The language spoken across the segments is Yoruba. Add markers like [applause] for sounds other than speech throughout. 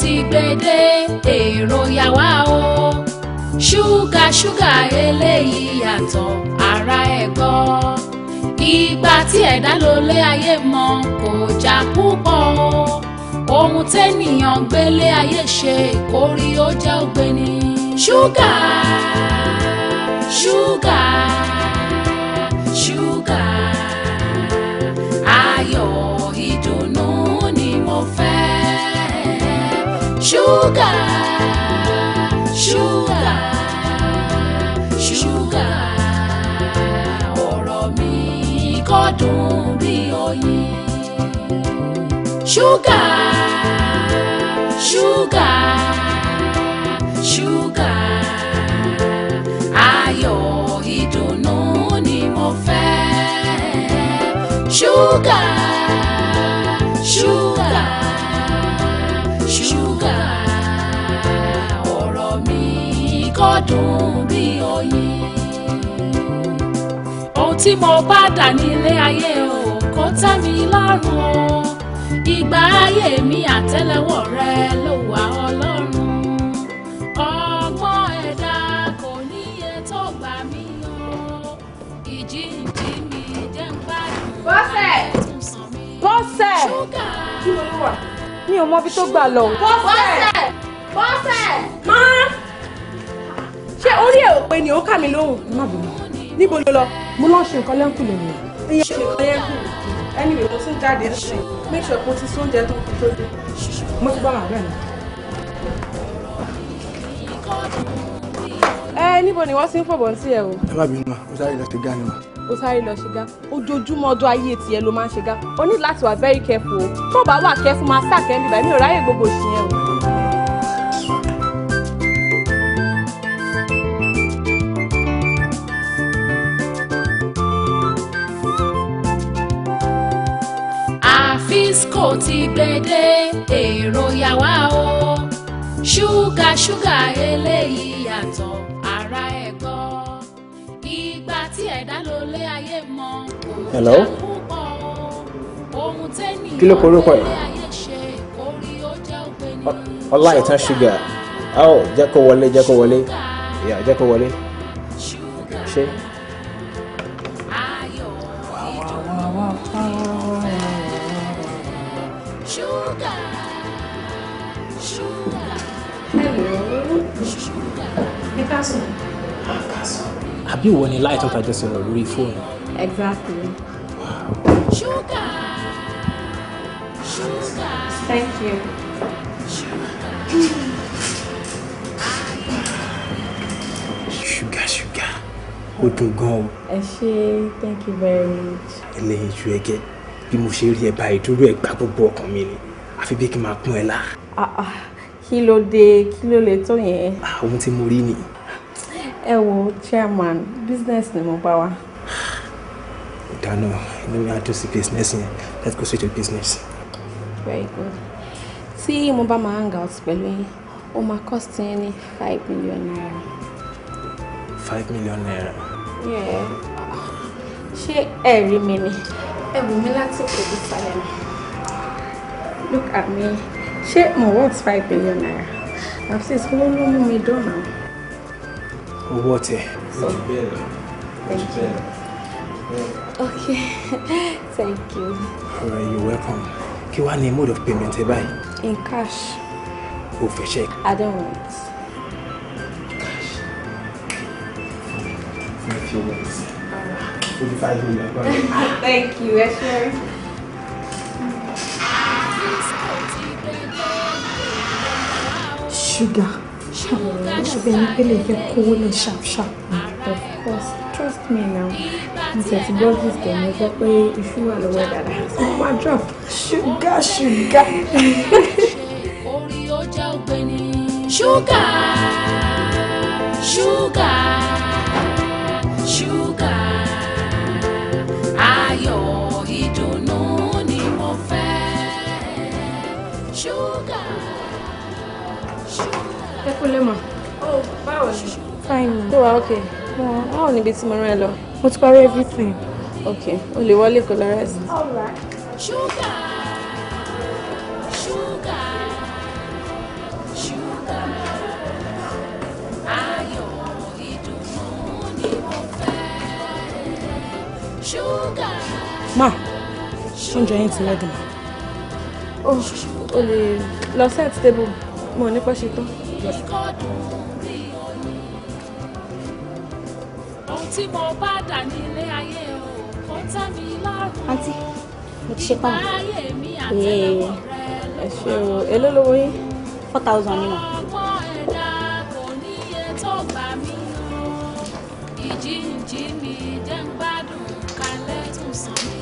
ti gbede èrò yàwá o ṣúgà ṣúgà eléyìí yàtọ̀ ara ẹ̀ ìgbà tí ẹ̀dá ló lé ayé mọ kò já púpọ̀ ohun tẹ́nìyàn gbélé ayé ṣe kórí ó jẹ́ ògbéni ṣúgà ṣúgà. sugar. bí oyin. ṣúgà ṣúgà ṣúgà ayọ̀ ìdùnnú ni mo fẹ́. Sugar, sugar. dùn bí oyin. ohun tí mo bá dà nílé ayé o kò tẹ́ mi lọ́rùn o ìgbà ayé mi àtẹ́lẹwọ́ rẹ ló wà ọlọ́run. ọgbọ́n ẹ̀dá kò níye tó gbà mí o ìjì ń jí mi jẹ́ ń gbádùn. bọ́sẹ̀ bọ́sẹ̀ mi ò mọ ibi tó gbà lọ. bọ́sẹ̀. pé orí ẹ̀ ò pé ni ó kà mí lóhùn. má bínú. níbo ló lọ. mo lọ ṣe nǹkan lẹ́kùn lè rìn. ṣe nǹkan lẹ́kùn anyway mo tún jáde sí i make kó ti sóúnjẹ tó kú tó dé. mo ti bá màá bẹ́ẹ̀ ẹ níbo ni wọ́n ti ń fọ̀bọ̀ sí ẹ o. ẹ má bínú ma mo sáré lọ ṣe gá ni ma. o sáré lọ ṣe gá ojoojúmọ́ ọjọ́ ayé tiẹ̀ ló máa ń ṣe gá o ní láti wà very careful o tó bá wà careful máa sáà kẹ́ńbì báyìí mi ò ráyè gbogbo òṣìyẹn o. kò ti gbede èrò yàwá o ṣúgà ṣúgà eléyìí yàtọ̀ ara ẹ̀ gbọ́ ìgbà tí ẹ̀dá ló lé ayé mọ òun jẹ́ púpọ̀ ohun tẹ́nìyàn lé ayé ṣe orí ó jẹ́ ògbéni. ọlá ìtàn ṣúgà jẹ́ kó wọlé jẹ́ kó wọlé jẹ́ kó wọlé ṣe. àbí ìwọ ni láì tọ́ta jẹ́ a lórí fóònù. exactly. Sugar. Sugar. thank you. Sugar. Sugar. O dùn gan o. ẹ ṣe thank you very much. eléyìí ju ẹgẹ bí mo ṣe rí ẹ báyìí dúró ẹ gba gbogbo ọkàn mi ni àfi bí kí n máa pọ́n ẹ lá. Ah, ah. kí ló dé kí ló lè tó yẹn. Ah, ohun tí mo rí nìyí ẹ chairman business ni mo bawa? wa. ìdáná inú mi á dùn business yẹn let's go switch to business. very good tí mo bá máa hang out pẹ̀lú yín ó máa cost yín ní five million naira. five million naira. yeah ṣé ẹ rí mi ni ẹ wù mí láti kò falẹ̀ mi look at me ṣé mo worth five million naira àbí ṣe ìṣòro ló mú mi dọ́nà owó tẹ. okay [laughs] thank you. alright you're welcome kí wàá ní mode of payment ẹ báyìí. in cash. o for check. i don't want. cash. fún ẹ fi owó ẹ sí. thank you ẹ ṣe. sugar ṣàbẹ̀ni pé lè fẹ́ kówó lọ of course trust me now mo tẹ̀ ti gbọ́ bí tẹ̀mí sọ pé iṣu wà lọ́wọ́ dada mo máa drop ṣúgà ṣúgà. orí sugar, sugar, ṣúgà ṣúgà. kò lè mọ̀. Oh, báwo ni. fine ma. wà ok. wọ́n ò níbi tí mo rán ẹ lọ. mo ti parí everything. ok o lè wọlé kó lọ rest. alright. ṣúgà ṣúgà ṣúgà ma oúnjẹ yín ti lẹ́dùn. Oh. o lè lọ set table mo ò ní pẹ́ ṣe tán kíkọ́dún rí òní. ohun tí mo bá dà ní ilé ayé o kò tẹ́ mi lọ́rùn. àǹtí mo ti ṣe pa ẹ ṣe o èló lówó yín four thousand ni mà. ọgbọ́n ẹ̀dá kò níye tó gbà mí o ìjì ń jí mi jẹ́ ń gbádùn kalẹ̀ tún sàn mí.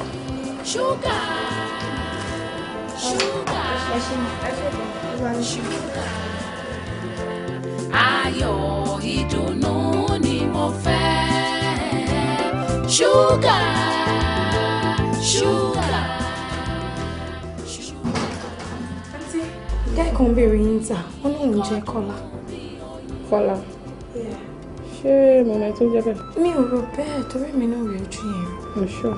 ṣúgà ṣúgà ṣúgà ayọ̀ ìdùnnú ni mo fẹ́ ṣúgà ṣúgà. àǹtí kẹ́kọ̀ọ́ ń béèrè yín ta ó ní òun jẹ́ kọ́lá. kọ́lá ṣé mọ̀nà tó jẹ́ bẹ́ẹ̀. mi ò rò bẹ́ẹ̀ torí mi náà rí ojú yẹn. mo ṣọ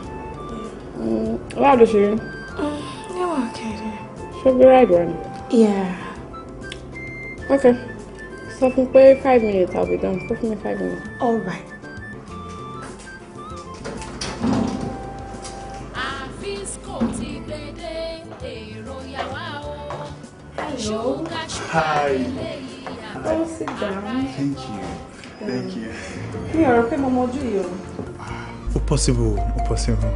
báwo ló ṣe rí. Mm, níwọ̀n kẹrin. ṣé gbé ráìdì ni. yeah. okay sọ fún pé five minutes I'll be done sọ fún five minutes. all right. Hello. Hi. Oh, sit down. Thank you. Thank you. Mi ò rò pé mo mọjú possible, o possible.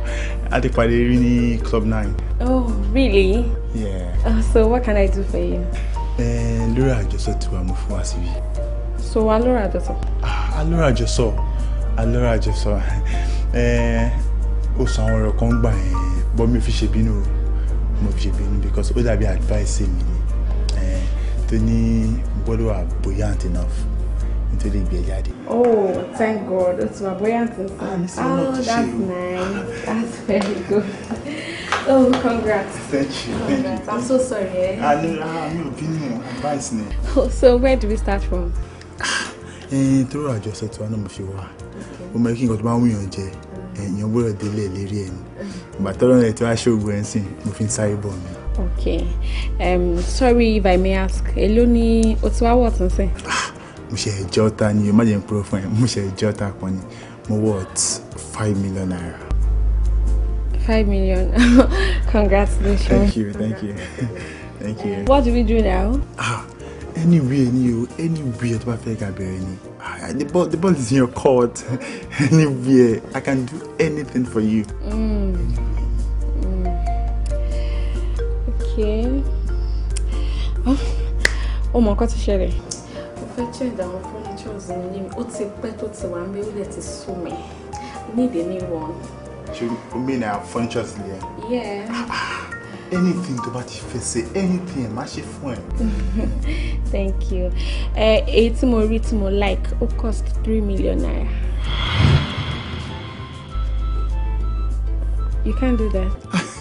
A ti pàdé rí ní Club 9. Oh, really? Yeah. Uh, so what can I do for you? lórí àjọsọ tí wàá mú fún wa síbí. so alóra àjọsọ. alóra àjọsọ alóra àjọsọ ó sọ àwọn ọ̀rọ̀ kan gbà yẹn bọ́ fi ṣe bínú mo fi ṣe bínú because ó dàbí advice mi ni tó ní gbọ́dọ̀ wà buoyant enough nítorí ìgbé jáde. oh thank god ó ti wà buoyant enough. ah, oh that's nice that's very good. [laughs] Oh, congrats. Thank you. Thank congrats. you. I'm so sorry. Eh? I need your opinion, advice. ne. Oh, so where do we start from? Eh, through our just to anam if you are. We're making God man win je. Èèyàn gbọ́dọ̀ délé lérí ẹni. Mm. Ìgbà tọ́lọ́ ẹ̀ tí wàá ṣòwò ẹ̀ ń sìn, mo fi ń sáré bọ̀ mi. Okay, um, sorry if I may ask, èló ni o ti wá wọ̀ tún sìn? Ah, mo ṣe ẹjọ́ ta ni, má jẹ́ n purọ́ fún ẹ, mo ṣe ẹjọ́ ta kan ni, mo wọ̀ five million naira five million. [laughs] Congratulations. Thank you, thank you, [laughs] thank you. What do we do now? Ah, anywhere, you, anywhere. To fẹ́ ká bẹ̀rẹ̀ ah, The ball, the ball is in your court. [laughs] anywhere, I can do anything for you. Mm. Mm. Okay. Oh, my God, Sherry. I fetched down furniture. Ó ti pẹ́ tó ti wà níbẹ̀, ó ti sú mi. Need a new one you mean I have fun unconsciously? Yeah. [sighs] anything to bá your face? anything ẹ̀ má ṣe [laughs] thank you èyí tí mo rí like ó cost three million naira. you can't do that.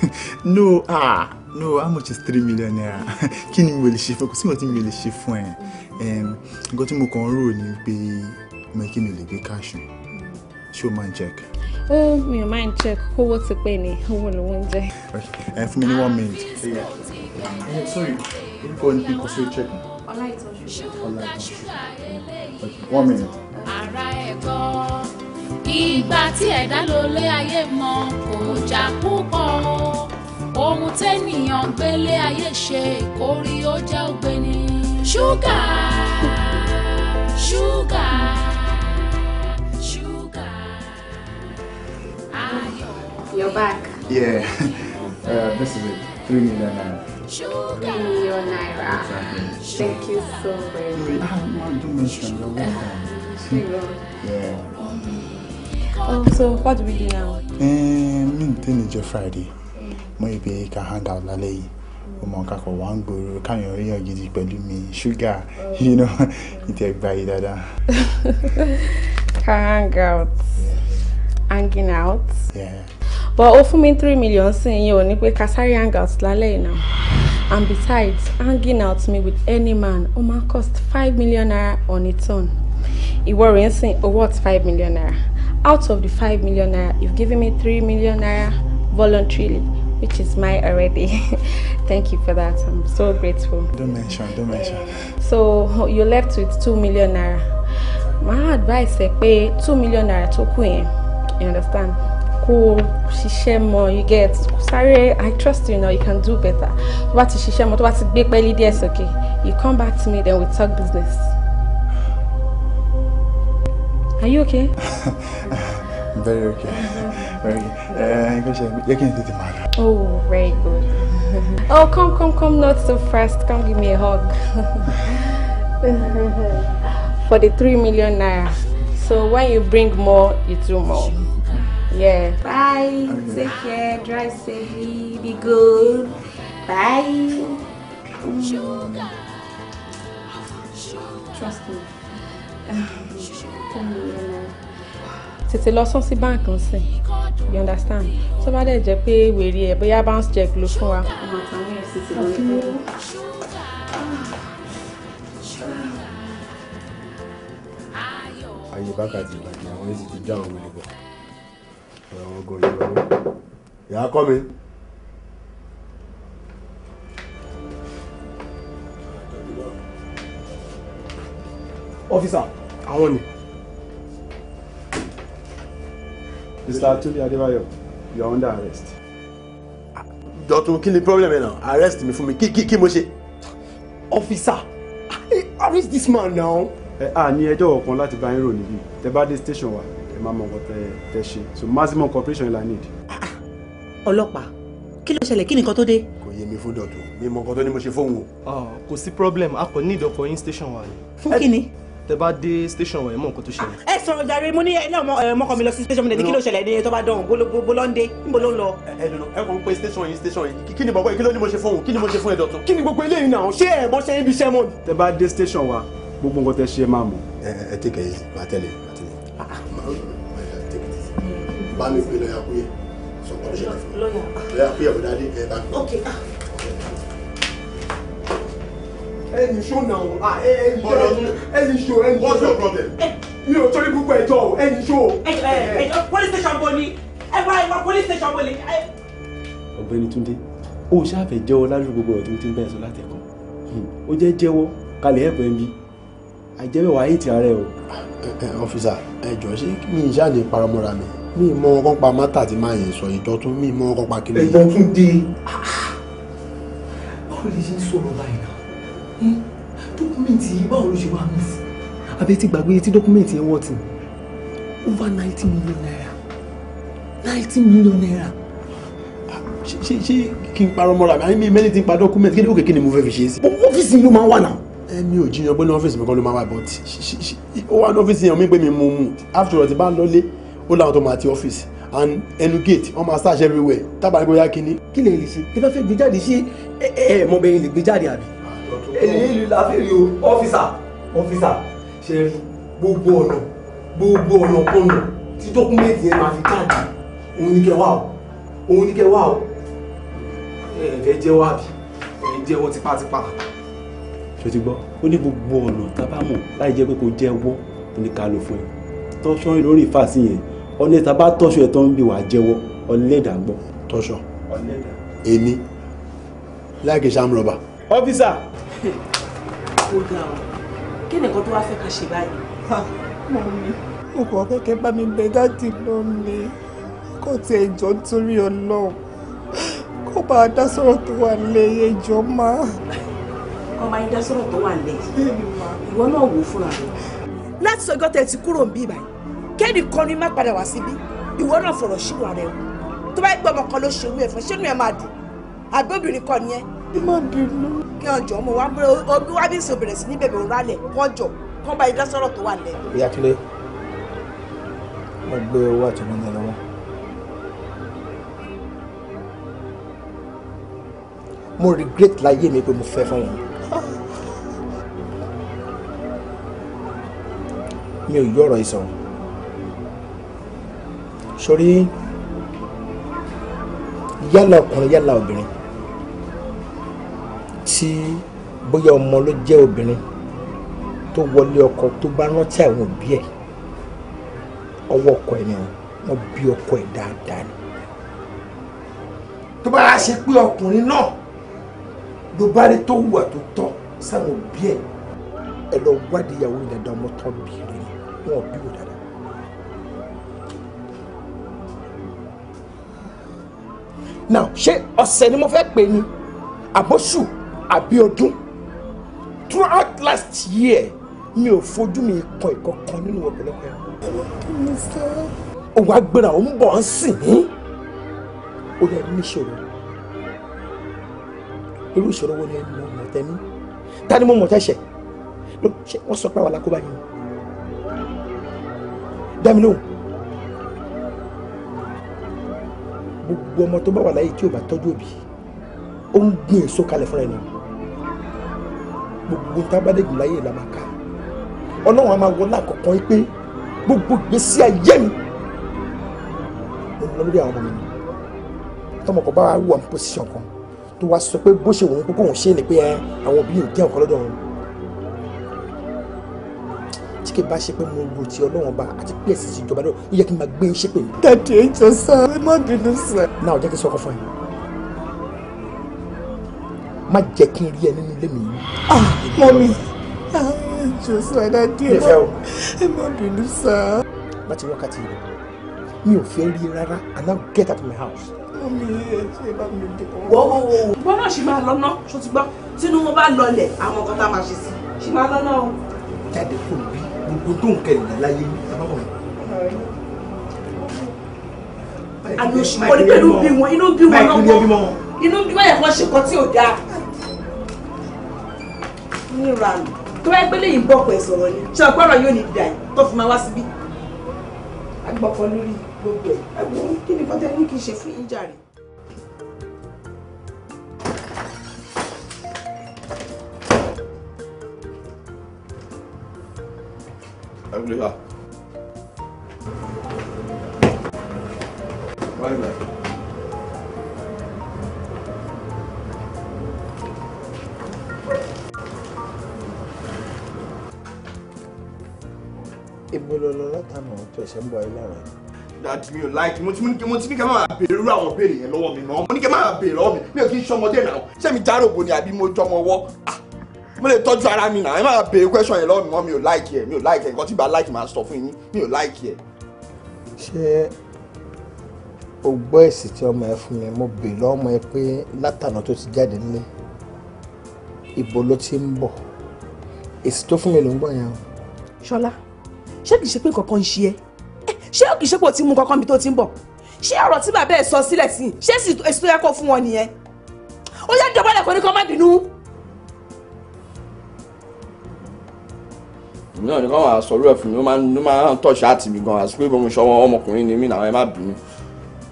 [laughs] no ah no how much is three million naira [laughs] kí ni mo lè ṣe you ẹ kò sí mo tí mi lè ṣe fún ẹ nǹkan tí mo kàn ń rò ni pé mo kí mi ó mi ò máa ń jẹ kówó ti pé ni owó ló ń jẹ. ẹ fún mi ní one minute. sorry orúkọ ní kíkọ sí check. ọlá ìtọ́jú. ọlá ìtọ́jú one minute. ara ẹ̀ ìgbà tí ẹ̀dá ló lé ayé mọ kò jà púpọ̀ ohun tẹ́nìyàn gbélé ayé ṣe kórí ó jẹ́ ògbéni ṣúgà ṣúgà. You're back. Yeah. [laughs] Uh, this is it. Three million naira. Three million naira. Thank you so much. Ah, no, don't mention. You're welcome. yeah. Um, so what do we do now? Um, mi n tẹ́lẹ̀ Friday. Maybe ìbẹ̀ can hang out lálẹ́ yìí. Mo mọ̀ kakọ̀ wá ń gbòòrò káyọ̀ ríyàn gidi pẹ̀lú mi. Ṣúgà yìí náà ìtẹ̀gbà yìí dáadáa. [laughs] Ká hang out. Yeah hanging out. Yeah. but offer me three million saying you only pay pé ká sáré hang out lálẹ́ and besides hanging out me with any man oh máa cost five million naira on its own It worries ń sìn owó five million naira out of the five million naira you've given me three million naira voluntarily which is my already [laughs] thank you for that i'm so grateful. don't mention don't mention. so you're left with two million naira my advice ẹ pé two million naira to Queen you understand kó ṣiṣẹ́ mọ́ you get sáré i trust you now you can do better tó bá ti ṣiṣẹ́ mọ́ tó bá ti gbé pẹ́ẹ́lí díẹ̀ sókè you come back to me then we talk business. are you okay. [laughs] very okay very okay eh, jẹ́ kí n tètè máa lọ. oh very good [laughs] oh come come come not so fast come give me a hug [laughs] for the three million naira. So when you bring more, you do more. Yeah. Bye. Okay. Take care. Drive safely. Be good. Bye. Mm. Trust me. tètè lọ sọ sí báǹkì nsìn you understand tó bá dẹ̀ jẹ́ pé wèrè ẹ̀ bóyá bounce check ló fún wa. ọmọ àtàwọn ẹ̀ sì ti lọ ayé bákàtí ìbàdàn àwọn èsì ti já àwọn wẹlẹ ọ̀rọ̀ àwọn gan ìyá kọ́ mi. ọ́fíìsà àwọn ni. Mr. Atunde Adebayo you are under arrest. Dọ̀tun kí ni problem ẹ̀ náà arrest mi fún mi kí kí kí mo ṣe. ọ́fíìsà arrest this man now ẹ à ní ẹjọ́ kan láti bá yín rò níbí tẹ bá dé station wa ẹ máa mọ nǹkan tẹ tẹ ṣe so maximum cooperation la need. Ah, ah. ọlọ́pàá kí ló ṣẹlẹ̀ kí nìkan tó dé. kò yé mi fún dọ̀tún mi mọ nǹkan tó ní mo ṣe fóun o. Ah, kò sí problem a kò ní ìdọ̀kọ̀ yín station wa ni. fún kí tẹ bá dé station wa ẹ mọ nǹkan tó ṣẹlẹ̀. ẹ sọ̀rọ̀ jàre mo ní ẹ náà mọkàn mi lọ sí station mi ní kí ló ṣẹlẹ̀ ní tó bá dán gbogbo lọ́ndé níbo ló ń lọ. ẹ ń pe station yìí station yìí kí ni bàbá yìí kí ló ní mo ṣe fóun kí ni mo ṣe fún ẹ dọ̀tún. kí ni gbogbo eléyìí ẹ station wa gbogbo nǹkan tẹ ṣe máa mọ̀. ẹ tẹkẹ yìí máa tẹ̀lé máa tẹ̀lé. bá mi pe lọ́yà kúyè sọ pé ọ̀ṣẹ́ fún lọ́yà kúyè ọ̀dà dé ẹ bá mi. Ah. ẹ ní ṣó náà o ah, ẹ ẹ ẹ ní ṣó ẹ ní ṣó. what's your problem. mi ò torí gbogbo ẹjọ́ o ẹ ní ṣó. ẹ ẹ police station bo ni ẹ wá ẹ wá police station bo ni. ọ̀gbẹ́ni Túndé o ṣáà fẹ́ jẹ́wọ́ lálùgbogbo ọ̀rọ̀ tó ti ń bẹ̀rẹ̀ sọ látẹ̀kọ́ ó hmm, jẹ́ jẹ́wọ́ kalẹ̀ ẹ̀bùn ẹ̀mí àìjẹ́bẹ̀ wàá hìtì ara ẹ o. ọfíìsà ẹ jọ ṣé mi ì ṣáà lè para mọ́ra mi mi ì mọ ọkọ pa mátà tí máa yẹn sọ ìjọ tún mi ì mọ ọkọ pa kíni. ẹ̀jọ̀ tún di. báwo lè ṣe ń sọ̀rọ̀ báyìí náà hm? dókúmẹ̀ntì yìí báwo ló ṣe wá mí sí. àbẹ́tí gbàgbé tí dókúmẹ̀ntì yẹn wọ̀ tì over ninety million naira ninety million naira ṣe ṣe kí n parọ́ mọ́ra mi àyìn mi mẹ́rin ti ń pa dọ́kúmẹ̀tì kí ni òkè kí ni mo fẹ́ fi ṣe é sí. ọ́fíìsì ló máa ń wà náà mi ò jiyàn pé ní ọ́fíìsì mi kan ló máa wà but ó wà ní ọ́fíìsì yẹn mi pé mi mú mu after all ti bá lọ́lé ó láwọn tó máa ti ọ́fíìsì and ẹnu gate wọ́n máa search everywhere tábà ní bóyá kínní. kí lè lè ṣe ẹ fẹ́ fẹ́ gbé jáde ṣé ẹ ẹ mọ bẹ́ẹ̀ lè gbé jáde àbí. èyí ìlú la fi rí o ọ́fíìsà ọ́fíìsà ṣe gbogbo ọ̀nà gbogbo ọ̀nà kọ̀ọ̀nà tí dọ́kúmẹ́ǹtì yẹn máa fi jáde òun ní kẹ́ wá o òun ní kẹ́ wá o ẹ̀ẹ́dẹ́ jẹ́wọ́ àbí ẹ̀ẹ́dẹ́ jẹ́wọ́ tipátipá ṣó ti gbọ́ ó ní gbogbo ọ̀nà tábàmọ̀ láì jẹ́ pé kò jẹ́ owó tó ní ká lò fún ẹ tọ́ṣọ́ lórí ìfàsí yẹn ọ̀nà ìta bá ẹ̀ tó ń bi wà jẹ́wọ́ ọ̀lẹ́dà gbọ́. tọ́ṣọ́ èmi láìkè sam rọba. ọ́fíìsà. ó ga ọ kí nìkan tó wá fẹ́ ká ṣe báyìí. mo ní ọkọ̀ bá mi bẹ dáàdì lónìí kò tiẹ̀ jọ nítorí ọlọ́run kó bá a dá sọ̀rọ̀ tó wà lẹ́yìn ìjọ máa wọ́n máa ń dá sọ̀rọ̀ tó wà nílẹ̀ ìwọ náà wò fúnra rẹ̀. láti sọjọ́ tẹ ti kúrò ń bí ibà kéèdì kan ní má padà wá síbí ìwọ náà fọ̀rọ̀ ṣírò ara ẹ̀ tó bá gbọ́ ọmọ kan ló ṣerú ẹ̀ fún ṣé inú ẹ̀ máa dùn àbí obìnrin kan ni ẹ. má bínú. kí wọn jọ mo wá bẹ omi wá bí sọ bẹ̀rẹ̀ sí ní bẹ̀bẹ̀ òrà lẹ̀ kán jọ kán bá idá tó wà lẹ̀. ìyá kílé wọn gbé owó àtúnmọ́ni lọ́wọ́. mo regret láyé mi pé mo fẹ́ fún wọn. mi ò gbé ọ̀rọ̀ sórí yálà ọkùnrin yálà obìnrin tí bóyá ọmọ ló jẹ́ obìnrin tó wọlé ọkọ tó bá rántí àwọn òbí ẹ̀ ọwọ́ ọkọ ẹ̀ ni wọ́n bí ọkọ ẹ̀ dáadáa ni. tó bá a ṣe pé ọkùnrin náà ló bá rí tó wùwà tó tọ́ sáwọn òbí ẹ̀ ẹ lọ wádìí ìyàwó ìdàdà ọmọ tán bíi wọn ò bí now ṣé ọ̀sẹ̀ ni mo fẹ́ pè ní àbóṣù àbí ọdún throughout last year mi ò fojú mi kan ìkọ̀kan nínú ọ̀pọ̀lọpọ̀ ẹ̀rọ. òun agbára òun bọ̀ ń sìn ní ó lè níṣòro irú ìṣòro wo ni ẹni mo mọ̀ tẹ́ mi ta ni mo mọ̀ tẹ́ ṣẹ̀ wọ́n sọ pé àwọn alákóbá yìí dámi lóhùn gbogbo ọmọ tó bá wà láyé tí ò bá tọ́jú òbí ó ń gbìn èso kalẹ̀ fúnra ẹni gbogbo tábàdégùn láyé la máa ká ọlọ́run a máa wọlé àkọ́kọ́ yìí pé gbogbo ìgbésí ayé mi mo lọ lórí àwọn ọmọ mi ni tọmọkọ bá wà ní pòsíṣàn kan tó wá sọ pé bó ṣe wù ú pé kóun ṣe é ni pé àwọn òbí yóò jẹ́ ọ̀kan lọ́dọ̀ ọ̀run kì í bá ṣe pé mo rò ti ọlọ́run ọba àti pé ẹ̀sìn ti ìjọba náà ó yẹ kí n máa gbé ṣe pé mi. dàdí ẹjọ sá ẹ má bínú sá. náà jẹ́ kí n sọ ọkọ fún ẹ má jẹ́ kí n rí ẹ nínú ilé mi. mọ mi ẹjọ sá dàdí ẹ má bínú sá. láti wákàtí rẹ mi ò fẹ́ rí rárá and now get out of my house wọ́n náà ṣì máa lọ́nà ṣó ti gbọ́ tínú wọn bá lọlẹ̀ àwọn kan tá a máa ṣe sí ṣì máa lọ́nà o. jáde kò bí gbogbo tó ń kẹlẹ̀ láyé abáwọ̀n. àmì òṣì kọ́ ni pẹ̀lú bí wọn inú bí wọn lọ́wọ́ inú bí wọn yẹ kó ṣe kọ́ tí ò dáa. níranù tó bá yẹ pé lẹ́yìn bọ̀kọ̀ ẹ̀ sọ̀rọ̀ ni ṣé ọgbọ́rọ̀ yóò ní dà yìí tó fi máa wá síbí. agbọ̀kọ̀ lórí gbogbo ẹ̀ ẹ̀gbọ́n kí ni kọ́tẹ́ ní kí n ṣe fún ìjà rẹ̀. I will have. Bye bye. Ibo lo lọ látànà tó ẹ̀ṣẹ̀ ń bọ̀ ayé lára Dàdí mi ò láìkí, mo ti ní kí ẹ máa béèrè irú àwọn béèrè yẹn lọ́wọ́ mi náà. Mo ní kí ẹ máa béèrè lọ́wọ́ mi, mi ò kí ń ṣọmọdé náà. Ṣé mi járòbó ni àbí mo jọmọ ọwọ́? Ah, mo lè tọ́jú ara mi náà ẹ máa béèrè question yẹn lọ́nà mi ò like ẹ mi ò like ẹ nǹkan tí bá like máa sọ fún yín mi ò like ẹ. ṣé o gbọ́ èsì tí ọmọ ẹ fún mi mo béèrè lọ́mọ ẹ pé látànà tó ti jáde nílé ibo ló ti ń bọ̀ èsì tó fún mi ló ń bọ̀ yẹn o. ṣọlá ṣé kìí ṣe pé nǹkan kan ń ṣe ẹ ṣé kìí ṣe pé o ti mú kankan bí tó ti ń bọ̀ ṣé ọ̀rọ̀ tí bàbá ẹ sọ sílẹ̀ sí ṣé èsì tó yẹ kó fún wọn nìyẹn ó yẹ dọ̀bálẹ̀ kó ní kó má bínú. èmi náà nìkan wàá sọ̀rọ̀ ẹ̀ mi ó máa ń tọ̀ ṣáàtì mi gan àti pé mo sọ ọmọkùnrin ni mí làwọn ẹ má bínú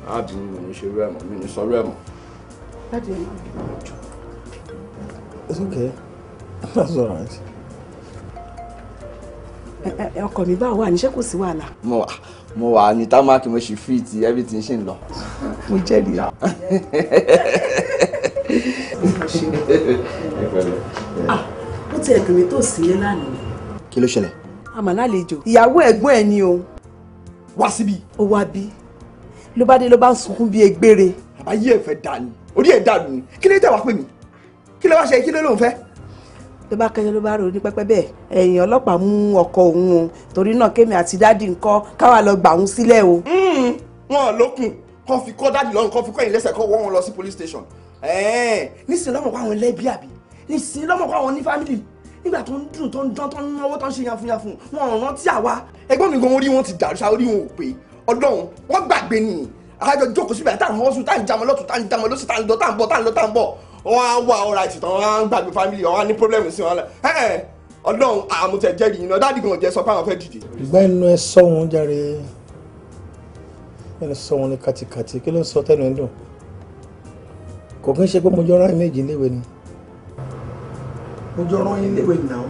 má bínú mi ní ṣe rú ẹ̀ mi ní sọ̀rọ̀ ẹ̀ mọ́. It's okay. [laughs] That's all right. ọkọ mi bá wà níṣẹ́ kò sí wàhálà. mo wà mo wà ní támákì mo ṣì fi ti everything ṣì ń lọ. mo jẹ́rìí. [laughs] Ah, ó tiẹ̀ dùn mí tó sí lánàá kí ló ṣẹlẹ̀. àmàlálejò ìyàwó ẹ̀gbọ́n ẹ̀ ni o. wá síbi. ó wá bí ló bá dé ló bá ń sunkún bíi egbére. àbáyé ẹ̀ fẹ́ dà ní orí ẹ̀ dà nù kí ló tẹ̀ wá pè mí kí ló wá ṣe kí ló lóun fẹ́. ló bá kẹjọ ló bá rò ní pẹpẹ bẹ́ẹ̀ ẹ̀yìn ọlọ́pàá mú ọkọ òun o torí náà kémi àti dáàdì ńkọ́ káwa lọ gbà òun sílẹ̀ o. Hmm. wọn lókun kọ́ fi kọ́ dáàdì lọ́rùn kọ́ fi kọ́ ẹ̀yìn lẹ́sẹ̀ kọ́ wọ́n wọn lọ sí police station nísìnyí lọ́mọ̀ pa àwọn ẹlẹ́bí àbí nísìnyí lọ́mọ̀ pa àwọn ní fámìlì nígbà tó ń dùn tó ń dán tó ń náwó tó ń ṣe yanfunyanfun wọn ò rántí àwa ẹ̀gbọ́n mi gan orí wọn ti dàrú sa orí wọn ò pé ọdún wọn gbàgbé nìyí àkájọ jókòó síbẹ̀ táwọn ọmọ sùn táwọn jamọ lọ́tún táwọn jamọ lọ́sùn táwọn lọ táwọn bọ̀ táwọn lọ táwọn bọ̀ wọn á wà ọ̀rọ̀ àìsàn wọn á ń gbàgbé family wọn á ní problem sí wọn lẹ ẹ ọdún àmútẹ jẹrìí iná dáàdì gan jẹ sọ pé àwọn fẹ́ dìde. gbẹ́nu ẹ sọ́hun jàre ẹnu sọ́hun ní katikati kí ló ń sọ tẹ́nu ẹ̀ dùn kò kí ń ṣe pé mo jọra méjì léwe ni mo jọ rán yín léwé náà.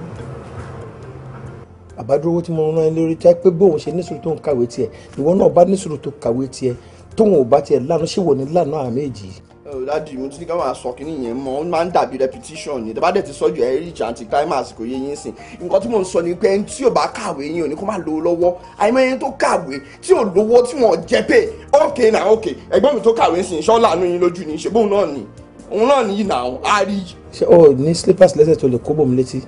àbádúrówó tí mo rán yín lórí tí pé bóun ṣe nísòro tó ń kàwé tiẹ̀ ìwọ náà bá nísòro tó kàwé tiẹ̀ tóun ò bá tiẹ̀ lánàá ṣé wò ní lánàá àmì èjì ládìí mo ti ní ká máa sọ kí nìyẹn mọ ó máa ń dàbí repetition ni tẹ́bàdẹ̀ ti sọ́jú ẹ̀ rí jàǹtì climax kò yé yín sìn nǹkan tí mo ń sọ ni pé ẹni tí ò bá kàwé yín ò ní kó má lówó lọ́wọ́ àìmọ́ ẹni tó kàwé tí ò lówó tí wọ́n jẹ́ pé okay na okay ẹgbẹ́ mi tó kàwé sìn ṣọ́ làánú yín lójú ni ṣe bóun náà ni òun náà nìyí nà ó á rí. ṣé o ní slippers lẹ́sẹ̀ tó lè kó bòm létí.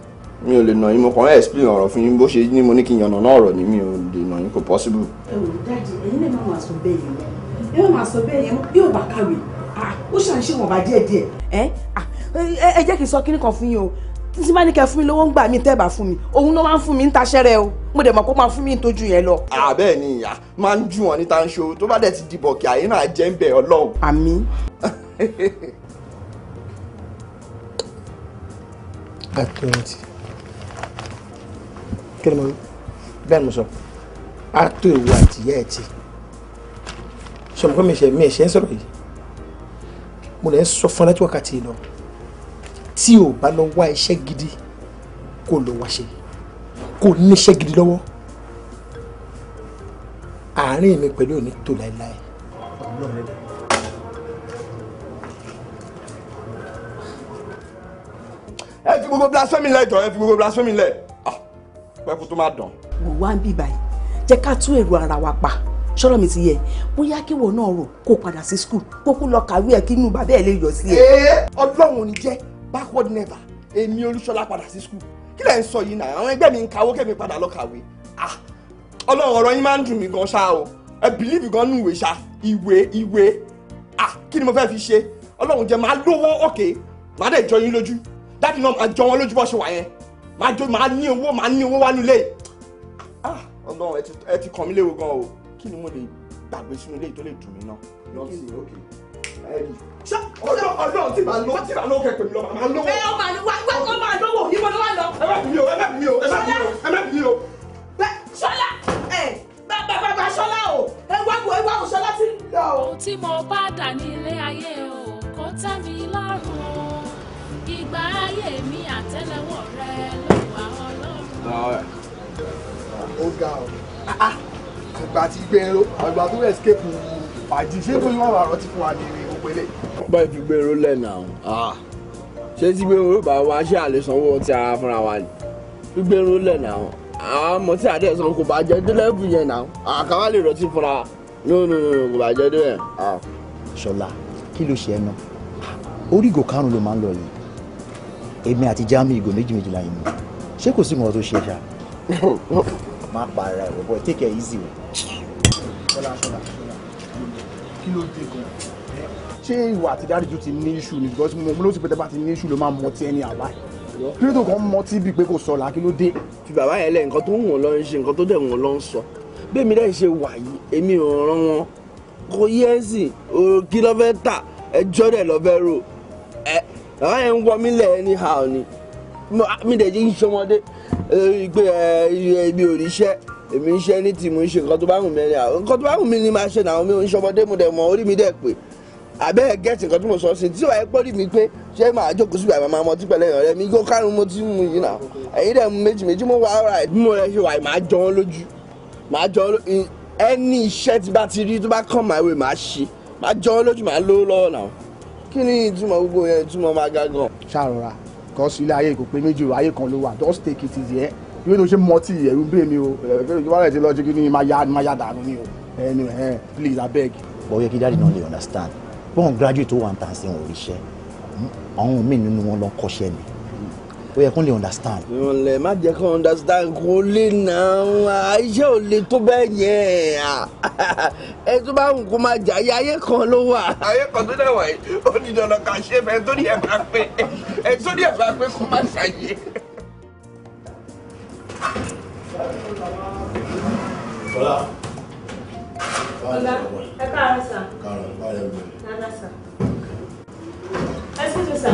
mi ò lè nà yín mo kàn ń explain ọ̀rọ̀ fún yín bó ṣe ní mo ní kí n yànnà náà ọ̀rọ̀ ni mi ò lè nà yín kò possible. ẹ wò dájú ẹ̀yin lè má máa sọ bẹ́ẹ̀ yẹn ẹ má máa sọ bẹ́ẹ̀ yẹn bí ò bá kàwé ó ṣàn ṣe wọ̀nba díẹ̀ díẹ̀. ẹ ẹ jẹ́ kí n sọ kíní kan fún yín o tí bá ní kẹ́ fún mi lówó ń gbà mí tẹ́ẹ̀bà fún mi òun ló máa ń fún mi ń taṣẹ́rẹ́ o mo dẹ̀ mọ̀ kó máa fún mi ń tójú yẹn lọ. àbẹ́ẹ̀ ni ìyá máa ń jù wọ́n ní tanṣo tó bá dẹ̀ ti dìbò kí àyínà jẹ́ ń bẹ̀ ọlọ́run. àmín. [laughs] accurate kí ni mo bẹ́ẹ̀ ni mo sọ á tó ìwọ àtìyẹ́ ẹ̀ tí sọ ma pé mi ṣe mi ṣe ń sọ̀rọ̀ yìí mo lè ń sọ fún láti wákàtí lọ tí o bá lọ wá iṣẹ́ gidi kó lọ wá ṣe kó níṣẹ́ gidi lọ́wọ́ àárín mi pẹ̀lú òní tó láéláé ọlọ́run ẹ fi gbogbo blasphemy lẹ jọ ẹ fi gbogbo blasphemy lẹ ah, pẹ́kú tó má dàn. wò wá ń bí báyìí jẹ́ ká tún èrò ara wa pa ṣọ́rọ̀ mi ti yẹ bóyá kíwọ náà rò kó padà sí skul kó kú lọ kàwé ẹ kí inú bàbá ẹ lè yọ sí ẹ. ee ọlọ́run ò ní jẹ́ backward never èmi olúṣọlá padà sí skul kí lẹ̀ ń sọ yìí náà àwọn ẹgbẹ́ mi ń kawó kẹ́mi padà lọ kàwé ah ọlọ́run ọ̀rọ̀ yín máa ń dùn mí gan ṣá o ẹ bìlíìfì gan nù ṣá ìwé ìwé ah kí ni mo fẹ́ fi ṣe ọlọ́run jẹ́ máa lówó òkè má dẹ̀ jọ yín lójú dáàdì náà máa jọ wọn lójú bọ́ ṣe wà yẹn máa jó máa ní owó máa ní owó wá nílé ọgbọ́n ẹ ti kàn mí léwu gan o kí ni mo lè gbàgbé sínú ilé tó lè dùn mí náà. ṣé ọjọ́ ọjọ́ tí màá lọ tí màá lọ kẹ̀kẹ́ mi lọ màá lọ. ẹ ọ máa lọ wá wá kọ́ máa lọ́wọ́ ìbọn ló wà lọ. ẹ má bì mí o ẹ má bì mí o ẹ má bì mí o ẹ má bì mí o. ṣọlá ẹ bàbá bàbá ṣọlá o ẹ wá wo ẹ wá wo ṣọlá ti ń lọ. ohun tí mo bá dà ní ilé ayé o kò tẹ́ mi lọ́rùn o ìgbà ayé mi àtẹ́lẹwọ́ rẹ ló wà ọlọ́run. ó ga ọ àgbà ah, ah. ti gbèrò àgbà tó escape fàájì ṣé tó yọ àrọ ti fún wa ní òpèlè. ọgbà ìfigbèrò lẹ́nà ọ̀hún ṣé tí gbèrò bá wá ṣe àlè sanwó ti ara fúnra wa ni gbígbèrò lẹ́nà ọ̀hún àwọn ọmọ tí àdé ẹ̀sán kò bá jẹ́ délẹ́bù yẹn náà àkàwá ah, lè rọtí fúnra no no no kò bá jẹ́ délẹ̀. ṣọlá kí ló ṣe ẹ náà orí ìgò karùn-ún ló máa ń lọ yìí èmi àti Jamiu ìgò méjì méjì láyé mi ṣé kò sí nǹkan tó ṣe ṣá. má pa ara ẹ̀ bọ̀ take care, easy o. kí ló dé gan ṣé ìwà àti dáríjú ti ní iṣu ni because mo ló ti pété bá ti ní iṣu ló máa mọ ti ẹni àbá kí ló tó kàn mọ tí bíi pé kò sọ là kí ló dé. fi bàbá yẹn lẹ nǹkan tó ń wọ̀n lọ ń ṣe nǹkan tó dẹ̀ wọ̀n lọ ń sọ bẹ́ẹ̀ mi dẹ́ ṣe wà yìí èmi ò rán wọn kò yẹ ẹ́ sìn kí ló fẹ́ tà ẹjọ́ dẹ̀ ló fẹ́ rò bàbá yẹn ń wọ mí lẹ̀ anyhow ni mi dẹ̀ jí ń ṣọmọdé pé ibi òrìṣẹ́ èmi ń ṣe ní tìmù ń ṣe nǹkan tó bá wù mí ẹni àwọn nǹkan tó bá wù mí ni máa ṣe náà mi ń ṣọmọdé mo dẹ̀ mọ orí mi dẹ̀ pé àbẹ́ ẹ̀ nǹkan tí mo sọ sí tí wàá pọ́lì mi pé ṣé màá jókòó sí ìgbà màá mọ pẹ̀lẹ́ ìrọ̀lẹ́ mi igbó kárùn mo ti mú yìí náà èyí dẹ̀ méjì méjì mo wà á ra ìdí mo ṣe wà màá jọ ọ́ lójú màá jọ ọ́ ẹni iṣẹ́ tí bá ti rí tó bá kàn máa wẹ̀ màá ṣe màá jọ ọ́ lójú màá lówó lọ́wọ́ náà kí ni ìtumọ̀ gbogbo yẹn ìtumọ̀ máa ga gan. ṣàròrà kọ́sí ilé ayé kò pé méjì ayé kan ló wà just take it easy ẹ ìwé ló ṣe mọtì ẹ̀rù bẹ́ẹ̀ mi o ìwádìí ti lọ ṣe kí ni máa ya máa ya dànù ni o ẹnu ẹ please abeg. bọ́ yẹ kí dáàdì náà lè understand bọ́n graduate tó wà ń tàn sí òun ríṣẹ́ àwọn míì nínú wọn lọ kọ́ṣẹ́ ni ó yẹ kó lè understand. ìrànlẹ̀ má jẹ́ kó understand kó lè náà iṣẹ́ ò lè tó bẹ́ẹ̀ yẹn [laughs] ẹ tó bá wù kó máa jà ayé kan ló wà. ayé kan tó dẹ̀ wáyé ó ní dandan ká ṣe bẹ́ẹ̀ tó ní ẹ̀ bá pé ẹ̀ tó ní ẹ̀ pé kó má ṣàyè. Ọlá. Ọlá ẹ káàárọ̀ sà. Káàárọ̀ báyọ̀ bẹ̀rẹ̀. Nana sà. Ẹ sì tún sà.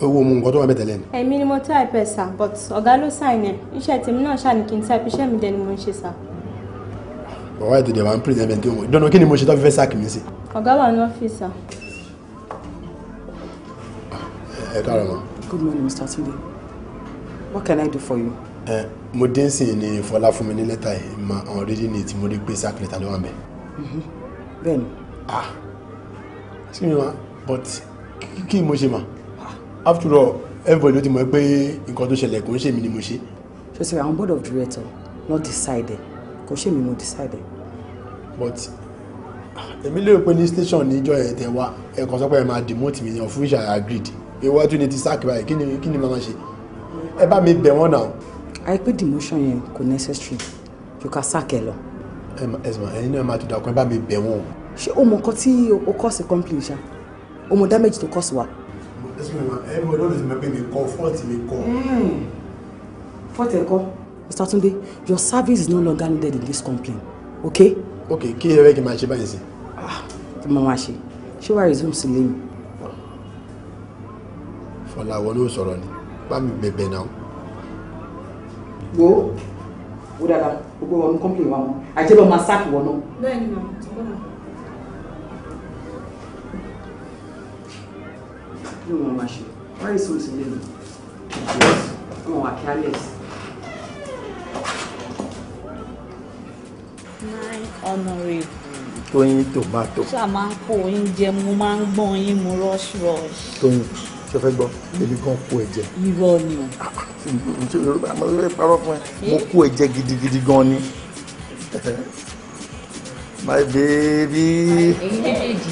owó mu nǹkan tó wà mẹ́tẹ̀lẹ́ ni. èmi ni mo type ẹ̀ sà but ọ̀gá ló sign ẹ̀ iṣẹ́ tèmi náà ṣáà ní kí n type iṣẹ́ mi dẹ̀ ni mo ń ṣe sà. bàbá ètò ìdẹ̀wà ń pè ní ẹ̀mẹ̀ntì òun ìdánwò kí ni mo ṣe tó fi fẹ́ sáàkì mi sí. ọ̀gá wà ní ọ́fíìsì sà. ẹ káàárọ̀ mọ́. good morning mr tunde what can i do for you. ẹ mo dé sí ni fọlá fún mi ní lẹ́tà yìí ma on reading it mo rí pé sáàkì lẹ́tà mm-hmm. ah excuse me ma but kí ni mo ṣe ma after all everybody ló ti mọ̀ pé nǹkan tó ṣẹlẹ̀ kò ń ṣèmi ni mo ṣe. ṣòṣèré àwọn board of director ló decide kò ṣèmi mo decide. but èmi lérò pé ní station níjọ ẹ̀ tẹ̀ wá ẹ̀kan sọ pé ẹ̀ máa demote mi ní of which I agreed ìwọ tún ní ti sack báyìí Kini ni kí ni màmá ṣe ẹ bá mi bẹ̀ wọ́n náà. àìpé demotion yẹn kò necessary you can sack ẹ lọ. ẹ ma ẹ ma ẹyin náà máa tún dàkún ẹ bá mi bẹ̀ wọ́n. ṣé o mọ̀ nǹkan tí o kọ́ sí company ṣá o mọ̀ damage tó kọ́ sí wa everybody always remember mi kọ fọ́ọ̀tì mi kọ. fọ́ọ̀tì ẹ̀kọ́. Mr. Tunde your service is no longer needed in this complaint okay. ok kí ẹ fẹ́ kí n máa ṣe báyìí sí. Ah, kí n máa máa ṣe ṣé wàá resume sí lẹ́yìn. fọláwọ ló sọ̀rọ̀ ni bá mi bẹ̀bẹ̀ náà. wo wo dada gbogbo wọn ní complaint I mọ àjẹbọ máa sáàkì wọn náà. bẹ́ẹ̀ni kí wọ́n máa ṣe wọ́n yìí sùn sílé mi wọ́n wà careless. honorable. tóyìn tomato. ṣá máa ń kó oyin mo máa ń gbọ́n oyin mu rush rush. tóyìn ṣe fẹ́ gbọ́ ebi kan kó ẹ jẹ. irọ́ ni o. Ah, ah, mo kó ẹ gidigidi gan ni. [laughs] my baby. ẹyin méjèèjì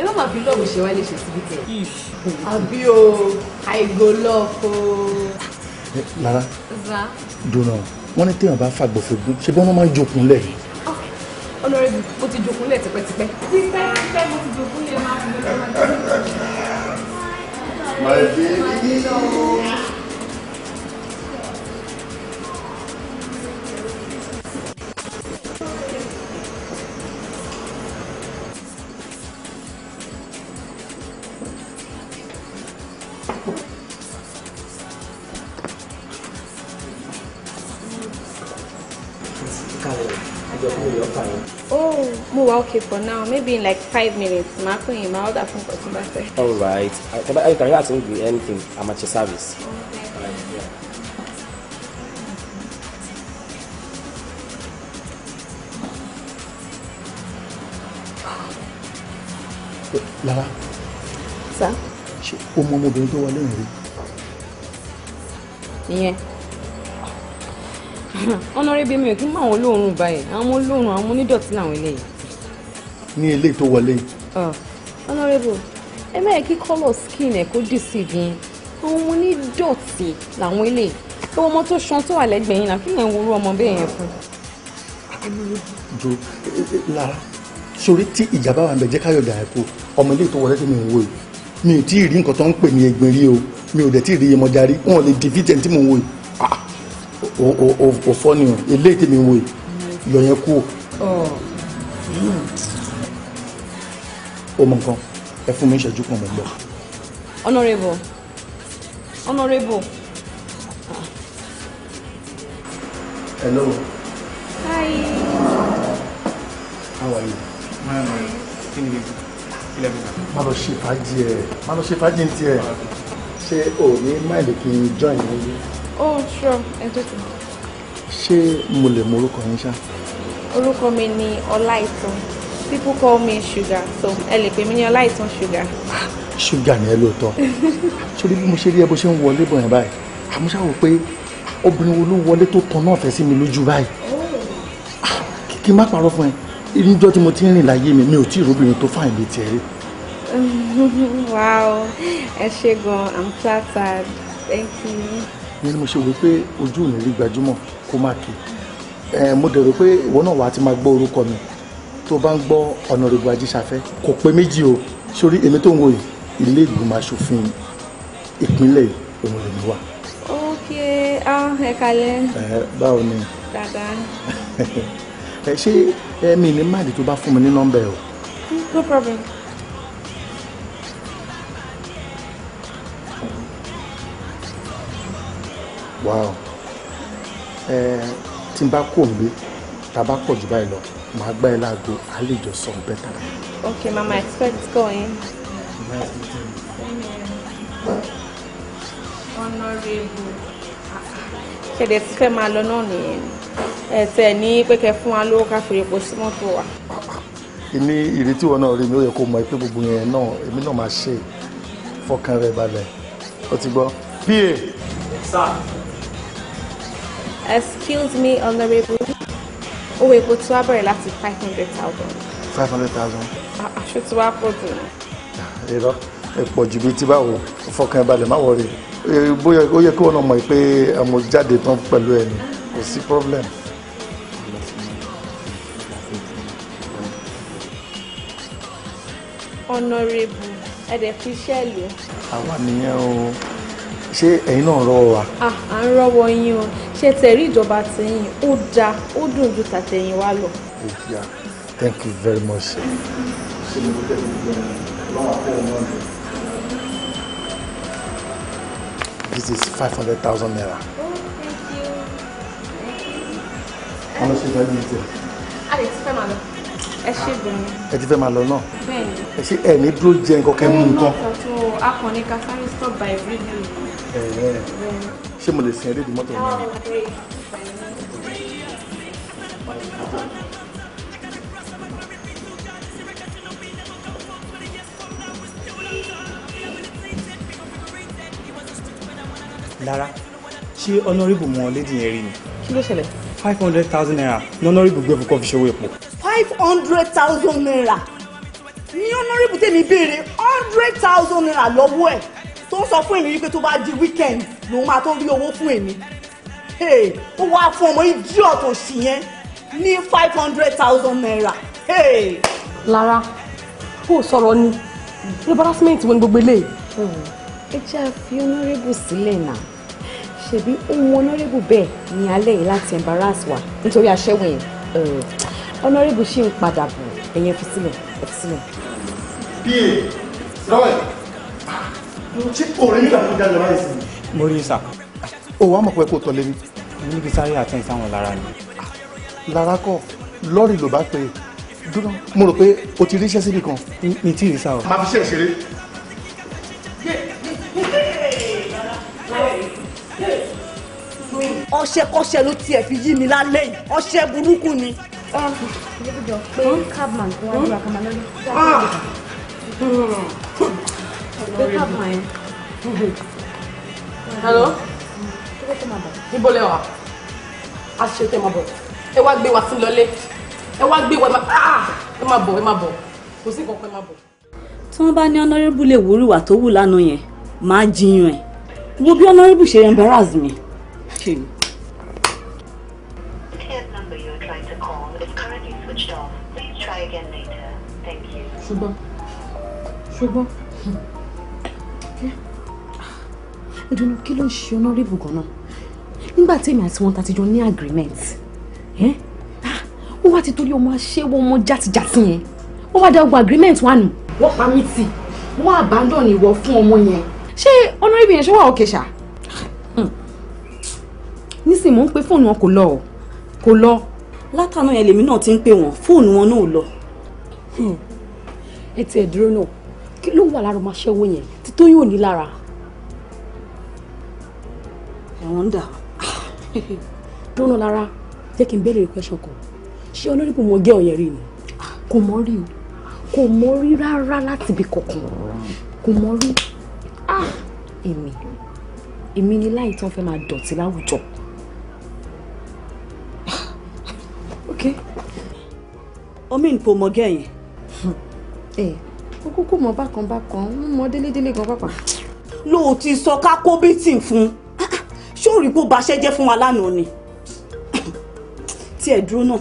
ẹ má máa fi lọ́ọ̀mù ṣe wá ṣe síbi tẹ̀. àbí o àìgò lọ́ọ̀kọ́. lára dùnà wọn ní téèyàn bá fàgbọ̀fọ̀gbọ̀ ṣe bí wọn máa jokun lẹ̀. ọlọ́rẹ́ mo ti jokun lẹ̀ tipẹ́tipẹ́. tipẹ́tipẹ́ mo ti jokun lẹ̀ máa ń lọ. okay for now maybe in like five minutes màá pè yín màá order fún kọtí bá all right uh, tẹ́lá ẹ̀ kàn yóò àti ń gbé anything I'm at your service. Okay. Lára. Sá. Ṣé o mọ ọmọbìnrin tó wọlé ìrìn? Ìyẹn. Ọ̀nà rẹ̀ bí mi ò kí ń mọ àwọn olóòórùn báyìí. Àwọn olóòórùn àwọn onídọ̀tí làwọn eléyìí ní eléyìí tó wọlé yìí. Ah, honourable ẹ mẹ́rin kí colour skin ẹ̀ kó deceive yín òun mo ní dọ̀tí làwọn eléyìí pé ọmọ tó ṣan tó wà lẹ́gbẹ̀ẹ́ yín náà kí lè ń worú ọmọ bẹ́ẹ̀ yẹn fún. jo lára sori tí ìjàmbá wa ń bẹ jẹ́ káyọ̀ dà ẹ̀ ọmọ ilé tó wọlé tí mi ń wo yìí mi ò tí ì rí nǹkan tó ń pè ní egbin rí o mi ò dẹ̀ tí ì rí yemọja rí wọn ò lè dividend tí mo ń wo yìí ò fọ́ ni o eléyìí tí mi ń wo yìí yọ̀ yẹn kú ó mọ nǹkan ẹ fún mi ìṣẹ́jú kan mọ̀ ń honourable honourable. hello. hi. how are you. kí ni ilé mi. má lọ ṣe fàájì ẹ má lọ ṣe fàájì ti ẹ ṣé o ní máìlì kí n join yín. oh sure ẹ tó ti. ṣé mo lè mọ orúkọ yín ṣá. orúkọ mi ni ọláìtàn people call me sugar so ẹ lè pè mí ní ọláìtàn sugar. sugar ni ẹ lóòótọ́ sórí bí mo ṣe rí ẹ bó ṣe ń wọlé bọ̀ yẹn báyìí àmọ́ ṣá wò pé obìnrin wo ló wọlé tó tan náà fẹ́ sí mi lójú báyìí ah, kí n má parọ́ fún ẹ níjọ́ tí mo ti ń rìn láyé mi mi ò tí ì róbìnrin tó fàìn létí ẹ rí. [laughs] wow ẹ ṣe gan i'm flattered thank you. ìyẹn ni mo ṣe wò pé ojú ò ní rí gbajúmọ̀ kó má kí mo dẹ̀ pé ìwọ náà wàá ti máa gbọ́ orúkọ mi tó bá ń gbọ́ ọ̀nàrẹ́bù ajíṣafẹ́ kò pé méjì o sórí èmi tó ń wò yìí ilé ìgbìmọ̀ asòfin ìpínlẹ̀ òun lè mi wà. ok ẹ kalẹ̀. ẹ báwo ni. dada. [laughs] ẹ ṣé ẹmí ní máàdì tó bá fún mi ní nọ́mbà ẹ o. no problem. wow ẹ tí n bá kó ń gbé tá jù báyìí lọ màá gbá ẹ láago a lè jọ sọ bẹ́tà. ok mama expect going. honorable ṣẹ̀dẹ̀ ti fẹ́ máa lọ náà nìyẹn ẹ̀tẹ̀ ní pẹ́kẹ́ fún wa lówó ká fi epo sí mọ́tò wa. ní ìrètí wọn náà rí mi ó yẹ kó mọ pé gbogbo yẹn náà èmi náà máa ṣe fọkàn rẹ balẹ̀ ó ti gbọ́. pa. excuse me honourable owó epo tí wàá bẹ̀rẹ̀ láti five hundred thousand. five hundred thousand. aṣọ tí wàá pọ̀ jù. irọ́ pọ̀ jù bíi ti báwo fọkàn balẹ̀ má wọlé bóyá ó yẹ kí wọn mọ̀ pé mo jáde tán pẹ̀lú ẹ̀ ni kò sí problem. honorable ẹ̀dẹ̀ fi iṣẹ́ lò. àwa nìyẹn o ṣé ẹ̀yin náà rọwọ́ wa. à ń rọwọ́ yín o ṣe tẹ̀rí ìjọba tẹ̀yìn ó dáa ó dùn ju tàtẹ̀yìn wa lọ. thank you very much. this is five hundred thousand naira. ọlọ́sẹ̀ ìgbà yìí tẹ̀. a lè ti fẹ́ màá lọ ẹ ṣe bẹ̀rẹ̀. ẹ ti fẹ́ máa lọ náà. bẹ́ẹ̀ni. ẹ ṣe ẹ ní dúró jẹ nǹkan kẹ́ mú nǹkan. owó náà tọ́jú akọni ká stop by every day ṣé mo lè sin eré di náà. lára ṣé ọ̀nàrìbù mọ lédi yẹn rí ni. kí ló ṣẹlẹ̀. five hundred thousand naira ní ọ̀nàrìbù gbé fún kọ́fí ṣòwò epo. five hundred thousand naira ní ọ̀nàrìbù tèmi béèrè hundred thousand naira lọ́wọ́ ẹ̀ tó ń sọ fún èmi wípé tó bá di weekend lòun máa tó rí owó fún èmi ó wá fún ọmọ idiot òsì yẹn ní five hundred thousand naira. Lára ó sọ̀rọ̀ ni embarrassment wo ni gbogbo eléyìí. ẹ jẹ́ àfi honourable sílẹ̀ náà ṣebí ohun honourable bẹ́ẹ̀ ni alẹ́ yìí láti embarrass wa nítorí aṣẹ́wó yẹn honourable ṣì ń padà bọ̀ ẹ̀yẹn fi sílẹ̀ fi sílẹ̀. pa lọ́wọ́ ẹ̀ ṣé òòrè nígbà tó jáde láyé sí mi. mo rí sà ó wàá mọ̀ pé kò tọ́lé mi. mo níbi sáré àtẹ̀yìn sáwọn lára ni. lára kọ lọ́ọ̀rì ló bá pè é dúró mo rò pé o ti ríṣẹ́ síbi kan. mi tí ì rí sá o. máa fi ṣe ìṣeré. ọṣẹkọṣẹ ló tiẹ̀ fi yí mi lálẹ́ yìí ọṣẹ burúkú ni. ẹ ẹ jọ pé cabman tó wá ní àkàmọ́lẹ́lẹ́. Pick up mine. Hello? Níbo lẹ wà? A ṣe tẹ́ ma bọ̀. Ẹ wá gbé wa sí lọlé. Ẹ wá gbé wa ah! ẹ má bọ̀ ẹ má bọ̀. Kò sí kankan ẹ má bọ̀. Tí wọ́n bá ní ọ̀nàrẹ́bù lè wúrú ìwà tó wù lánàá yẹn, màá jiyàn ẹ̀. Wo bí ọ̀nàrẹ́bù ṣe embarrass mi. ṣùgbọ́n ṣùgbọ́n ìdùnnú kí ló ń ṣe honorable gan-an nígbà tí èmi àti wọn ta ti jọ ní agreement wọ́n ah, wá ti torí ọmọ aṣẹ́wó ọmọ játijàti yẹn wọ́n wá dá ogun agreement wà nù. wọ́n pa mí tì wọ́n abandon ìwọ fún ọmọ yẹn. ṣé honorable yẹn ṣé wà òkè ṣá. Hmm. nísìnyí mò ń pe fóònù wọn kò lọ o kò lọ. látànà yẹn lèmi náà ti ń pè wọn fóònù wọn náà lọ. Hmm. ẹ tiẹ̀ dúró náà kí ló ń wà lára ọmọ aṣẹ́wó yẹn tí Tóyún ò ní lára wonder. dúró Lara, jẹ́ kí n bẹ̀rẹ̀ question kan ṣé olórí kò mọ gẹ́ ọ̀yẹ́ rí ni. kò mọ rí o kò mọ rí rárá láti ibi kankan kò mọ rí ah, èmi èmi ni láì tán fẹ́ máa dọ̀tí láwùjọ. omi ń po mọ́gẹ́ yẹn. ẹ o kúkú mọ bákan bákan ń mọ délédélé gan pàpà. lóòótì sọ ká kó bíntì fún un ṣé ò rí bó baṣẹ́ jẹ́ fún wa lánàá ni tí ẹ dúró náà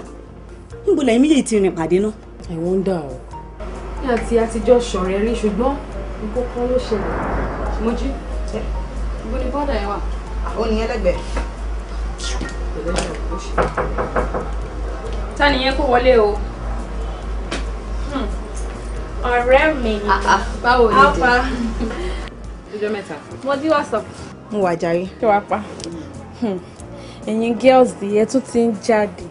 níbo lẹ́yìn méjèèjì ti rìn pàdé náà. I wonder o. ní àti àtijọ́ ṣọ̀rẹ́ rí ṣùgbọ́n nǹkan kan ló ṣẹlẹ̀ mojú ibo ni bọ́dà ẹ wà. ó ní ẹlẹgbẹ̀ẹ́. ta nìyẹn kó wọlé o hmm, ọ̀rẹ́ mi ah, ah. báwo ni dé ọjọ́ mẹ́ta mo dí wàsàpù mo wà jàre. kí wàá pa hmm. ẹ̀yin girls di ẹ tún ti ń jáde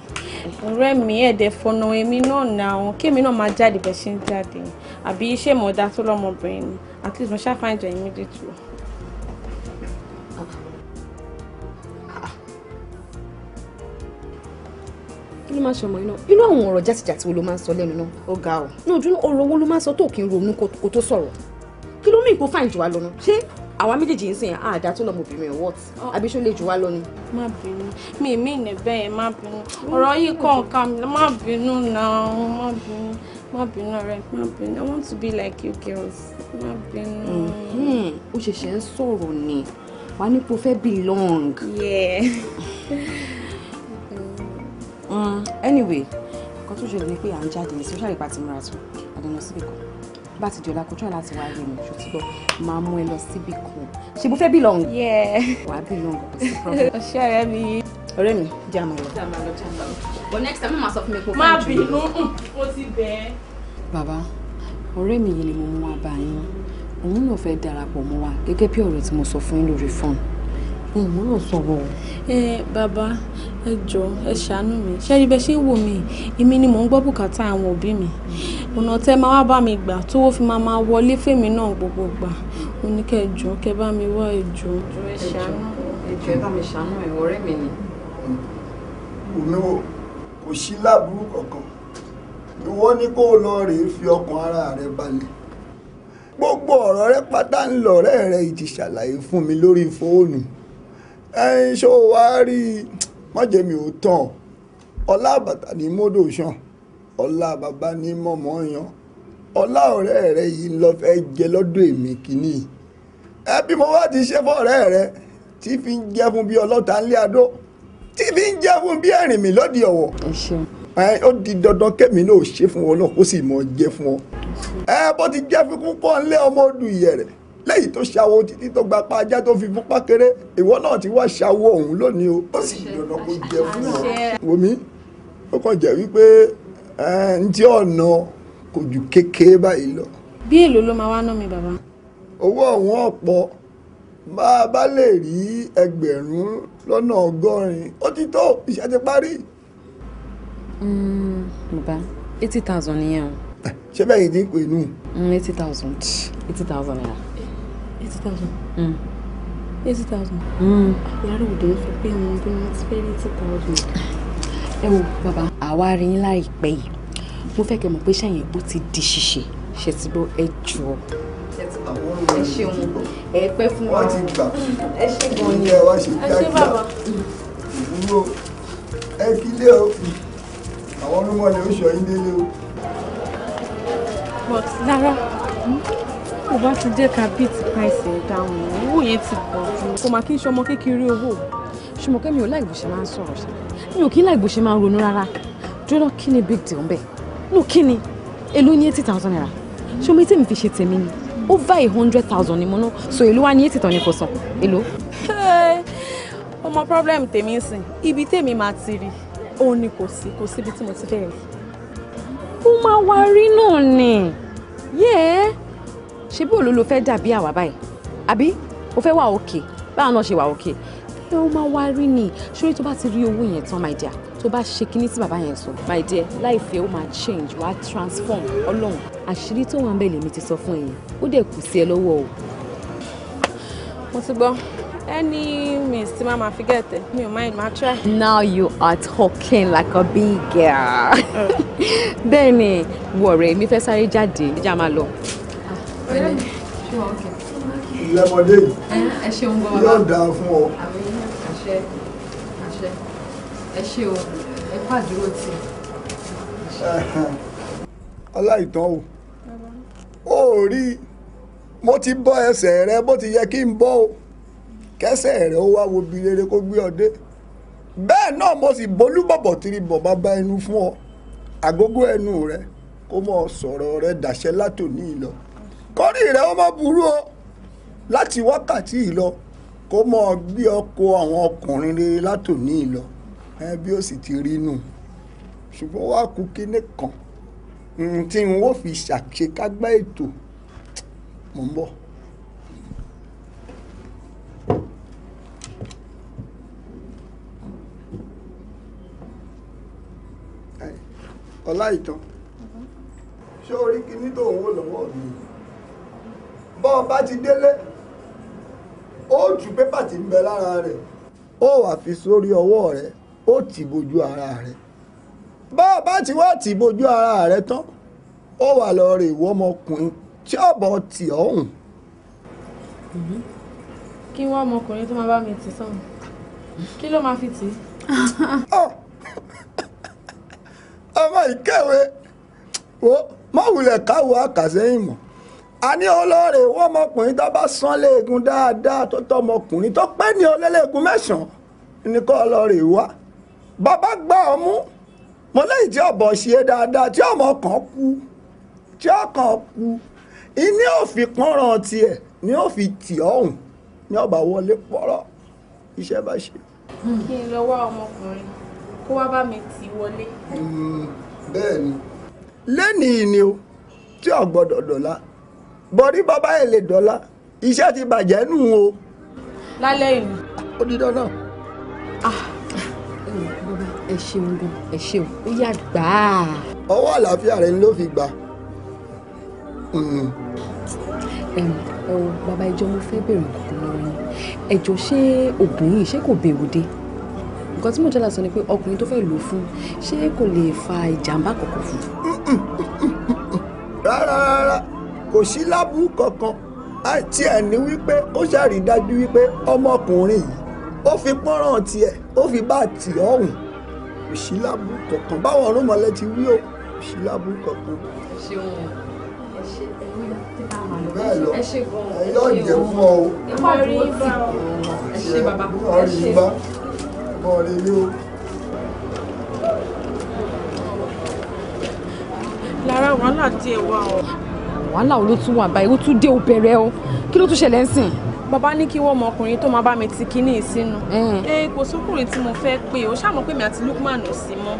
ọ̀rẹ́ mi ẹ̀dẹ̀ fọnà èmi náà nà àwọn kémi náà máa jáde bẹ́ẹ̀ ṣe ń jáde àbí iṣẹ́ ìmọ̀ọ́dá tó lọ́mọbìnrin ni at least mo ṣáà fáìn jọ ẹ̀yìn méjèèjì o. kí ló máa ṣe ọmọ yìí náà irú àwọn ọ̀rọ̀ jàtìjàtì wo ló máa ń sọ lẹ́nu náà. ó ga ọ. ní ojú ọ̀rọ̀ wo ló máa ń sọ tó kí n ronú kó tó sọ̀rọ̀ kí ló mú ìpò fáìn jù wá lọ ṣé àwa méjèèjì ń sìn àdá tó lọmọbìnrin ọwọ́ tí abiṣọ́ oh. lè jù wá lọ ni. má bínú mi èmi ìnẹ̀ bẹ́ẹ̀ má bínú ọ̀rọ̀ yìí kàn ká mi má bínú náà má bínú má bínú ọ̀rẹ́ má bínú I want to be like you girls má bínú. Mm-hmm. ó ṣẹ̀ṣẹ̀ ń sọ̀rọ̀ ni wà ní kó fẹ́ belong. Yeah. um, [laughs] anyway nǹkan tó ṣẹlẹ̀ ni pé à ń jáde ní social party marathon àdánù síbìkan bá ti jọ̀la kò try láti wá rí mi ṣùtì bọ́ máa mú ẹ lọ síbi kan ṣe bó fẹ́ belong. wà á belong kò sí problem. [laughs] ọ̀ṣẹ́ rẹ mi. ọ̀rẹ́ mi jẹ́ àmọ́ lọ. jẹ́ àmọ́ lọ jẹ́ àmọ́ lọ. but next time má sọ fún mi kó fún mi jù. má bínú mm, mo ti bẹ̀ẹ́. bàbá ọ̀rẹ́ mi yìí ni mo mú wa bá yín òun náà fẹ́ darapọ̀ mọ́ wa gẹ́gẹ́ bí ọ̀rọ̀ tí mo sọ fún yín lórí fóònù ìmú ló sọ̀rọ̀ o. ẹ bàbá ẹ jọ ẹ ṣàánú mi ṣẹ́ẹ́rì bẹ́ẹ̀ ṣe ń wò mí ọ̀nà tẹ́ máa wá bá mi gbà tówó fi máa máa wọlé fèmí náà gbogbo gbà mo ní kẹ́ ẹ jọ̀ọ́ kẹ́ bá mi wá ẹ jọ̀ọ́. ẹjọ́ ẹ ṣàánú ẹjọ́ ẹ bá mi ṣàánú ẹ ọ̀rẹ́ mi ni. Mm. olówó kò sí láburú kankan ìwọ ni kó o lọ rèé fi ọkàn ara rẹ balẹ̀ gbogbo ọ̀rọ̀ rẹ pátá ń lọ̀rẹ́ rẹ ìtì ṣàlàyé fún mi lórí fóònù ẹ ń ṣó wá rí i mọ̀jẹ̀mí ò tán ọlá àbàtà ní mọ́dò sàn ọlá bàbá ní mọ̀mọ́ yan ọlá ọ̀rẹ́ rẹ yìí lọ fẹ́ jẹ lọ́dọ̀ èmi kìíní ẹbí mo wá ti ṣe fọ́ọ̀rẹ́ rẹ tí fi ń jẹ́ fún bí ọlọ́ta ńlẹ́ adó tí fi ń jẹ́ fún bí ẹ̀rìn mi lóde ọ̀wọ̀ ó di dandan kẹ́mi náà ṣe fún ọ náà kó sì mọ̀ jẹ́ fún ọ ẹ bó ti jẹ́ fún púpọ̀ ńlẹ́ ọmọ ọdún ìyẹ̀rẹ̀ lẹ́yìn tó ṣàwọ títí tó gba apá ajá tó fi fúnpá kéré ìwọ náà ti wá ṣàwọ ọ̀hún lónìí o ó sì dandan kó jẹ fún ọ wòmí ó kàn jẹ́ wípé ntí ọ̀nà kò ju kékeré báyìí lọ. bí èlò ló máa wá ná mi bàbá. owó ọ̀hún ọ̀pọ̀ bá a bá lè rí ẹgbẹ̀rún lọ́nà ọgọ́rin ó ti tó iṣẹ́ ti parí. Hmm, bàbá eighty thousand nìyẹn o. ṣé bẹ́ẹ̀ yìí ti ń pè nù. Hmm, eighty thousand eighty thousand naira. eighty thousand. Hmm. eighty thousand. àwọn ará òde ń fi pé mo bí mo ti fẹ́ eighty thousand ẹ wo bàbá àwa rí yín láìpẹ́ yìí mo fẹ́ kẹ́ mọ̀ pé sẹ́yìn bó ti di ṣiṣẹ́ ṣe ti gbọ́ ẹ jù ọ. ẹ ṣeun ẹ pẹ́ fún wa. wọ́n ti gbà ẹ ṣe gan ni ẹ wá ṣe kíákíá ìdúró ẹ kílé o àwọn olúmọ ni ó ṣọ yín délé o. but lára kò hmm, bá ti jẹ́ ká bíìtì price ẹ̀ dáhùn owó yẹn ti pọ̀ jù kò má kí n ṣọmọ kékeré owó ṣùgbọ́n kẹ́mi ò láì bó ṣe máa ń sọ̀rọ̀ ṣe mi ò kí ń láì bó ṣe máa ń ronú rárá dúró kí ni big deal bẹ́ẹ̀ no kí ni èló ní eighty thousand naira ṣé omi tí mi fi ṣe tèmi ni over a hundred thousand ni mo ná so èló wá ní eighty thousand ni kò sàn èló. ọmọ problem tèmi ń sìn ibi tèmi máa ti rí òun ni kò sí kò síbi tí mo ti fẹ́ rí. ó máa wá rí náà ni yẹ́ẹ́ ṣé bí òun fẹ́ dàbí àwa báyìí àbí o fẹ́ wà òkè báwọn náà ṣe wà òkè ẹ ó máa wá rí ni ṣórí tó bá ti rí owó yẹn tán my dear tó bá ṣe kinní tí bàbá yẹn sọ my dear life ó máa change wàá transform ọlọ́run àṣírí tó wà ń bẹ̀ lèmi ti sọ fún ẹ̀yin ó dẹ̀ kù sí ẹ lọ́wọ́ o. mo ti gbọ́ any means tí màá máa fi gẹ̀ẹ́tẹ̀ mi ò mind máa try. now you are talking like a big girl. [laughs] bẹ́ẹ̀ ni wọ̀rẹ́ mi fẹ́ sáré jáde ìjà máa lọ. ọ̀rẹ́ mi yìí yóò dáa fún ọ àṣẹ àṣẹ ẹ ṣe o ẹ pàdúró tì. [laughs] aláìtàn o ó rí mo ti bọ́ ẹsẹ̀ rẹ bó ti yẹ kí n bọ́ o kẹsẹ̀ rẹ ó wá wo bi rere kó gbé ọ dé bẹ́ẹ̀ náà mo sì bolú bọ̀bọ̀ tiri bọ̀bá bá ẹnu fún ọ àgógó ẹnu rẹ kó mọ sọ̀rọ̀ rẹ dàṣẹ látòní lọ kọ́rí rẹ ó má burú o láti wákàtí yìí kó mọ̀ gbé ọkọ̀ àwọn ọkùnrin rere látòní lọ bí ó sì ti rí nù ṣùgbọ́n wàá kú kínní kan tí n ó fi ṣàṣekágbá ètò mò ń bọ̀. ọlá ìtàn ṣé orí kínní tó ń wò lọ́wọ́ mi bọ́ ọ bá ti délé. ju pépà ti ń bẹ lára rẹ̀ ó wà fi sórí ọwọ́ rẹ̀ ó ti bojú ara rẹ̀ bá a bá ti wá ti bojú ara rẹ̀ tán ó wà lọ rè wọ́mọkùnrin tí ọ̀bọ̀ tì ọ̀hún. kí wọ́n ọmọkùnrin tó máa bá mi tì sọ́hùn kí ló máa fi tì í. ọmọ ìkẹwé wo mọ̀wulẹ̀ káwọ́ àkàsẹ́yìn mọ. a ní olóore ìwọ ọmọkùnrin tó bá sán léegun dáadáa tó tọ́ ọmọkùnrin tó pẹ́ ní olóléegun mẹ́sàn-án ní kọ́ olóore ìwá bàbá gbà ọ́ mú mo lẹ́yìn tí ọ̀bọ̀ ṣe dáadáa tí ọmọ kan kú tí ọkàn kú iní òfin pọ́nrán tiẹ̀ ní òfin tì ọ̀hún ní ọba wọlé pọ́rọ́ iṣẹ́ bá ṣe. kí n lọ wá ọmọkùnrin kó wá bá mi tì wọlé. Hmm, bẹ́ẹ̀ ni. lẹ́nìí ni o tí ò dọ̀la bọ́rí bàbá ẹ̀ lè dọ́là iṣẹ́ ti bàjẹ́ nù o. lálẹ́ ìlú. ó di dandan. Ah, ẹ ṣeun gan ẹ ṣeun ó yà gbà á. ọwọ́ àlàáfíà rẹ ni ló fi gbà. ẹ wo bàbá ìjọ mo fẹ́ bèrè nǹkan lọ́wọ́ yín ẹ̀jọ̀ ṣé oògùn yìí ṣé kò bẹ̀rù dé nǹkan tí mo jẹ́la sọ ni pé ọkùnrin tó fẹ́ lò ó fún ṣé kò lè fa ìjàmbá kọ̀ọ̀kan fún. rárá rárá kò sí lábú kankan àti ẹ̀ ní wípé ó ṣàrí dájú wípé ọmọkùnrin yìí ó fi pọ́nrán tiẹ̀ ó fi bá tì ọ̀hún kò sí lábú kankan báwọn ọ̀run mọ̀lẹ́ ti wí o kò sí lábú kankan. o ẹ ṣe bàbá ẹ ṣe bá bọ́ ọ lè ní o. lára wàhálà tí ẹ ọ wàhálà wo ló tún wà báyìí ó tún dé ó bẹ̀rẹ̀ o kí ló tún ṣẹlẹ̀ ń sìn. bàbá ní kí wọ́n mọ ọkùnrin tó máa bá mi ti kíní ìsínú. ẹ kò sókùnrin tí mo fẹ́ pé o ṣáà mọ̀ pé mi àti Lukman ò sí mọ́.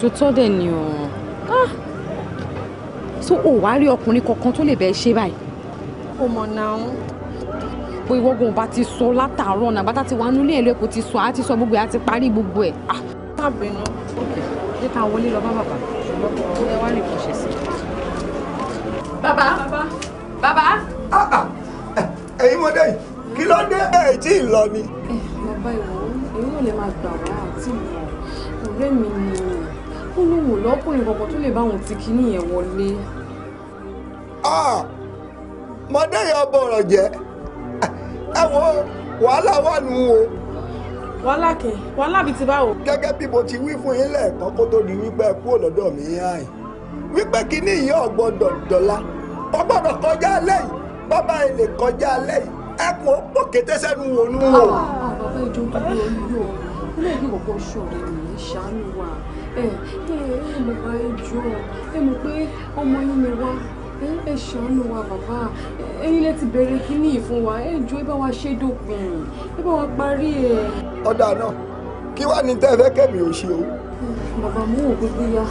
tó tọ́ dẹ̀ ni o ah! so ò wá rí ọkùnrin kankan tó lè bẹ́ẹ̀ ṣe báyìí. ó mọ̀ náà pé ìwọ́gun ọba ti sọ látàárọ̀ náà bàtà ti wà nílé ẹ̀rọ epo ti sọ àti sọ gbogbo ẹ̀ àti parí gbogbo ẹ̀. Ah! má bínú jẹ́ wọlé lọ bá bàbá. Baba, baba, baba. Ah, ṣe eh, ah. bàbá bàbá. ẹ̀yin mọ́dé yìí Eh, ló dé ẹ̀ tí ì lọ ni. bàbá ìwọ èyí ò lè máa gbà wá àti ìwọ ọ̀rẹ́ mi ni ó lóun lọ́kùnrin kankan tó lè bá òun ti kíní yẹn wọlé. Ah, mọ́dé yìí ọbọ̀ ọ̀rọ̀ jẹ́ ah, ẹ wo wàhálà wà nù o wàhálà kẹ wàhálà bíi ti báwo. gẹ́gẹ́ bí mo ti wí fún yín lẹ́ẹ̀kan kó tó di wípé ẹ kúrò lọ́dọ̀ mi hàn wípé kíní yìí ọ̀gbọ́dọ̀ dọ̀la ó gbọ́dọ̀ kọjá lẹ́yìn bàbá ẹ lè kọjá lẹ́yìn ẹkùn ó pò kété sẹ́nu ònú o. Ah, bàbá ìjọ ń dúró yìí o ilé ìlú kòkó ṣòro nìyí ṣàánú wa ẹ ẹ ẹ mọ̀ pé ọmọ yín ni wá ẹ ṣàánú wa bàbá ẹ̀yin lè ti bẹ̀rẹ̀ kínní fún wa ẹ jọ̀ọ́ ẹ bá wa ṣe dópin ẹ bá wa parí ẹ. ọ̀dà náà kí wàá ní tẹ́ ẹ fẹ́ kẹ́mi ò ṣe o. bàbá mú òkú bóyá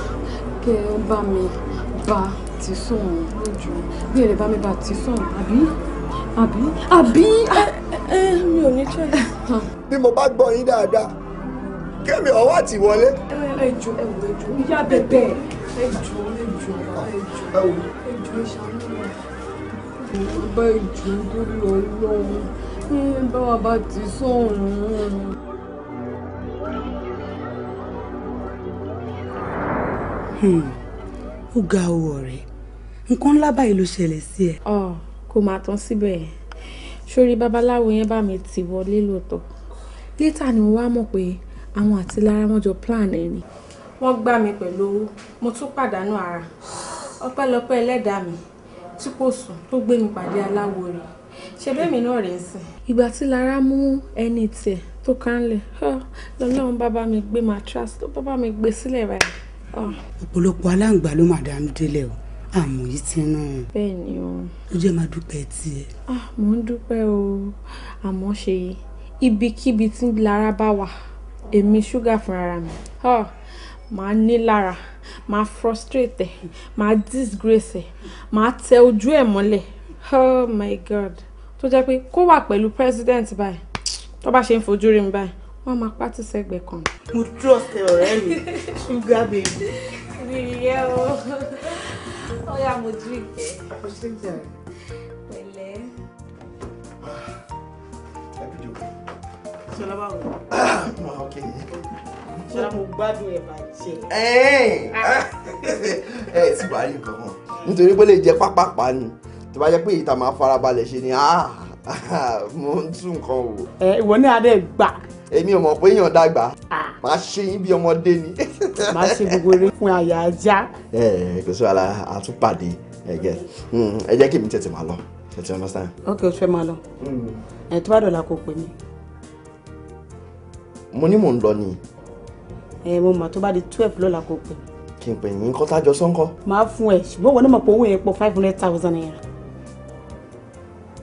kẹ́ ẹ bá mi bá ti sùn lójú bí ẹ lè bá mi bá ti sùn àbí àbí àbí mi ò ní choice. bí mo bá gbọ́ yín dáadáa kẹ́mi ọwọ́ àti wọlé. ẹ ẹ jọ̀ọ́ ẹ wọ ẹ jọ̀ọ́ ìyá bẹ̀bẹ̀ ẹ jọ̀ọ́ ẹ jọ̀ọ́ ẹ jọ̀ọ́ bá ìjọ tó lọ lọ́wọ́ báwa bá ti sọ̀rọ̀. ó ga o ọ̀rẹ́ nǹkan ńlá báyìí ló ṣẹlẹ̀ sí ẹ. kò máa tán síbẹ̀ sórí babaláwo yẹn bá mi tì wọlé lóòótọ́ létà ni mo wá mọ̀ pé àwọn àti lára wọn jọ plan ẹ̀ ni. wọ́n gbá mi pẹ̀lú owó mo tún pàdánù ara ọpẹ́lọpẹ́ ẹlẹ́dàá mi tí kò sùn tó gbé mi pàdé aláwo rẹ̀ ṣe bẹ́ẹ̀mí náà rẹ̀ ń sìn. ìgbà tí Lara mú ẹni tiẹ̀ tó kánlẹ̀ lọ́lọ́run bàbá mi gbé matras tó bàbá mi gbé sílẹ̀ rẹ̀. ọ̀pọ̀lọpọ̀ aláǹgbá ló mà dá mi délẹ̀ o àmọ́ yìí ti rán un. bẹ́ẹ̀ ni o. ó jẹ́ máa dúpẹ́ tiẹ̀. ah mò ń dúpẹ́ o àmọ́ ṣe ibikíbi tí Lara bá wà èmi ṣúgà fúnra mi máa ní lára máa frustrate ẹ̀ máa disgrace ẹ̀ máa tẹ ojú ẹ̀ mọ́lẹ̀ oh my god tó jẹ́ pé kó wà pẹ̀lú president báyìí tó bá ṣe ń fojú rí mi báyìí wọ́n máa pátì sẹ́gbẹ̀ẹ́ kan. mo trust ẹ ọ̀rẹ́ mi sugar baby. mi yẹ o ó yà mo drink ẹ. pẹ̀lẹ́. Ah, ẹ bí jòkó. sọlá báwo. Ah, ok ṣọlá mo gbádùn ẹ̀ bàjẹ́. ẹ ah. [laughs] ẹ ti wà á rí nǹkan kan nítorí pé lè jẹ pápápá ni tó bá jẹ pé ìta máa farabalẹ̀ ṣe ni ah, [laughs] mo ń tún nǹkan wò. ẹ ìwọ ní adé gbà. èmi ò mọ̀ pé èèyàn dàgbà ah. máa ṣe yín bí ọmọdé ni. [laughs] máa ṣe gbogbo eré fún àyà ajá. ẹ ẹ kò sí wàhálà àtúpàdé ẹ gẹ hmm, ẹ jẹ́ kí èmi tètè máa lọ tètè understand. ok o fẹ́ máa lọ hmm. ẹ tó bá dọ̀la kò pè mí. mo ní mò ń lọ ni ẹ mo mọ̀ tó bá di twelve lọ́la kò pè. kí n pè yín kọ́ tájọ sọ́ńkọ́. máa fún ẹ ṣùgbọ́n wọn náà mọ̀ pé owó yẹn pọ̀ five hundred thousand naira.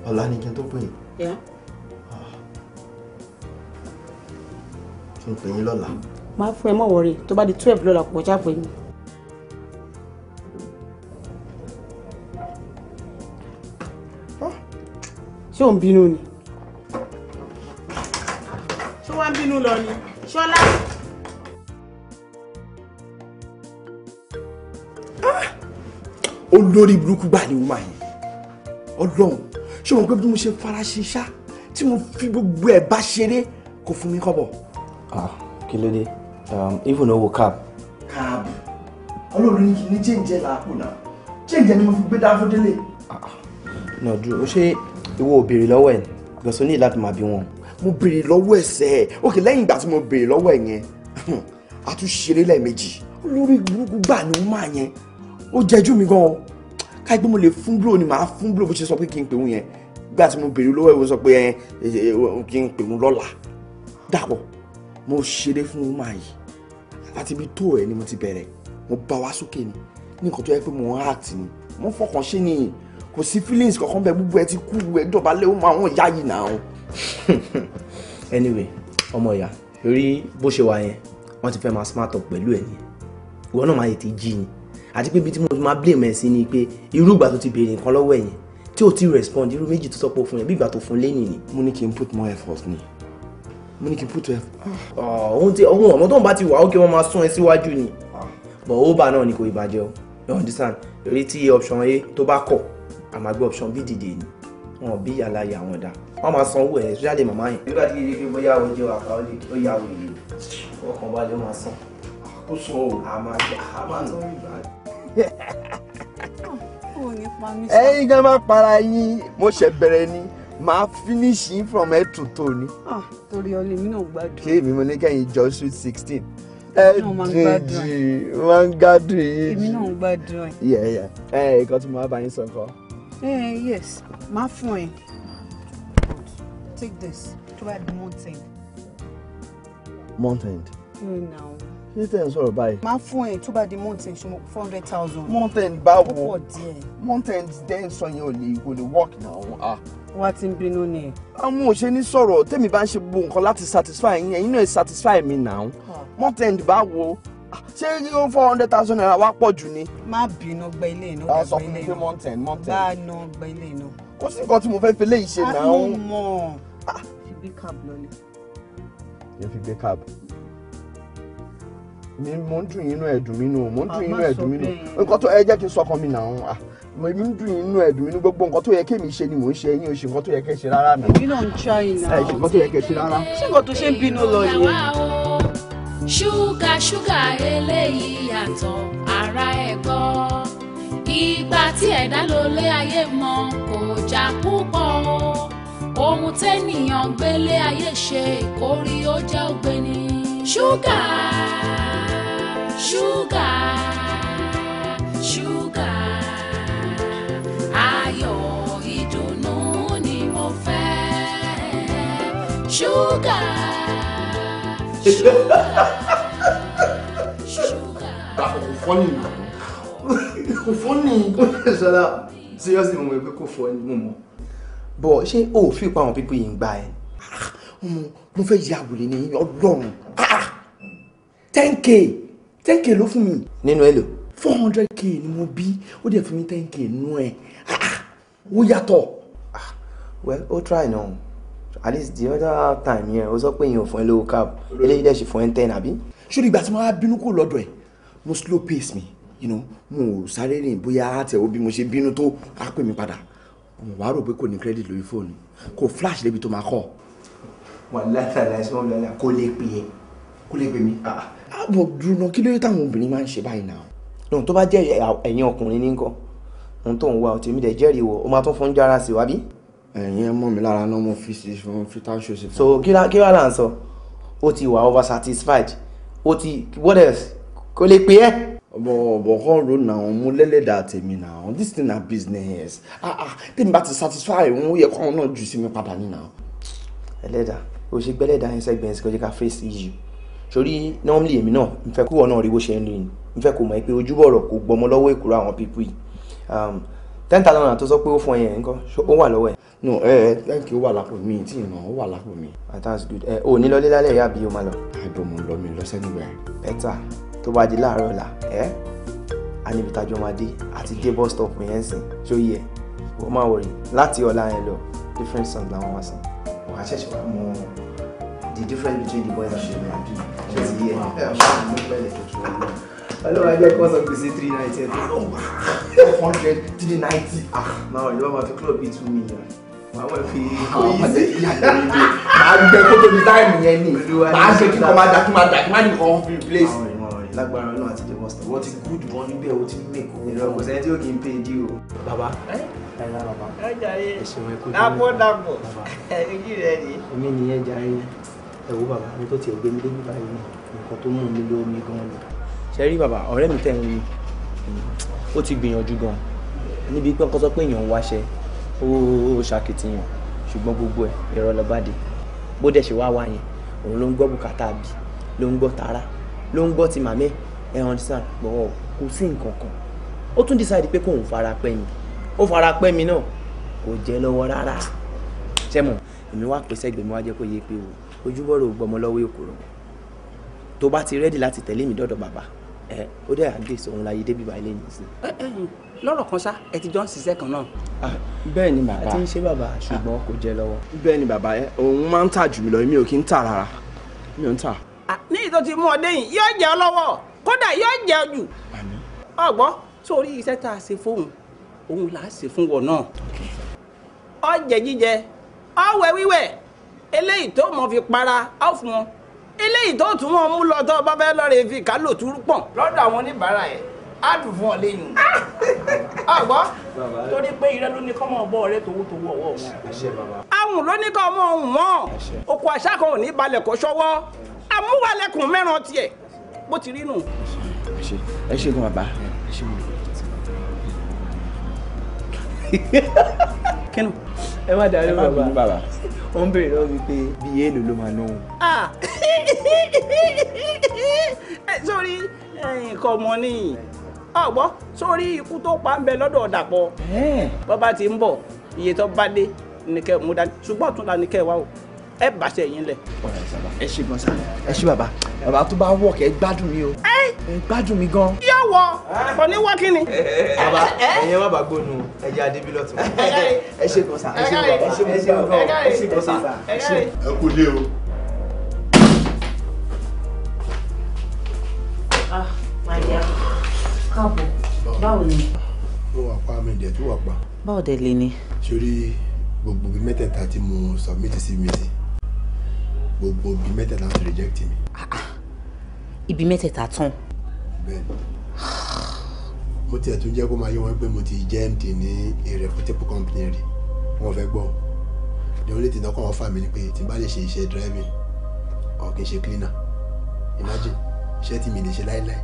ọ̀la ni kí n tó pè yín. kí n pè yín lọ́la. máa fún ẹ mọ̀ wọ̀rẹ́ tó bá di twelve lọ́la kò já pè mí. ṣé òun bínú ni. ṣé wọ́n bínú lọ ni ṣọlá. olórí burúkú gbà ní wúmà yìí ọlọ́run ṣé mo pé bí mo ṣe fara ṣiṣá tí mo fi gbogbo ẹ̀ bá ṣeré kò fún mi kọ́bọ̀. Ah, kí ló dé um, even owó cab. cab ọlọ́run ní kí làákù náà jẹ́ǹjẹ́ ni mo fi gbé dáfó délé. Ah, náà dúró ṣé ìwọ ò béèrè lọ́wọ́ ẹ̀ gbọ̀nsẹ̀ ní láti máa bí wọn. mo béèrè lọ́wọ́ ẹ̀sẹ̀ ẹ̀ òkè lẹ́yìn ìgbà tí mo béèrè lọ́wọ́ ẹ̀ yẹn hmm, a tún ṣeré lẹ́ẹ̀mejì olórí burúkú gbà ní wúmà yẹn ó jẹjú mi gan o káyọ̀ pé mo lè fún bro ni màá fún bro bó ṣe sọ pé kí n pè òun yẹn gbà tí mo bèrè lọ́wọ́ ìwọ sọ pé kí n pè òun lọ́la dàpọ̀ mo ṣeré fún un máa yìí àti ibi tó ẹ̀ ni mo ti bẹ̀rẹ̀ mo bá wa sókè ni ní nǹkan tó yẹ pé mo ń act ni mo fọkàn ṣe ni kò sí feelings kankan bẹ gbogbo ẹ ti kú ẹ dọ̀bálẹ̀ ó máa wọ̀n yá yìí náà. [laughs] anyway ọmọ ìyá rí bó ṣe wà yẹn wọ́n ti fẹ́ máa smart up pẹ̀lú ẹ̀ ni ìwọ náà máa yẹ ti jí ni àti pé ibi tí mo máa blame ẹ̀ sí ni pé irú ìgbà tó ti béèrè nǹkan lọ́wọ́ ẹ̀yìn tí ò ti respond irú méjì tó sọpọ̀ fún yẹn bí ìgbà tó fún lẹ́yìn ni. mo ní kí n put more effort ni mo ní kí n put effort. Ah, ohun tí ohun ọmọ tó ń bá ti wà ó kí wọ́n máa sún ẹ síwájú ni ah. but over náà ni kò ìbàjẹ́ o you understand eré tí option a tó bá kọ̀ àmàgbé option b dìde ni wọn bí aláya wọn dá wọn máa sanwó ẹ especially màmá yẹn. nígbà tí yéye pé bóyá o jẹ àká ó yà wòye ọkàn balẹ̀ ó máa san. kó sọ o. a máa sọ ìgbà ẹ̀yin gan máa para yín mo ṣe bẹ̀rẹ̀ ni màá finish from head to toe ni. Ah, torí ọlẹ́ mi náà gbádùn. kí èmi mo ní kẹ́yìn jọ sweet sixteen. ẹ̀ẹ́dìjì máa ń gbádùn yín. èmi náà ń gbádùn ẹ̀. yẹ yẹ ẹ nǹkan tí mo bá yín sọ nǹkan. ẹ yes máa fún ẹ take this tó bá mountain. mountain. you know ní tẹ̀ ń sọ̀rọ̀ báyìí. máa fún ẹ tó bá di mountain ṣe mo four hundred thousand. mountain báwo ó pọ̀ díẹ̀. mountain dẹ́n sọ yẹn ò lè kò lè work náà. wá ti ń bínú ni. àwọn ò ṣe ní sọ̀rọ̀ tèmi bá ń ṣe gbogbo nǹkan láti satisfy yín ẹ̀yin náà satisfy mi náà. mountain báwo ṣé yíyó four hundred thousand naira wá pọ̀ jù ni. má bínú gba ilé iná gba ilé iná. sọ fún mi pé mountain mountain. bá a nà gba ilé iná. ó sì nǹkan tí mo fẹ́ fi léyìí ṣe náà. a mú mọ́ fi gbé cab lọ ni. yẹn fi gbé cab mi mo ń dùn yín inú ẹ̀dùn mi nù mo ń dùn inú ẹ̀dùn mi nù nǹkan tó ẹ jẹ́ kí n sọkàn mi nà án mo ń dùn inú ẹ̀dùn mi nù gbogbo nǹkan tó yẹ kémi ṣe ni mò ń ṣe ẹ̀yin ò ṣe nǹkan tó yẹ kẹ́ ṣe rárá mi. you don try now. ṣe nǹkan tó yẹ kẹ́ ṣe rárá. ṣé nǹkan tó ṣe ń bínú lọ yìí. ṣúgà ṣúgà eléyìí yàtọ̀ ara ẹ̀ gbọ́ ìgbà tí ẹ̀dá ló lé ayé mọ kò jà púpọ̀ ohun tẹ́nìyàn gbélé ayé ṣe ìkórí ó jẹ́ ògbéni ṣúgà ṣúgà ṣúgà ayọ̀ ìdùnnú ni mo fẹ́ ṣúgà ṣúgà ṣúgà. kò fọ́nì kò fọ́nì. sọlá seriously mo mọ̀ pé kò fọ́nì mo mọ̀ bọ̀ ṣé o ò fi pa àwọn pípé yìí ń gbà ẹ́ ah, mo fẹ́ ya ní ọlọ́run ah, ten k ten k ló fún mi. nínú èlò. four hundred k ni mo bí ó dẹ̀ fún mi ten k nínú ẹ̀ ah, ó yàtọ̀. Ah, well ó try now. at least the other time yẹn o sọ pé yẹn ò fún ẹ lówó cab eléyìí dẹ̀ sì fún ẹ ten àbí. ṣùgbọ́n ìgbà tí mo wá bínú kò lọ́dọ̀ ẹ̀ mo slow pace mi you know mo ò sáré rìn bóyá àtẹ̀wò bí mo ṣe bínú tó á pè mí padà mo wá rò pé kò ní credit lórí fóònù kò flash débi tó máa kọ́. wàhálà ìfẹ́ àlàyé sí wọn lọ́la kó lè pè é kó lè pè mí. àbọ̀ dúró kí ló yẹ táwọn obìnrin máa ń ṣe báyìí náà. lóun tó bá jẹ́ ẹ̀yin ọkùnrin ní nǹkan ohun tó wá ọtí mi dẹ̀ jẹ́rìí wọ̀ ó máa tún fún jára sí wa bí. ẹ̀yin ẹ mọ̀ mí lára náà mo fi ṣe fún fita ṣo sí. so kí wàá kí wàá là ń sọ ó ti wà over satisfied ó ti what else kò lè pè é bọ̀ bọ̀ kọ́ ro na àwọn lẹ́lẹ́dà tèmi na this thing na business ah ah tèmi bá ti satisfy òun ó yẹ kọ́ àwọn náà jù sí mi padà nínà. ẹlẹ́dà o ṣe gbẹ́lẹ́dà yẹn sẹ́gbẹ̀ẹ́ kọjá ká face issue sórí normally èmi náà n fẹ́ kí wọn náà rí bó ṣe ń rí ni n fẹ́ kó mọ̀ pé ojúbọ̀rọ̀ kò gbọmọ lọ́wọ́ ìkúrò àwọn pípù yìí um, ten thousand naira tó sọ pé ó fún ẹ yẹn nǹkan ó wà lọ́wọ́ ẹ. no ẹ ẹ thank you ó wà lápò mi tí ì ràn ó wà lápò mi. Ah, that's good ẹ ò ní lọ lélálẹ̀ yá bí o máa lọ. àìbọ̀ mo lọ mi lọ sẹ́nìgbà. bẹ́tà tó bá di láàárọ̀ là ẹ́ anibitajọ máa dé àti dé bus stop yẹn sìn tó yẹ ó máa wọ̀rì láti ọ̀la yẹn lọ different songs làwọn wá sàn. wàá ṣẹ̀ṣẹ̀ wá mọ́ ọ́n the difference between the boys and the men ṣé ti yẹ ọlọ́run ajẹ́ kọ́sọ̀ gbèsè three ninety ẹ̀ tó oh, four hundred three ninety ah náà ìlú ọmọ tó club bíi two million àwọn fi kóyí sí máa gbẹ kó tóbi táìmù yẹn ni máa gbẹ kí kò máa dàkí máa dàkí máa nìkan fi place. lágbára náà àti the most of wọ́n ti good wọn níbẹ̀ ó ti make owó. ìrọ̀ kò sẹ́ni tí ò kì í pay dí o. bàbá ẹ lára bàbá ẹ ṣeun ẹ kó tó lè. dábọ̀ dábọ̀ [laughs] ẹ kí rẹ ni. èmi nìyẹn jàre ẹ wo bàbá mi tó tiẹ̀ gbé mi débi báyìí nǹkan tó mú mi lé omi gan ni. ṣe rí bàbá ọ̀rẹ́ mi tẹ̀ ń rí ó ti gbìyànjú gan níbi pé nǹkan sọ pé èèyàn ń wáṣẹ ó ṣàkìtìyàn ṣùgbọ́n gbogbo ẹ̀ irọ́ ló bó dẹ̀ ṣe wá wá yẹn òun ló ń gbọ́ bùkátà bí ló ń gbọ́ tara ló ń gbọ́ ti màmí ẹ̀ understand gbọ́wọ́ kò sí nǹkan kan ó tún decide pé kóun fara pẹ́ mi ó fara pẹ́ mi náà kò jẹ́ lọ́wọ́ rárá ṣẹ́mọ̀ èmi wá pèsè ẹgbẹ̀mí wá jẹ́ kó yé pé o ojúbọ̀rọ̀ ò gbọmọ lọ́wọ́ èkúrò tó bá ti rẹ́dì láti tẹ̀lé mi dọ́dọ̀ bàbá ẹ ó dẹ̀ àdéhùn òun láyé débi báyìí lẹ́yìn sí. lọ́rọ̀ kan ṣá ẹ ti jọ ń ṣiṣẹ́ kan náà. Ah, bẹ́ẹ̀ ni bàbá ẹ ti ń ṣe bàbá ah, ṣùgbọ́n kò jẹ lọ́wọ́. bẹ́ẹ̀ ni bàbá ẹ òun máa ń tà jù mí lọ èmi ò kí ń tà rárá mi ò ń tà. Ah, ní ìtò ti mú ọdẹ yìí yóò jẹ lọ́wọ́ kódà yóò jẹ jù. ọgbọ́n sórí iṣẹ́ tá a ṣe fóun òun là á ṣe fún wọn náà. ọjẹ jíjẹ ọwẹ wíwẹ eléyìí tó mọ̀ fi para á fún wọn eléyìí tó tún wọn mú lọ tó bá fẹ́ lọ́ọ́rẹ́ fi kálò túrú pọ̀ lọ́dọ̀ àwọn oníbàárà yẹn á dùn fún ọ lẹ́yìn àgbọ́ [laughs] torí pé ìrẹ́ ló ní kọ́mọ ọ̀bọ rẹ tòwó tòwó ọ̀wọ́ wọn. àwọn ló ní kọ́ ọmọ ọ̀hún mọ́ oko àṣà kan ò ní balẹ̀ kọ́ sọ́wọ́ amúwalẹ̀kùn mẹ́ràn tiẹ̀ bó ti rí nù. ẹ ṣe gan bàbá [laughs] kínú ẹ má darí bàbá bàbá ó ń béèrè lọ́wọ́ mi pé bíi èèlò ló máa náwó. [laughs] sórí nǹkan ọmọ nìyí ọgbọ́n sórí ikú tó pa ń bẹ lọ́dọ̀ Dàpọ̀ bàbá ti ń bọ̀ iye tó bá dé nìkẹ́ mú dání ṣùgbọ́n ọ̀túnla nìkẹ́ wa o ẹ bá ṣe yín lẹ. ẹ ṣe gan sáà ẹ ṣe bàbá bàbá tó bá wọ̀ kẹ́ gbádùn mi o ẹ gbádùn mi gan. yóò wọ kò ní wọ kíni. bàbá ẹyẹ má bàa gbónú ẹyẹ adébílọ̀ tó. ẹ ṣe gan sáà ẹ ṣe bàbá ẹ ṣe bàbá ẹ ṣe gan sáà ẹ ṣe. ẹ kú lé o. ah my dear káàbọ̀ báwo ni. mo wà pa mi dẹ̀ tó wà pa. báwo dẹ̀ lè ni. sórí gbogbo bíi mẹ́tẹ̀ẹ̀ta tí mo submit sí mi sí gbogbo ibi mẹ́tẹ̀ẹ̀ta ti reject mi. Ah, ah. ibi mẹ́tẹ̀ẹ̀ta tán. bẹ́ẹ̀ni mo tiẹ̀ tún jẹ́ kó máa yé wọn pé mo ti jẹ́ md ní a reputable company rí wọn fẹ́ gbọ́ ní orí ìtìdán kan wọn fà mí ni pé tí n bá lè ṣe iṣẹ́ driving ọ̀ kì í ṣe cleaner imagine iṣẹ́ tí mi lè ṣe láéláé.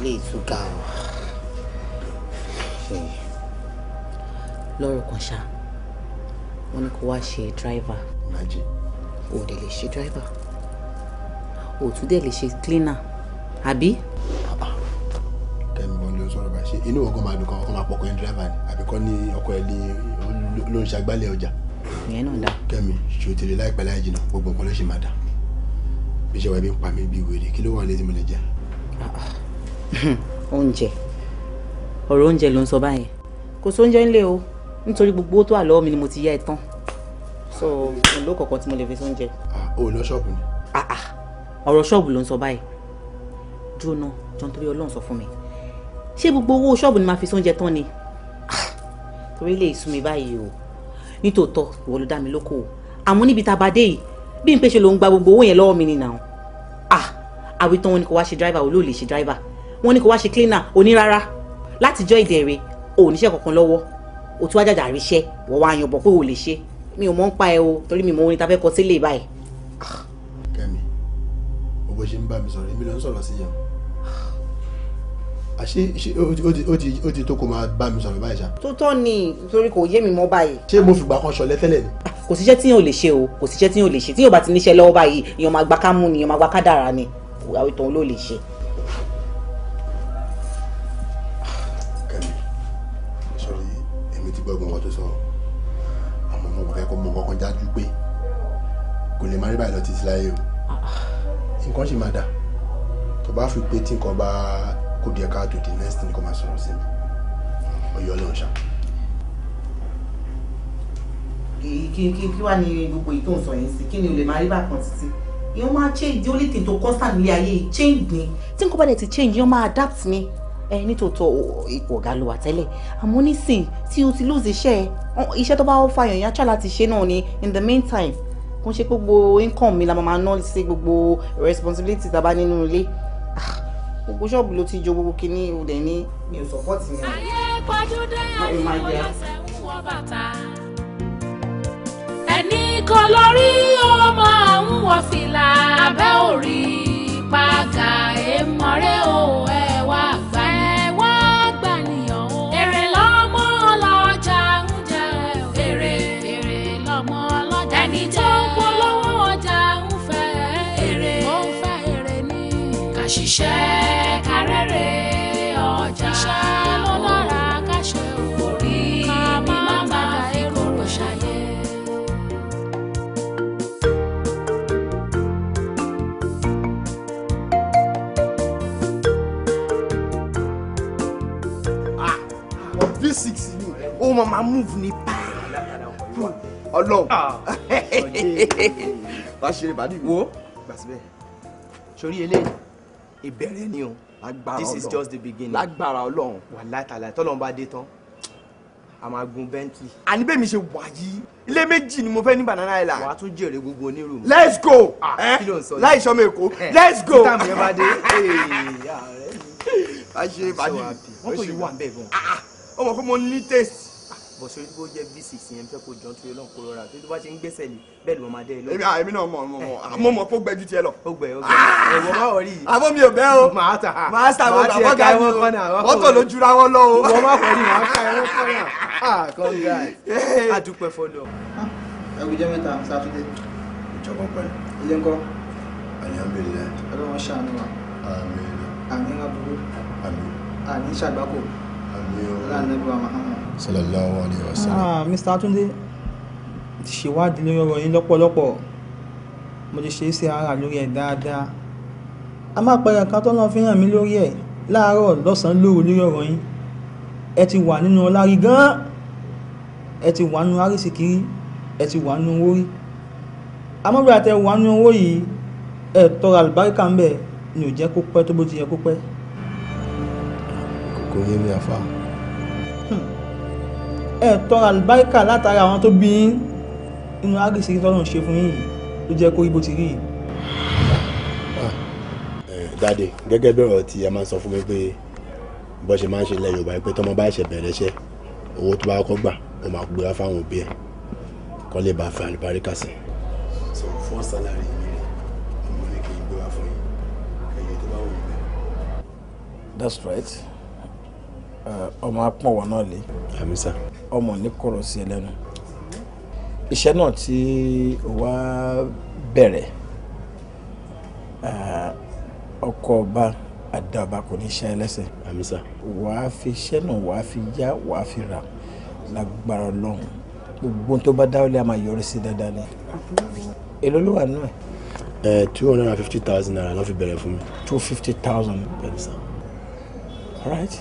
ilé ìtura o lọ́rọ̀ kan ṣá wọ́n ní kó wá ṣe driver o ò dẹ̀ lè ṣe driver o ò tún dẹ̀ lè ṣe cleaner àbí. Ah, ah. kẹ́mi wọn ló sọ̀rọ̀ bá ṣe inú ọkọ máa dùn kan ọkọ máa pọkàn driver ni àbí kọ́ ní ọkọ ẹ̀ ní ló ń ṣàgbálẹ̀ ọjà. ìyẹn náà dá. kẹ́mi ṣòtìrì láìpẹ́ láì jìnnà gbogbo nǹkan ló ṣe máa dà bí ṣe wà bí ń pa mí bí wèrè kí ló wà létí mo lè jẹ. Ah, [laughs] oúnjẹ ọ̀rọ̀ oúnjẹ ló ń sọ báyìí kò sóúnjẹ ńlẹ̀ o nítorí gbogbo owó tó wà lọ́wọ́ mi ni mo ti yá ẹ tán so ìlú kọ̀ọ̀kan tí mo lè fi sóúnjẹ. Ah, o lọ ṣọ́ọ̀bù ni. Ah, ah. ọ̀rọ̀ ṣọ́ọ̀bù ló ń sọ báyìí dúró náà jọ nítorí ọlọ́run sọ fún mi ṣé gbogbo owó ṣọ́ọ̀bù ni màá fi sóúnjẹ tán ni torí lè sú mi báyìí o nítòótọ́ ìwọ ló dá mi lóko o àmọ́ níbi tá a bá dé yìí bí n pé ṣe ló ń gba gbogbo owó yẹn lọ́wọ́ mi ni nàá ah àwítán wọn ni kò wá ṣe driver olóòlè ṣe driver wọn ni kò wá ṣe cleaner onírara látijọ́ ìdẹ̀rẹ̀ òníṣẹ́ kankan lọ́wọ́ o tún wá jàjà rí iṣẹ́ wọ́n wá yan bọ̀ pé o lè ṣe mi ò mọ̀ ń pa ẹ o torí mi mọ̀ orin ta fẹ́ kọ sílé báyìí. kẹ́mi o bó ṣe ń bá mi sọ̀rọ̀ èmi ló ń sọ̀rọ̀ sí yẹn àṣé ó ti tó kó máa bá mi sọ̀rọ̀ báyìí ṣá. tó tọ́ ni torí kò yé mi mọ́ báyìí. ṣé mo fìgbà kan ṣọlẹ tẹ́lẹ̀ ni. kò síṣẹ́ tí yóò lè ṣe o kò síṣẹ́ tí yóò lè ṣe tí yóò bá ti níṣẹ́ lọ́wọ́ báyìí èèyàn máa gba kámú ni èèyàn máa gba kádàrá ni àwọn ìtàn ló lè ṣe. gbọ́ gbọ́n tó sọ̀rọ̀ àmọ́ mo kò fẹ́ kó mọ kankan jájú pé kò lè má rí báyìí lọ títí láyé o nǹkan sì máa dà tó bá fi pé tí nǹkan bá kó díẹ̀ káàtó di next thing kó máa sọ̀rọ̀ sí mi ọyọ́ ló ń ṣá. kí kí kí wàá ní gbogbo èyí tó ń sọ yẹn sí kí ni o lè má rí bákan títí yóò máa change the only thing to constant ní ayé change ni. tí nǹkan bá dẹ̀ ti change yóò máa adapt ni ẹ nítòótọ́ ọ̀gá ló wà tẹ́lẹ̀ àmọ́ nísìn tí o ti lóòzì iṣẹ́ iṣẹ́ tó bá ó fa èèyàn aṣá láti ṣe náà ni in the meantime kò ń ṣe gbogbo income mi la máa ná sí gbogbo responsibility tá a bá nínú ilé ah, gbogbo ṣọ́ọ̀bù ló ti jo gbogbo kínní o ní mi ò sọ́pọ́ọ̀tì yẹn. ayé pọ́jú dé wọ bàtà ẹnì kan lórí ọmọ àwọn fìlà abẹ́ òrì pàgà èèmọ̀ rẹ̀ o ó máa máa move ní pààlà ọlọ́run ah, bá ṣe lè bá dì wo gbà síbẹ̀ eléyìí ìbẹ̀rẹ̀ ni o lágbára ọlọ́run this is just the beginning lágbára ọlọ́run wà látàlá tọ́lọ́run bá dé tán a máa gun bentley. àní bẹ́ẹ̀ mi ṣe wà ilé méjì ni mo fẹ́ ní banana island. wàá tún jèrè gbogbo onírú let's go ah, eh? láì sọmọ èkó eh, let's go. títà mi ẹ bá dé. a [laughs] ṣe bàdí. wọ́n kò yí wà ń bẹ̀ gan. ọmọ ah, kò mo ní taste bọ̀ sórí tó jẹ́ v six yẹn fẹ́ kó jọ́n tó yẹ lọ́n kó rọra tó bá ti ń gbẹ́sẹ̀ lé bẹ́ẹ̀ ló máa dé ilé. èmi àmì ah, náà mọ̀ mọ̀ mọ̀ eh, mo mọ̀ kó gbẹ ju tiẹ̀ lọ. ó gbẹ ó gbẹ ẹ̀wọ̀ ah! má wọ̀ rí. àbọ̀ mi ò bẹ́ o màá ta màá ta mo bàbá ga mi o mọ́tò ló jura wọn lọ o. ìwọ má kọrin màá ka ẹwọ kọrin [laughs] ah come guy adúpẹ́ fọlọ. Ah, ẹgbẹ́jẹ́ mẹ́ta sátidé. ìjọba pẹ̀lú. ilé ńkọ́. àyànbẹ̀lẹ̀. ọlọ́run ṣàánú wa. àmín. àmín ń sallallahu alayhi wa ah mr atunde ti ṣèwádìí lórí ọ̀rọ̀ yín lọ́pọ̀lọpọ̀ mo ti ṣe é sí ara lórí ẹ̀ dáadáa a máa pẹ̀rẹ̀ kan tọ́lọ́ fi hàn mí lórí ẹ̀ láàárọ̀ lọ́sàn-án lóru lórí ọ̀rọ̀ yín ẹ ti wà nínú ọlárí gan-an ẹ ti wà nínú arísìkiri ẹ ti wà nínú owó rí amóbìnrin àti ẹ wà nínú owó yìí ẹ tọrọ àlùbáríkà ń bẹ ni ò jẹ́ kó pẹ́ tó bó ti yẹ kó pẹ́. kò yé ẹ àlùbáríkà látara àwọn tó bí yín inú àgèsè tọ́lọ́run ṣe fún yín ló jẹ́ kó ibo ti rí yìí. Ah, eh, dáde gẹ́gẹ́ bí ọ̀rọ̀ tí ẹ máa ń sọ fún mi pé bó ṣe máa ń ṣe ilẹ̀ Yorùbá pé tọ́mọ bá ṣe bẹ̀rẹ̀ iṣẹ́ owó tó bá kọ́ gbà ó máa gbé fáwọn òbí ẹ̀ kọ́ lè bá fẹ́ àlùbáríkà sí. so fún sálárì mi rè mo ní kí n gbé fún yín ẹ̀yìn tó bá wù mí. that's right ọmọ apọ̀n wọ̀ náà lé ọmọ ní kọ̀rọ̀ sí ẹ lẹ́nu iṣẹ́ náà tí o wá bẹ̀rẹ̀ ọkọ ọba àdàbà kò ní ṣe ẹlẹ́sẹ̀ wàá fi iṣẹ́ náà wàá fi yá wàá fi rà lágbára ọlọ́run gbogbo tó bá dáwọ́lé a máa yọrí sí dáadáa ni èló ló wà nù ẹ̀. two hundred and fifty thousand naira ló fi bẹ̀rẹ̀ fún mi. two fifty thousand. all right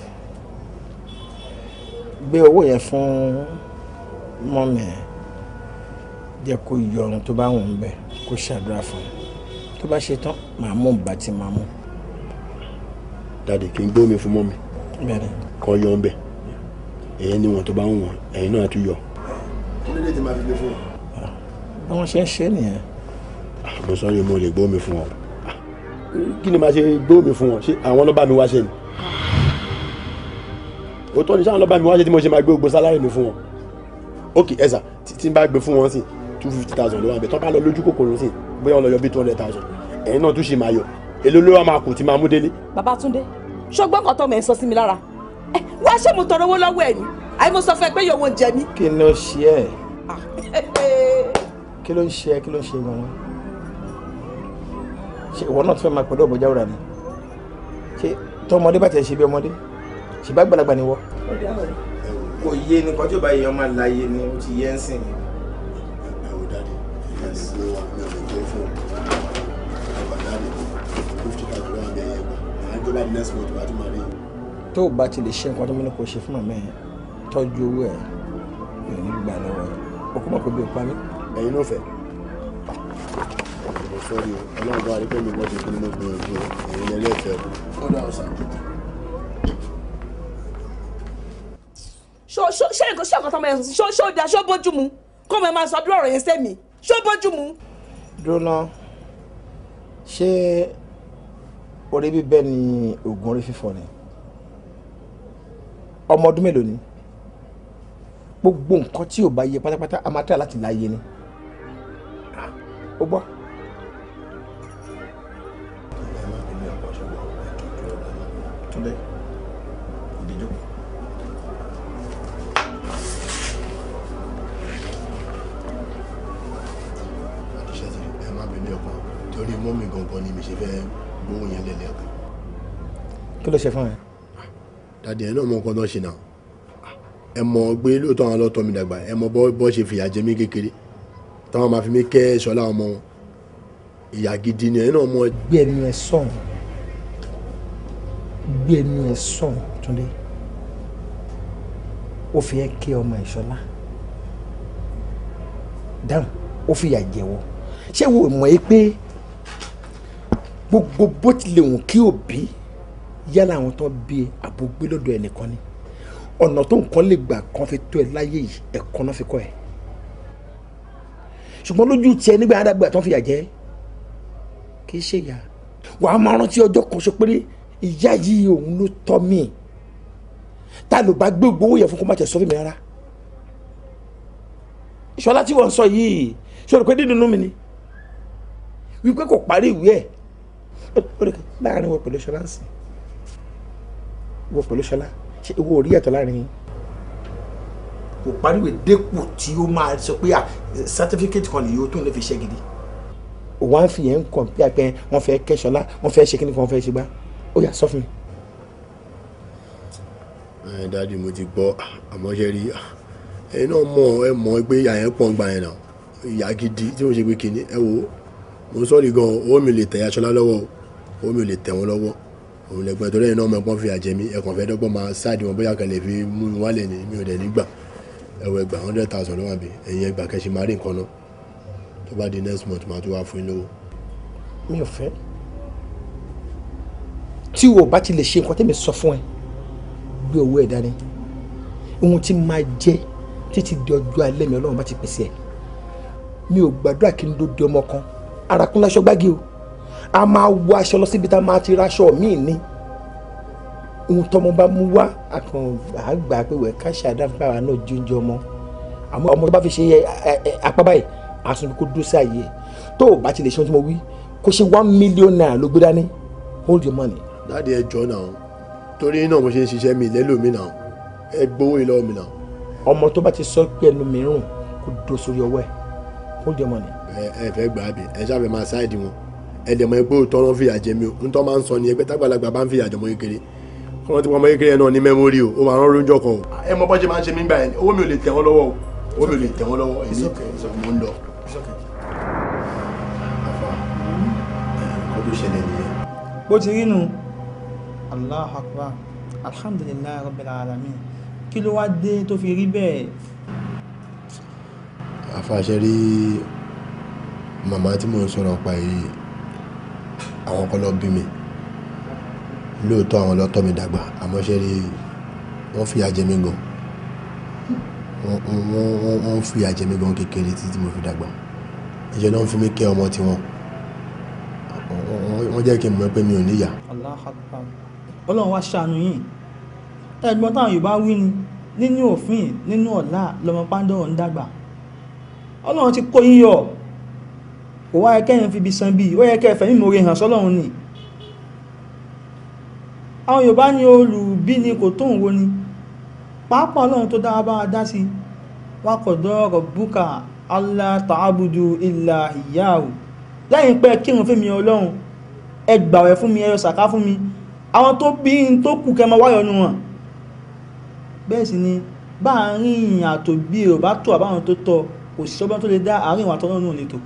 gbé owó yẹn fún mọ́mì ẹ̀ jẹ́ kó yọrun tó bá wù ú bẹ̀ kó ṣàdúrà fún un tó bá ṣe tán màá mú bá ti màá mú. dàdí kì í gbé omi fún mọ́mì kan yọ ọ́nbẹ̀ ẹ̀yẹ́ níwọ̀n tó bá ń wọ̀n ẹ̀yìn náà tún yọ. kí ló dé tí fi gbé fún ọ. bí ṣe ń ṣe nìyẹn. Ah, mo sọ yìí mo lè gbé omi fún ọ. Ah, kí ni màá ṣe gbé omi fún ọ ṣé àwọn ló mi wá ṣe ni òótọ́ ni sáwọn lọ́ba mi wá ṣe tí mo ṣe máa gbé gbogbo sálárì mi fún wọn ok ẹ̀sà tí n bá gbé fún wọn sí two fifty thousand ló wà bẹ̀ tọ́ bá lọ lójú kòkòrò sí bóyá wọn lọ yọ bí two hundred thousand ẹ̀yin náà tún ṣe máa yọ èló ló wà máa kù tí máa mú délé. Babátúndé ṣọgbọ́n kan tó mẹ́ sọ sí mi lára wá ṣé mo tọrọ owó lọ́wọ́ ẹ̀ ni àyè mo sọ fún ẹ pé yòówó ń jẹ mí. kí ló ṣe ẹ ah, kí ló ń ṣe ẹ kí ló ń ṣe gan ṣe ìwọ náà tún fẹ́ máa pẹ̀lú ọ̀bọ̀jáwòrán ni ṣe tọmọdé bá tẹ̀ ṣe bí ọmọdé ṣùgbọ́n àgbàlagbà ni wọ́. kò yé ni kọjú bá yẹ ọmọ àlàyé ni ó ti yẹ ń sìn tó o bá ti lè ṣe nǹkan tó mọ́ ní kò ṣe fún màmá tọ́jú owó ẹ̀ mi ní gbà lọ́wọ́ ẹ̀ o kò mọ̀ pé bí o pa mí. ẹ̀yin ló fẹ́ ọlọ́run bá rí pé mi wọ́n ti kú nínú gbòòrò ẹ̀yin lẹ́lẹ́fẹ̀ẹ́. ó dà ọ̀sán. ṣé nǹkan ṣé nǹkan tó máa ṣe ṣó da ṣó bójú mu kó mo máa sọ bí ọ̀rọ̀ yẹn sẹ́mi ṣó bójú mu. dúró ṣé orí bíbẹ́ ni oògùn orí fífọ́ ni ọmọ ọdún mélòó ni gbogbo nǹkan tí ò bá yẹ pátápátá a máa tẹ̀ láti láyé ni ó gbọ́. today. ni mi ṣe fẹ́ gbóhùn yẹn lẹ́lẹ́kan. kí ló ṣe fún ẹ. dàdí ẹ náà mọ nǹkan náà ṣe náà ẹ mọ gbé lóòótọ́ àwọn ọlọ́tọ́ mi dàgbà ẹ mọ bọ́ ṣe fìyà jẹ mí kékeré táwọn máa fi mí kẹ́ ẹ̀ṣọ́ láwọn ọmọ wọn ìyà gidi ni ẹ náà mọ. gbé ẹnu ẹ sọ̀n gbé ẹnu ẹ sọ̀n Túndé ó fi ẹ kí ọmọ ìṣọlá dáhùn ó fi yà jẹ́wọ́ ṣé wo mọ̀ ẹ́ pé gbogbo bó tilẹ̀ hùn kí òbí yálà àwọn tó ń bí àbò gbé lọ́dọ̀ ẹnìkan ni ọ̀nà tó nǹkan lè gbà kan fi tó ẹ láyé yìí ẹ̀kọ́ náà fi kọ́ ẹ ṣùgbọ́n lójú tiẹ̀ nígbà àdàgbà tó ń fìyà jẹ kì í ṣe ìyá wàá máa rántí ọjọ́ kan ṣe péré ìyá yìí òun ló tọ́ mí ta ló bá gbé gbowó yẹn fún kó má tẹ̀ sọ fún mi rárá ìṣọlá tí wọ́n ń sọ yìí ṣòro pé dídùn nú mi ni wípé kò parí ìwé ẹ̀ láàrin wo pẹ̀lú ṣọlá ń sìn wo pẹ̀lú ṣọlá ṣe ìwọ ò rí ẹ̀tọ́ láàrin yín kò pariwo dépò tí ó máa sọ pé certificate kan lè yóò tó lè fi ṣe gidi. wọ́n á fi yẹn ń kàn bí apẹ́ wọ́n fẹ́ kẹ́sọ́lá wọ́n fẹ́ ṣe kíní kan wọ́n fẹ́ ṣe gbá ó yá sọ fún mi. ẹ dáàdi mo ti gbọ́ àmọ́ ṣe rí ẹ náà mọ̀ ẹ mọ̀ pé ìyá yẹn pọ̀ ń gbà yẹn náà ìyá gidi tí mo ṣe pé kíní ẹ wo mo sọ̀rọ̀ gan-an ó mi lè tẹ̀yà ṣọlá lọ́wọ́ o omi ò lè tẹ̀ wọ́n lọ́wọ́ òun lẹ́gbẹ́ torí ẹ̀yin náà ọmọ ẹ̀gbọ́n fi àjẹ mi ẹ̀kàn fẹ́ dọ́gbọ́n máa ṣáàdì wọn bóyá kẹlẹ̀ fi mú mi wálẹ̀ ni mi ò dẹ̀ nígbà ẹ̀wọ̀ ẹgbà hundred thousand ló wà bí ẹ̀yin ẹgbà kẹ́sì máa rí nǹkan náà tó bá di next month màá tún wá fún yín lówó. mi ò fẹ́ tí o bá ti lè ṣe nǹkan tẹ́mi sọ fún ẹ gbé owó ẹ̀ dání ohun tí máa jẹ títí di ọjọ́ alẹ́ mi ọlọ́run bá ti pèsè ẹ̀ mi ò gbàdúrà kí n dó di ọmọ kan ara gbági o a máa wọ aṣọ lọ síbi tá a máa ti raṣọ míì ni ohun tọmọ bá mú wá àkàn àgbà pé wẹ ká ṣàdáfà náà jíjọ ọmọ àmọ́ ọmọ tó bá fi ṣe apá báyìí àsun kó dúró sí àyè tó o bá ti lè ṣe ohun tí mo wí kó ṣe one million naira ló gbé dání hold your money. dáàdi ẹ jọ náà torí náà mo ṣe ń ṣiṣẹ́ mi lẹ́lòmí náà ẹ gbowó ìlọ́wọ́ mi náà. ọmọ tó bá ti sọ pé ẹnu mìíràn kó dúró sórí ọwọ́ ẹ hold your money. ẹ ẹ fẹ́ gbà á bì ẹ ṣáà fẹ́ máa ṣáìdì wọn ẹ̀dẹ̀ mọ̀ pé òótọ́ náà fìyà jẹ mí o nítorí máa ń sọ ni ẹgbẹ́ tágbàlagbà bá ń fìyà jẹ ọmọ kékeré kọ́nà tí wọ́n mọ kékeré náà ní mẹ́mórì o ó máa rán lóúnjọ kan o. ẹ mọ bọ́jú máa ń ṣe mí gbà yẹn owó mi ò lè tẹ̀ wọ́n lọ́wọ́ o owó mi ò lè tẹ̀ wọ́n lọ́wọ́ èmi mo ń lọ. bó ti rí nu allah akbar alhamdulilayi rabbil alamin kí ló wá dé tó fi rí bẹ́ẹ̀. àfàṣẹ rí màmá tí mò ń sọ̀rọ̀ pa yìí àwọn kan lọ bí mi lóòótọ́ àwọn lọ tọ́ mi dàgbà àmọ́ ṣe rí wọ́n fìyà jẹ mí gan wọ́n fìyà jẹ mí gan kékeré títí mo fi dàgbà ìṣẹ́ náà ń fi mí kẹ́ ọmọ tiwọn wọ́n jẹ́ kí n mọ̀ pé mi ò níyà. ọlọ́run wá ṣàánú yìí ẹ̀gbọ́n táwọn yorùbá wí ni nínú òfin nínú ọ̀la lọ́mọ pàǹdọ̀ ń dàgbà ọlọ́run ti kó yíyọ kò wá yẹ kẹ́yìn fi bi san bíi ó yẹ kẹ́ fẹ̀mí ìmoore hàn sọ́lọ́run ni àwọn yorùbá ní olùbí ni kò tóun wo ni pàápàá ọlọ́run tó dára bá dá sí wa qada rabbuka allah ta'abudu illa iyyahu lẹ́yìn pé kírun fún mi ọlọ́run ẹ gbàwẹ̀ fún mi ẹ yọ sàká fún mi àwọn tó bí n tó kù kẹ́ wáyọ̀ nu wọn bẹ́ẹ̀ sì ni bá àárín ìyìn àtòbí ò bá tó àbáwọn tó tọ kò sí ọgbọ́n tó lè dá àárín ìwà tọ́lọ́run ò lè tò.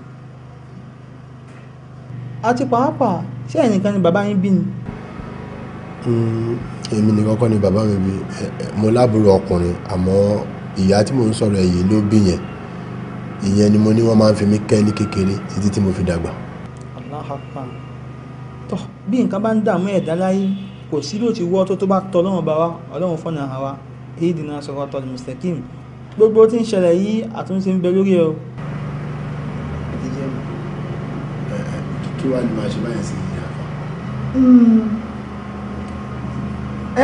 àti pàápàá ṣé ẹnìkan ni bàbá yín bí ni. Hmm, èmi nìkan kọ́ ni bàbá mi bí mo lábúrò ọkùnrin àmọ́ ìyá tí mò ń sọ̀rọ̀ èyí ló bí yẹn ìyẹn ni mo ní wọ́n máa ń fi mí kẹ́ ní kékeré títí tí mo fi dàgbà. aláhàpá tó bí nǹkan bá ń dààmú ẹ̀dá láyé kò sí ló ti wọ́ tó tó bá tọ́ ọlọ́run bá wa ọlọ́run fọ́nà àwa èyí dì náà sọ̀rọ̀ tọ́lùmùsẹ̀kìm gbogbo tí ń ṣẹlẹ̀ yìí àtúnṣe ń bẹ lórí ẹ̀ o. kí wàá ní máa ṣe báyìí sí ìyá kan. Hmm.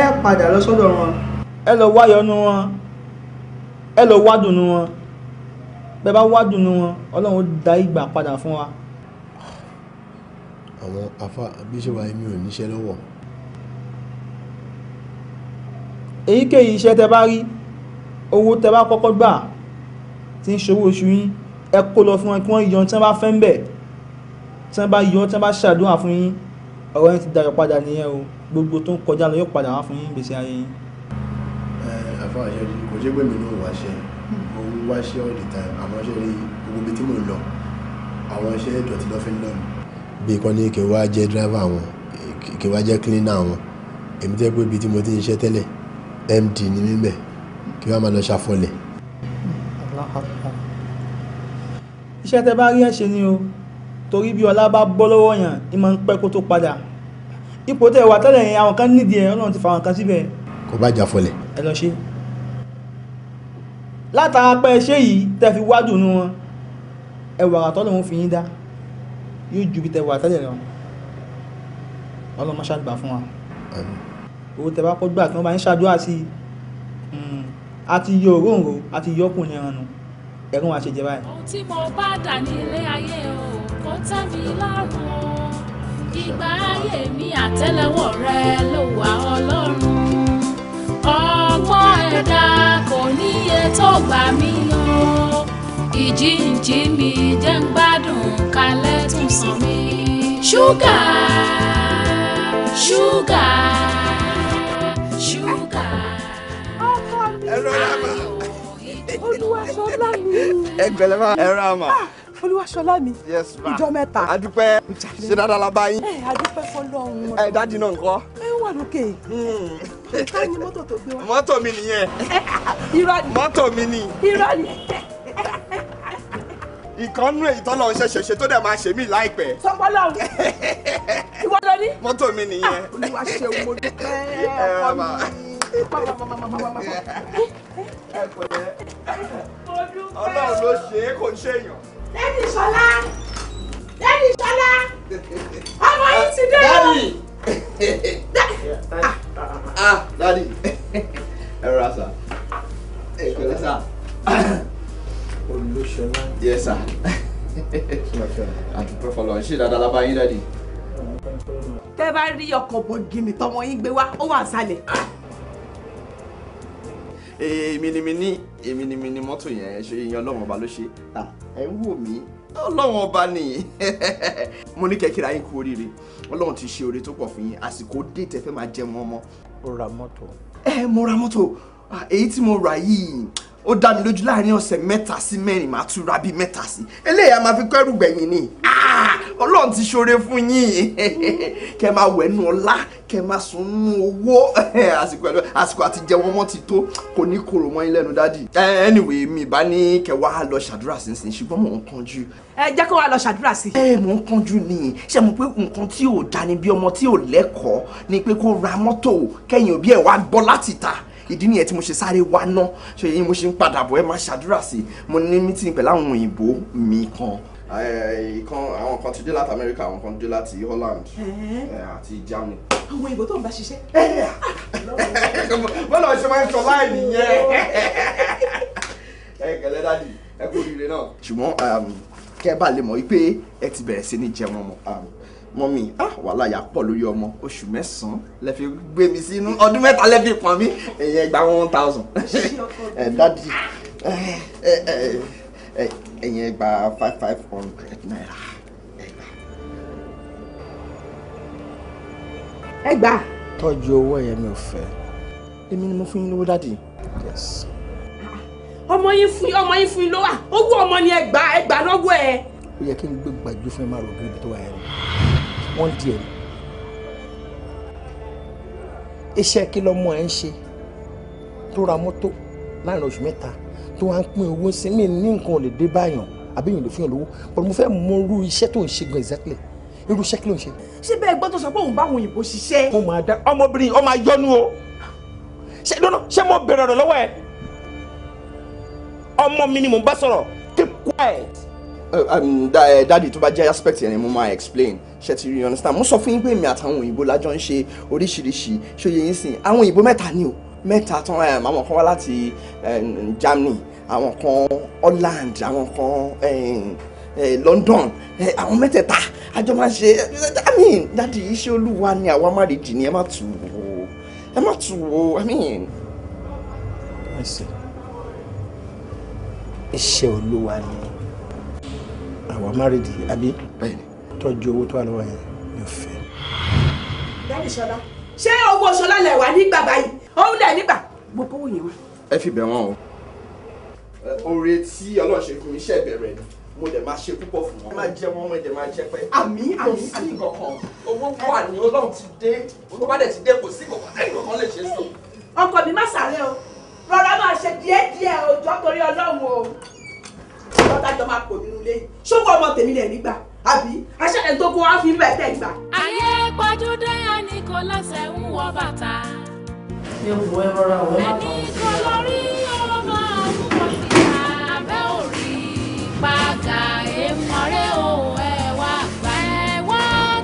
ẹ padà lọ sọ́dọ̀ wọn ẹ lọ wá yọnu wọn ẹ lọ wá dùnú wọn bẹ bá wá dùnú wọn ọlọ́run dá ìgbà padà fún wa. àwọn afa bí ṣe wáyé mi ò níṣẹ́ lọ́wọ́. èyíkéyìí iṣẹ́ tẹ bá rí owó tẹ bá kọ́kọ́ gbà tí ń ṣòwò oṣù yín ẹ kó lọ fún wọn kí wọ́n yọ tí wọ́n bá fẹ́ ń bẹ̀ tí wọ́n bá yọ tí wọ́n bá ṣàdúrà fún yín ọ̀rọ̀ yẹn ti dayọ̀ padà nìyẹn o gbogbo tó ń kọjá lọ yóò padà wá fún yín gbèsè ayé yín. ẹ àfa àṣẹrí kò ṣe pé mi ní òwà ṣe mo ń wá ṣe all the time àmọ́ ṣe rí gbogbo ibi tí mò ń lọ àwọn iṣẹ́ ìdọ̀tí lọ́ fi bí kan ní kí n wá jẹ́ driver wọn kí n wá jẹ́ cleaner wọn èmi tẹ́ pé ibi tí mo ti ń ṣiṣẹ́ tẹ́lẹ̀ md ni mí bẹ̀ kí wọ́n máa lọ ṣàfọlẹ̀. iṣẹ́ tẹ bá rí ẹ̀ ṣe ni o torí bí ọlá bá bọ́ lọ́wọ́ yàn ni máa ń pẹ́ kó tó padà ipò tẹ̀ wà tẹ́lẹ̀ yẹn àwọn kan nídìí ẹ̀ ọlọ́run ti fa àwọn kan síbẹ̀. kò bá jà fọlẹ̀. ẹ lọ ṣe látara pé ṣé yìí tẹ fi wádùn nu wọn ẹwà àtọ́ lòun fi yín dá yóò ju bí tẹ wà tẹ́lẹ̀ lọ ọlọ́run má ṣàgbà fún wa owó tẹ bá kọ́ gbà kí wọ́n bá ń ṣàdúrà sí i àti hmm, yọ òróǹro àti yọkùnrin ẹran nù ẹ̀rùn àṣejẹ báyìí. ohun tí mo bá dà ní ilé ayé o kó tẹ́ mi ìgbà ayé mi àtẹ́lẹwọ́ rẹ ló wà ọlọ́run ọgbọ́n ẹ̀dá kò níye tó gbà mí yan ìjíǹjí mi jẹ́ ń gbádùn kalẹ̀ tún sàn mí. ṣúgà ṣúgà ṣúgà. ẹ rọra ma. olúwa sọlá mi. ẹ gbẹlẹ ma ẹ olúwaṣọlá mi ìjọ mẹ́ta. adúpẹ́ ṣe dáadáa la bá yín. ẹ adúpẹ́ fọlọ́run. ẹ dáàdi náà ńkọ́. ẹ wà lókè. Hmm. ká ní mọ́tò tó gbé wá. mọ́tò mi nìyẹn. [laughs] irọ́ ni. mọ́tò mi ni. irọ́ ni. [laughs] ìkànnú èyí tọ́lọ̀ ń ṣẹ̀ṣẹ̀ ṣe tó dẹ̀ máa ṣe mí láìpẹ́. sọpọlọ [laughs] ìwọ lọ ní. mọ́tò mi nìyẹn. Ah, olúwaṣẹ́ mo dúpẹ́ ọkọ mi ọlọ́run ló ṣe é kò ń ṣèyàn dádì sọlá dádì sọlá ọmọ yìí ti dé o. dádì dádì ah. ah, ẹ rọra sà ẹ pẹ̀lẹ́ sà. olùsọlá. yẹ sà àti pẹfọlọ ṣe dáadáa lábá yín dádì. tẹ́ bá rí ọkọ̀ bọ̀gìnì tọmọ yín gbé wá ó wà sálẹ̀ èmi ni mi ní èmi ni mi ní mọ́tò yẹn ṣe iyan ọlọ́run ọba ló ṣe ah ẹ̀ ń wò mí ọlọ́run ọba nìyí [laughs] mo ní kẹ́kẹ́rẹ́ ayé kú oríire ọlọ́run ti ṣe oore tó pọ̀ fún yín àsìkò dé tẹ́fẹ́ máa jẹun ọmọ. o ra mọ́tò. ẹ mo ra mọ́tò èyí tí mo rà yìí ó dá mi lójú láàrin ọ̀sẹ̀ mẹ́ta sí mẹ́rin màá tún ra bíi mẹ́ta sí eléyà máa fi kọ́ ẹrù gbẹ̀yìn ni ọlọ́run ti ṣoore fún yín [laughs] kẹ máa wẹ̀nu ọlá kẹ máa sùn owó [laughs] àsìkò àti jẹ mọ́ ti tó kò ní kòrò mọ́ ilé ẹnu dádì anyway mi ìbá ní kẹ wá lọ ṣàdúrà sí sí ṣùgbọ́n mò ń kánjú. ẹ jẹ́ kó wá lọ ṣàdúrà sí. ẹ mò ń kánjú ni ṣe mo pé nǹkan tí ò dání bí ọmọ tí ò lẹ́kọ̀ọ́ ni pé kó ra mọ́tò kẹ́yìn òbí ẹ̀ wá bọ́ láti ta ìdí nìyẹn tí mo ṣe sáré wá ná ṣe yìí mo ṣe ń padà bọ̀ ẹ máa ṣàdúrà sí mo ní mítìnì pẹ̀lú àwọn òyìnbó mi kan àwọn kan ti dé láti Amẹ́ríkà àwọn kan dé láti Holland àti Germany. àwọn ìbò tó ń bá ṣiṣẹ́. [laughs] bọ́lá ṣe máa ń sọ láì nìyẹn [laughs] ẹ kẹlẹ dádì ẹ kú oríire náà. ṣùgbọ́n um, kẹ́ bá lè mọ̀ wípé ẹ ti bẹ̀rẹ̀ sí ní jẹun ọmọ um, mọ́mí ah, wàhálà yà pọ̀ lórí ọmọ oṣù mẹ́sàn-án lẹ fi gbé mi sínú ọdún mẹ́ta lẹ fi pọ̀n mi ẹ̀yẹ gba one thousand. ẹ dádì ẹ ẹ ẹ̀yin ẹgbà five five hundred naira ẹgbà. ẹgbà. tọ́jú owó ẹ̀yẹ mi ò fẹ́ èmi ni mo fún yín lówó dáàdì. yes. ọmọ yín fún yín ọmọ yín fún yín lówó owó ọmọ ni ẹgbà ẹgbà lọ́wọ́ ẹ. ó yẹ kí n gbé gbàjú fún ẹ máa rò gírí tó wà ẹ wọ́n di ẹ̀ iṣẹ́ kí lọ́mọ ẹ ń ṣe tó ra mọ́tò láàrin oṣù mẹ́ta tó wá ń pín owó sí mi ní nǹkan lè dé báyàn àbí èèyàn lè fún yàn lówó but mo fẹ́ mọ irú iṣẹ́ tó ń ṣe gan exactly irú iṣẹ́ kí ló ń ṣe. ṣé bẹ́ẹ̀ gbọ́dọ̀ sọ pé òun bá àwọn òyìnbó ṣiṣẹ́. ó máa dá ọmọbìnrin ọ máa o ṣé lọ́nà ṣé mo bẹ̀rẹ̀ ọ̀rọ̀ lọ́wọ́ ẹ ọmọ mi ni mò bá sọ̀rọ̀ keep quiet. Um, dáàdi tó bá jẹ́ aspect yẹn ni mo máa explain ṣe ti rí understand mo sọ fún yín pé èmi àtàwọn òyìnbó la ń ṣe oríṣiríṣi ṣòye yín sìn àwọn òyìnbó mẹ́ta ni o mẹ́ta tán um, àwọn kan wá láti um, Germany àwọn kan Holland àwọn kan eh, eh, London eh, àwọn mẹ́tẹ̀ẹ̀ta àjọ máa ń ṣe i mean dáàdi iṣẹ́ olúwa ni àwa má rí jì ní ẹ má tù wò ẹ má tù wò i mean. I see. iṣẹ́ olúwa ni àwa má rí jì àbí tọ́jú owó tó wà lọ́wọ́ yẹn ni ò fẹ́. dáàdi ṣọlá ṣé owó ṣọlá lẹ̀ wá nígbà báyìí òun dẹ̀ nígbà gbogbo òyìnbó. ẹ fi bẹ̀ wọ́n o oore tí ọlọ́run ṣe fún mi ṣe bẹ̀rẹ̀ ni mo dẹ̀ máa ṣe púpọ̀ fún wọn. ẹ máa jẹ wọn mo dẹ̀ máa jẹ pẹ́. àmì àmì sí ìkọ̀kan owó wà ní ọlọ́run ti dé owó bá dẹ̀ ti dé kò sí ìkọ̀kan tẹ́lẹ̀ ìkọ̀kan lè ṣe sùn. ọkọ mi má sàárẹ̀ o rọra máa ṣe díẹ̀díẹ̀ òjò torí ọlọ́run o lọ́dájọ́ máa pò nínú ilé yìí ṣókò ọmọ tèmi lẹ̀ nígbà àbí aṣẹ́ni tó kó wá fi bẹ̀ tẹ̀ gbà. ayé gbajúdé ẹni kò lẹ́sẹ̀ ń wọ bàtà. i. ẹni kò lọ rí ọ. pàgà èèmọ̀rẹ́ o ẹ wá gbà ẹ wá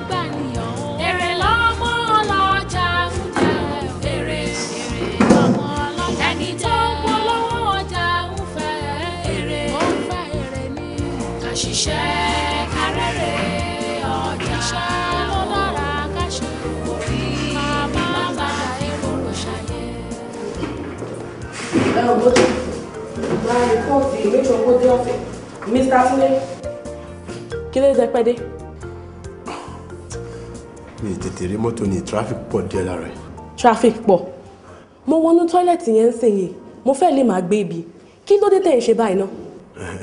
gbà nìyàn o. èrè lọ́mọ ọlọ́jà ń jẹ èrè èrè lọ́mọ ọlọ́jà ẹni tó polówó ọjà ń fẹ́ èrè ó ń fẹ́ èrè ní àṣìṣe kárẹ̀rẹ̀ ọjà ló dára káṣí orí bàbá èrò ló ṣàyẹ. ẹ ò gbọ́dọ̀ gba ẹ̀kọ́ fi ìwé ìjọba dé ọ̀fẹ́. Mr. Túndé kí ló dé pẹ́ dé. mi tètè rí mọ́tò ní traffic pọ̀ díẹ̀ lára ẹ̀. traffic pọ̀ mo wọnú tọ́ílẹ̀tì yẹn ń sìn yìí mo fẹ́ lè máa gbé ibi kí ló dé tẹ̀ ń ṣe báyìí náà.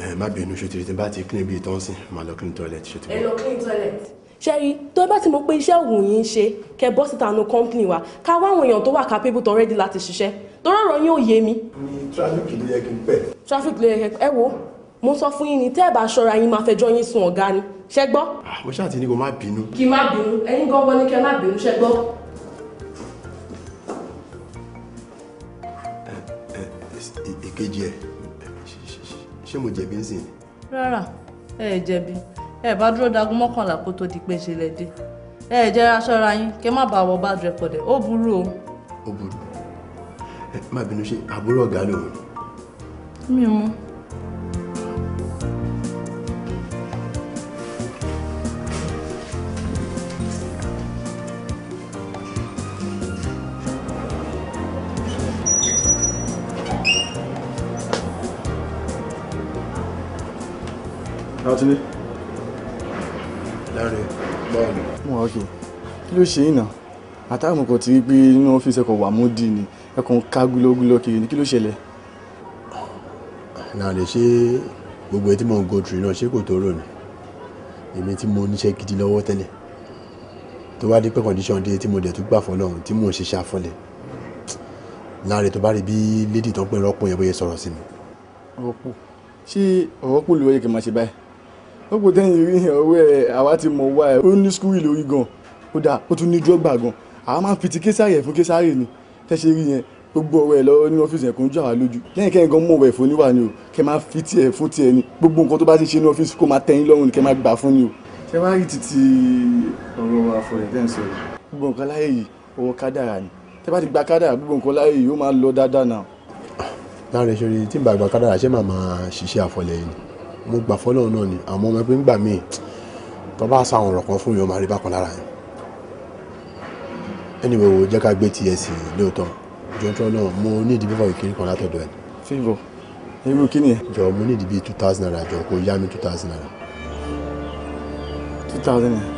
ẹ má bínú ṣètìrì tí bá ti clean ibi ìtọ́ sí màá lọ clean toilet ṣètìrì. ẹ lọ clean toilet. ṣẹ́rí tó bá ti mọ̀ pé iṣẹ́ òun yìí ń ṣe kẹ́ bọ́ síta nu company wa ká wá àwọn èèyàn tó wà capable tó ready láti ṣiṣẹ́ tó rọrọ yín ò yé mi. traffic ló yẹ kí n pẹ. traffic ló yẹ kí n pẹ ẹ wo mo sọ fún yín ni tẹ́ ẹ̀ bá ṣọ́ra yín máa fẹjọ́ yín sùn ọ̀gá ni ṣẹ gbọ́. Ah, mo ṣáà ti ní kó má bínú. kí má bínú ẹ̀yin gan wọlé kẹ má bínú ṣẹ gbọ́. ìkejì eh, eh, ẹ ṣé mo jẹ̀bi nsìn. rárá ẹ ẹ jẹ̀bi ẹ bá dúró dagun mọ́kànlá kó tó di pé ṣe lẹ ẹ ẹ jẹ́ra ṣọ́ra yín kẹ má bàa wọ bad record ẹ ó burú o. ó burú ẹ eh, má bínú ṣe àbúrò ọ̀gá lòun. mi ò látúndé láre báwo ni. mo wà ókè kí ló ṣe ìnà àtàwọn kan ti rí pé inú ọ́fíìsì ẹ̀kọ́ wà múdì ni ẹ̀kan ká gúlógúló kiri ni kí ló ṣẹlẹ̀. náà lè ṣe gbogbo etí mọ̀ ń go through náà ṣé kò tó rò ní èmi tí mo níṣẹ́ gidi lọ́wọ́ tẹ́lẹ̀ tó bá dé pé condition dé tí mo dẹ̀ tún gbà fọlọ́run tí mò ń ṣiṣẹ́ afọlẹ̀ láre tó bá rí bí lady tó ń pè rọ́pò yẹn bóyá sọ̀rọ̀ sí mi. ọ̀pọ̀ ṣé ọ̀rọ̀ pò ló yẹ kí máa ṣe báyìí ó kò tẹ́yìn rí hàn ọwọ́ ẹ̀ àwa ti mọ̀ wá ẹ̀ ó ní skúrì lórí gan ó dáa ó tún ní drọ́gbà gan àwa máa ń fi ti késàrì fún késàrì ni tẹ́ṣe rí yẹn gbogbo ọ̀rọ̀ ẹ̀ lọ́wọ́ ní ọ́fíìsì ẹ̀ kò ń jọ àwa lójú lẹ́yìn kẹ́yìn gan mọ̀ ọ̀rọ̀ fún níwà ni o kẹ́ máa fi tiẹ̀ fún tiẹ̀ ni gbogbo nǹkan tó bá ti ṣe ní ọ́fíìsì kó máa tẹ́yìn lọ́rùn ni kẹ́ máa gbà fún ni o. ṣé wàá rí títí ọ̀rọ̀ àfọ̀rẹ̀ tẹ́ ń sọ yìí. gbogbo nǹkan láyé yìí owó kádàrà ni tẹ́ bá ti gba kádàrà gbogbo nǹkan láyé yìí ó máa lọ dáadáa náà. láàrin ìṣòro tí ń bá gba kádàrà ṣé màá máa ṣiṣẹ́ àfọlẹ́yìn ni mo gbà fọ́lọ́ náà ni àmọ́ ọmọ ẹgbẹ́ ń gbà mí tó bá sa àwọn ọ̀rọ̀ kan fún mi ó máa rí bákan lára yẹn anyway wo jẹ́ ká gbé tiẹ̀ sí i e lóòótọ́ jọjọ́ náà mo ní ìdí fífọ̀ ìkíní kan látọ̀dọ̀ ẹ̀. fífọ̀ irú kí ni jọ mo ní ìdí bíi two thousand naira jọ kó yá mi two thousand naira. two thousand naira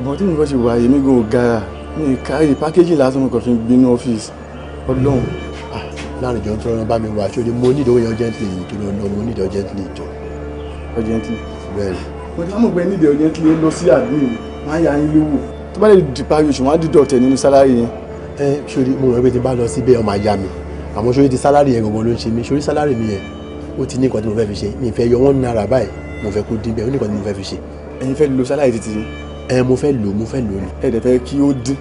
ìbọn tí mi kọ́ ṣe wà yé mi gan-an gara mi ì kárí pákéjì lásán mo fi gbinú ọ́fíìsì ọlọ́run. Ah, láàrin ìjọ tó rán bá mi wá aṣọ́jú mo ní ìdíwọ́ urgently yìí tó lọ́nà mo ní urgently ìjọ. urgently. bẹ́ẹ̀ni. pẹ̀lú amọ̀gbẹ́ ní ìdíwọ́ urgently lọ sí admin wọ́n á yà yín léwò. tó bá lè di parí oṣù á dídọ̀ tẹ̀ nínú sálárì yẹn. ẹ sori mo rò pé tí n bá lọ síbẹ̀ ọmọ àyà mi àmọ́ sori ti sálárì yẹn gbogbo ló ń ṣe mi sori sálárì mi yẹn ó ti ní nǹkan tí mo fẹ́ fi ṣe mi fẹ́ yọ wọ́n náírà báyìí mo fẹ́ kó dín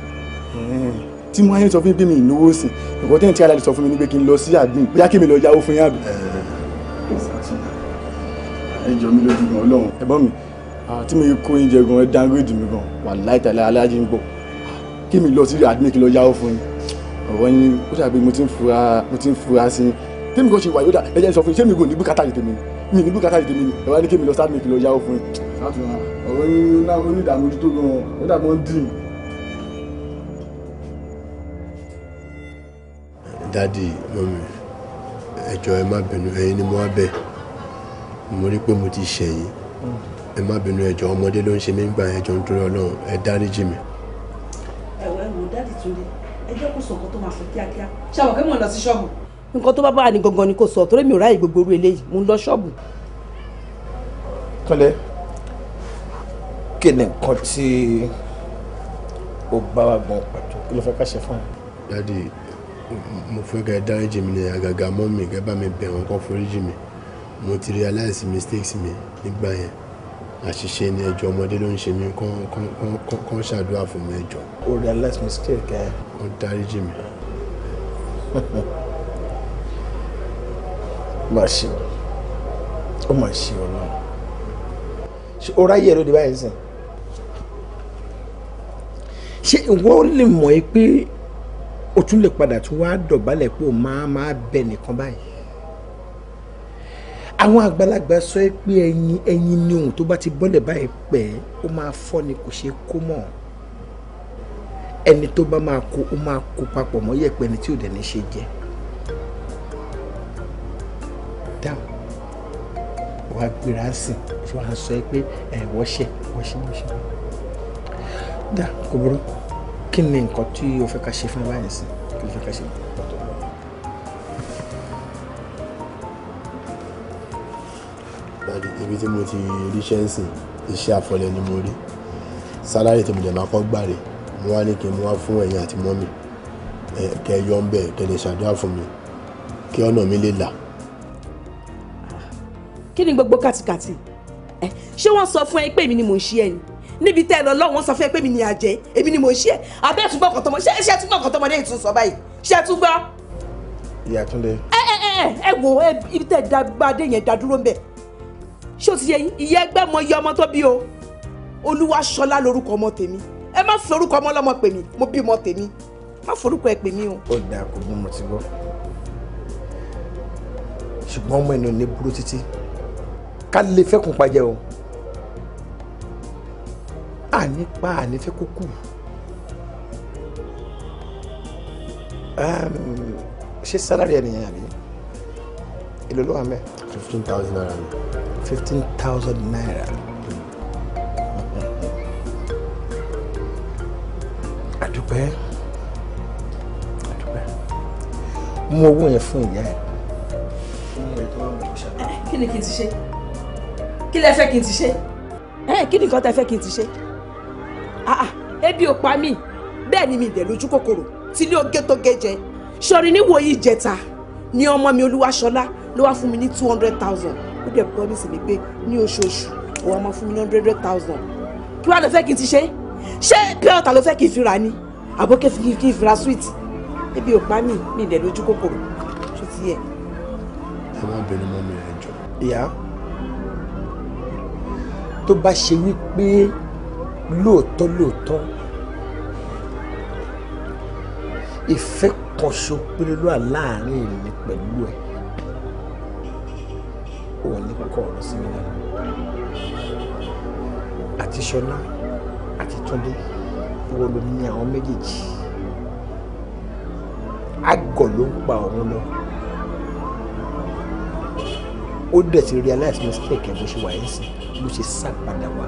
tí mo ayé sọ fún mi pé mi ìnáwó sìn nǹkan tẹ́yìn tí ara lè sọ fún mi ni pé kí n lọ sí àgbìn bóyá kí mi lọ yáwó fún yín àgbìn. ẹ jọ mi lójú gan Ọlọ́run. ẹ̀gbọ́n mi tí mo kó oúnjẹ gan ẹ dáńgéèdì mi gan wà láìtàlẹ́ aláàjì ń bọ̀ kí mi lọ sí àgbìn kí lọ yáwó fún yín ọ̀rọ̀ yín ó dàbí mo ti ń fura mo ti ń fura sí i tèmi kan ṣe wà yóò dà ẹ jẹ́ sọ fún yín ṣé mi gùn ní bùkátà yìí tèmi mi ní bùkátà yìí tèmi ẹ wá ní kí mi lọ sáà mi kí lọ yáwó fún yín. ọ̀rọ̀ yín onídàámójútó gan-an ó dàgbọ́n dì mí. dádì mọ́mì ẹ jọ̀ọ́ ẹ má bínú ẹ̀yin ni mo wá bẹ̀ mo rí pé mo ti ṣẹ̀yìn ẹ má bínú ẹ jọ̀ọ́ ọmọdé ló ń ṣe mí gbà ẹ jọ̀ọ́ nítorí Ọlọ́run ẹ dáríjì mi. ẹ̀wọ̀ ẹ̀ wò dádì tún lé ẹ jẹ́ kó sọ nǹkan tó máa sọ kíákíá ṣàwọ̀ kí mò ń lọ sí ṣọ́ọ̀bù. nǹkan tó bá bá ní gangan ni kò sọ torí mi ò ráàyè gbogbo orú eléyìí mo ń lọ ṣọ́ọ̀bù. tọ́lẹ̀ kí ni nǹkan tí ó bá wa gbọ́n pàtó kí ló fẹ́ ká ṣe fún ẹ. dádì mo fẹ́ kẹ́ ẹ dáríjì mi ní àgàgà mọ́ mi kẹ́ bá mi bẹ̀ wọ́n kọ́ foríjì mi mo ti realize mistakes mi nígbà yẹn àṣìṣe ni ẹjọ́ ọmọdé ló ń ṣe mí kán ṣàdúrà fún mi ẹjọ́. o realize mistake ẹ. wọ́n dáríjì mi. [laughs] má ṣe ó má ṣe ọ̀nà ṣe ó ráyè ẹ̀rọ ìdíbàyẹ̀sìn ṣé ìwọ lè mọ̀ ẹ́ pé o tún lè padà tún wá dọ̀bálẹ̀ pé o máa máa bẹ nìkan báyìí àwọn àgbàlagbà sọ é pé ẹyin ẹyin ni ohun tó bá ti bọ́lẹ̀ báyìí pẹ́ ó máa fọ́ ni kò ṣe kó mọ̀ ẹni tó bá máa kó ó máa kó papọ̀ mọ́ yẹ̀pẹ̀ ni tí ò dẹ̀ ṣe jẹ́ dáhùn wàá gbéra sìn tí wàá sọ é pé ẹ̀ wọ́ṣẹ̀ wọ́ṣẹ̀ wọ́ṣẹ̀ dáhùn kò burú kí ni nǹkan tí o fẹ́ ká ṣe fún báyìí sí kí o fẹ́ ká ṣe pàtó. dadi ibi tí mo ti ríṣẹ́ ń sìn iṣẹ́ àfọlẹ́ ni mo rí sálárì tí mo dẹ̀ máa kọ́ gbàre mo wá ní kí n mú wá fún ẹ̀yin àti mọ́mì kẹ́ ẹ yọ ń bẹ̀ kẹ́ ẹ lè ṣàdúrà fún mi kí ọ̀nà mi lè là. kí ni gbogbo kàtìkàtì ṣé wọ́n sọ fún ẹ pé èmi ni mò ń ṣe ẹ ni níbi tẹ́ ẹ lọ lọ́wọ́ sọ fún ẹ pé mi ni àjẹ́ èmi ni mo ṣe é abẹ́ ẹ̀tún gbọ́ kọ̀tọ́mọ ṣé ṣé ẹ̀tún gbọ́ kọ̀tọ́mọ ní ìtún sọ báyìí ṣé ẹ̀tún gbọ́. ìyá túnde. ẹ ẹ ẹ ẹ wo ibi tẹ́ ẹ dágbádé yẹn dádúró ńbẹ ṣé o ti yẹ ìyá ẹgbẹ́ mọ iye ọmọ tó bí o Olúwaṣọlá lorúkọ ọmọ tèmi ẹ má forúkọ ọmọ lọ́mọ pè mí mo bí ọmọ tèmi má forúkọ ẹ pè mí o. ó dáa kó gbọ́n mo ti gbọ́ ṣùgbọ́n ọmọ ẹni ò ní burú títí ká lè fẹ́kùn ànípa ànífẹ́ kó kù ṣé sálárì ẹ nìyẹn àbí èlò ló wà mẹ́. fifteen thousand naira. fifteen thousand naira. àdúpẹ́ àdúpẹ́ mú owó yẹn fún ìyá ẹ̀. kí ni kí n ti ṣe kí lẹ fẹ́ kí n ti ṣe. ẹ kí ni nǹkan tẹ fẹ́ kí n ti ṣe. Ah, ah, ebi ò pa mí bẹ́ẹ̀ ni mi dẹ̀ lójú kòkòrò tí ilé oge tó gẹ́jẹ sọ̀rí níwò yìí jẹta ni ọmọ mi Olúwaṣọlá ló wá fún mi ní two hundred thousand ó dẹ̀ promise mi pé ní oṣooṣù òun á máa fún mi ní hundred thousand kí wàá lọ fẹ́ kí n ti ṣe ṣé pure water ló fẹ́ kí n fi rà ni àbó kí n fi ra sweet ebi ò pa mí mi dẹ̀ lójú kòkòrò ṣó ti yẹ. ẹ má bẹ̀rẹ̀ mi ẹ̀ jọ. ìyá tó bá ṣe wípé lóòótọ́ lóòótọ́ ìfẹ́ kan ṣo péré ló wà láàrin èmi pẹ̀lú ẹ̀ òun ní kọ́ ọ̀rọ̀ sí mi lẹ́nu àti ṣọlá àti túndé ìwọ ló ní àwọn méjèèjì àgọ̀ ló ń pa òun lọ ó dẹ̀ ti realize mistake ẹ̀ bó ṣe wà ẹ̀ ń sìn bó ṣe sá padà wá.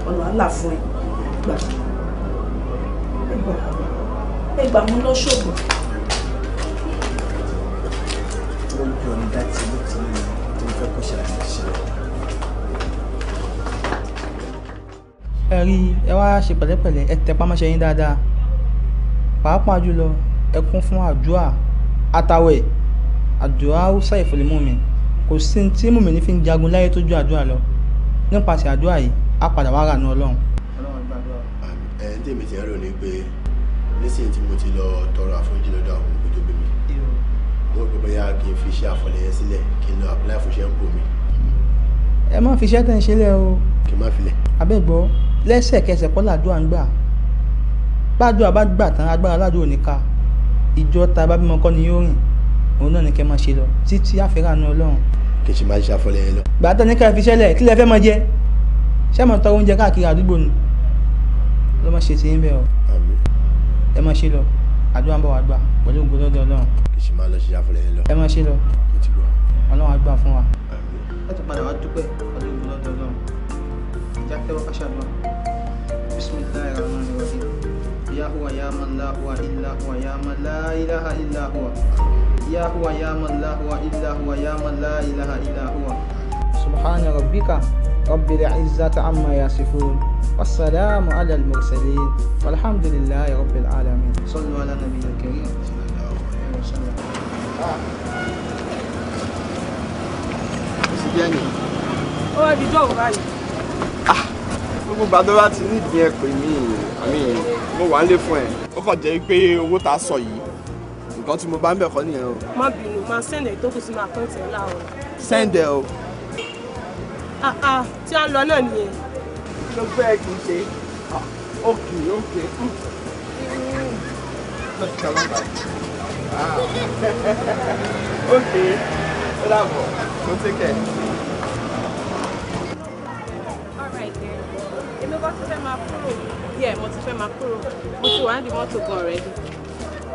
wàhálà fún ẹ gbà ẹ gbà mú lọ ṣògùn. ó yọ ní dátì ló ti ní tó fẹ́ kó ṣe àṣìṣe. ẹ rí ẹ wá ṣe pẹ̀lẹ́pẹ̀lẹ́ ẹ tẹpá mọ́ṣẹ́ yín dáadáa pàápàá jùlọ ẹ kún fún àdúrà àtàwẹ̀ àdúrà haúsá ìfòlímù mi kò sí tí mùmí ní fi ń jagun láyé tó ju àdúrà lọ nípasẹ̀ àdúrà yìí á padà wá rà ní ọlọ́run. ọlọ́run gbàdúrà. ẹ ń tèmi ti ń rò ní pé nísìnyí tí mo ti lọ tọrọ àforíjì lọ́dọ̀ àwọn òbí tó bí mi mo rò pé bóyá kí n fi iṣẹ́ àfọlẹ́yẹ sílẹ̀ kí n lọ apply fún iṣẹ́ ń bò mí. ẹ má fi iṣẹ́ tẹ̀ ń ṣe lẹ̀ o. kí n má filẹ̀. abẹ́gbọ́ lẹ́sẹ̀kẹsẹ̀ kọ́ làdúrà ń gbà gbàdúrà bá gbà tán agbára ládùúgbò ní ká ìjọ ta bá bímọ kọ́ ni yóò rìn òun náà ni kẹ́ máa ṣe lọ títí àfẹ́ràn ọlọ́run. kì í ṣe máa ṣe àfọlẹ́yẹ lọ. gbàtà ní ká fi iṣẹ́ lẹ̀ kí lẹ fẹ́ máa jẹ ṣé mo tọrọ oúnjẹ káàkiri àdúgbò ni ló má ṣe ti ń bẹ̀ ọ́ ẹ má ṣe lọ àdúrà ń bọ̀ wá gbà pẹ̀lú ògbó lọ́dọ̀ ọlọ́run. kì í ṣe máa lọ ṣe àfọlẹ́ yẹn lọ. ẹ má ṣe lọ ọlọ́run á gbà fún wa. ẹ tún padà wá dúpẹ́ pẹ̀lú ògbó lọ́dọ̀ ọlọ́run ìjà kẹwàá kàṣàdúrà bisimilayi rahman rahim ya huwa ya man la huwa illa huwa ya man la ilaha illa huwa ya huwa ya man la huwa illa huwa ya man la ilaha illa huwa. سبحان ربك رب العزة عما يصفون والسلام على المرسلين والحمد لله رب العالمين صلوا على نبي الكريم صلى الله عليه وسلم ó ẹbí jọ òun báyìí. Ah, gbogbo gbàdọ́ bá ti nídìí ẹ pè mí àmì mo wà á lé fún ẹ. ó kàn jẹ́ pé owó tá a sọ yìí nǹkan tí mo bá ń bẹ̀ kọ́ nìyẹn o. má bínú máa sẹ́ndẹ̀ tó kù sínú àkáǹtì ẹ̀ láàárọ̀. sẹ́ndẹ̀ o. Ah, ah, tí a lọ náà nìyẹn. kí ló fẹ́ kí n ṣe ókè ókè. ókè ó dàbọ̀ tó tẹ́kẹ̀. èmi bá ti fẹ́ máa kúrò yẹ mo ti fẹ́ máa kúrò mo ti wà níbi mọ́tò gan-an rẹ̀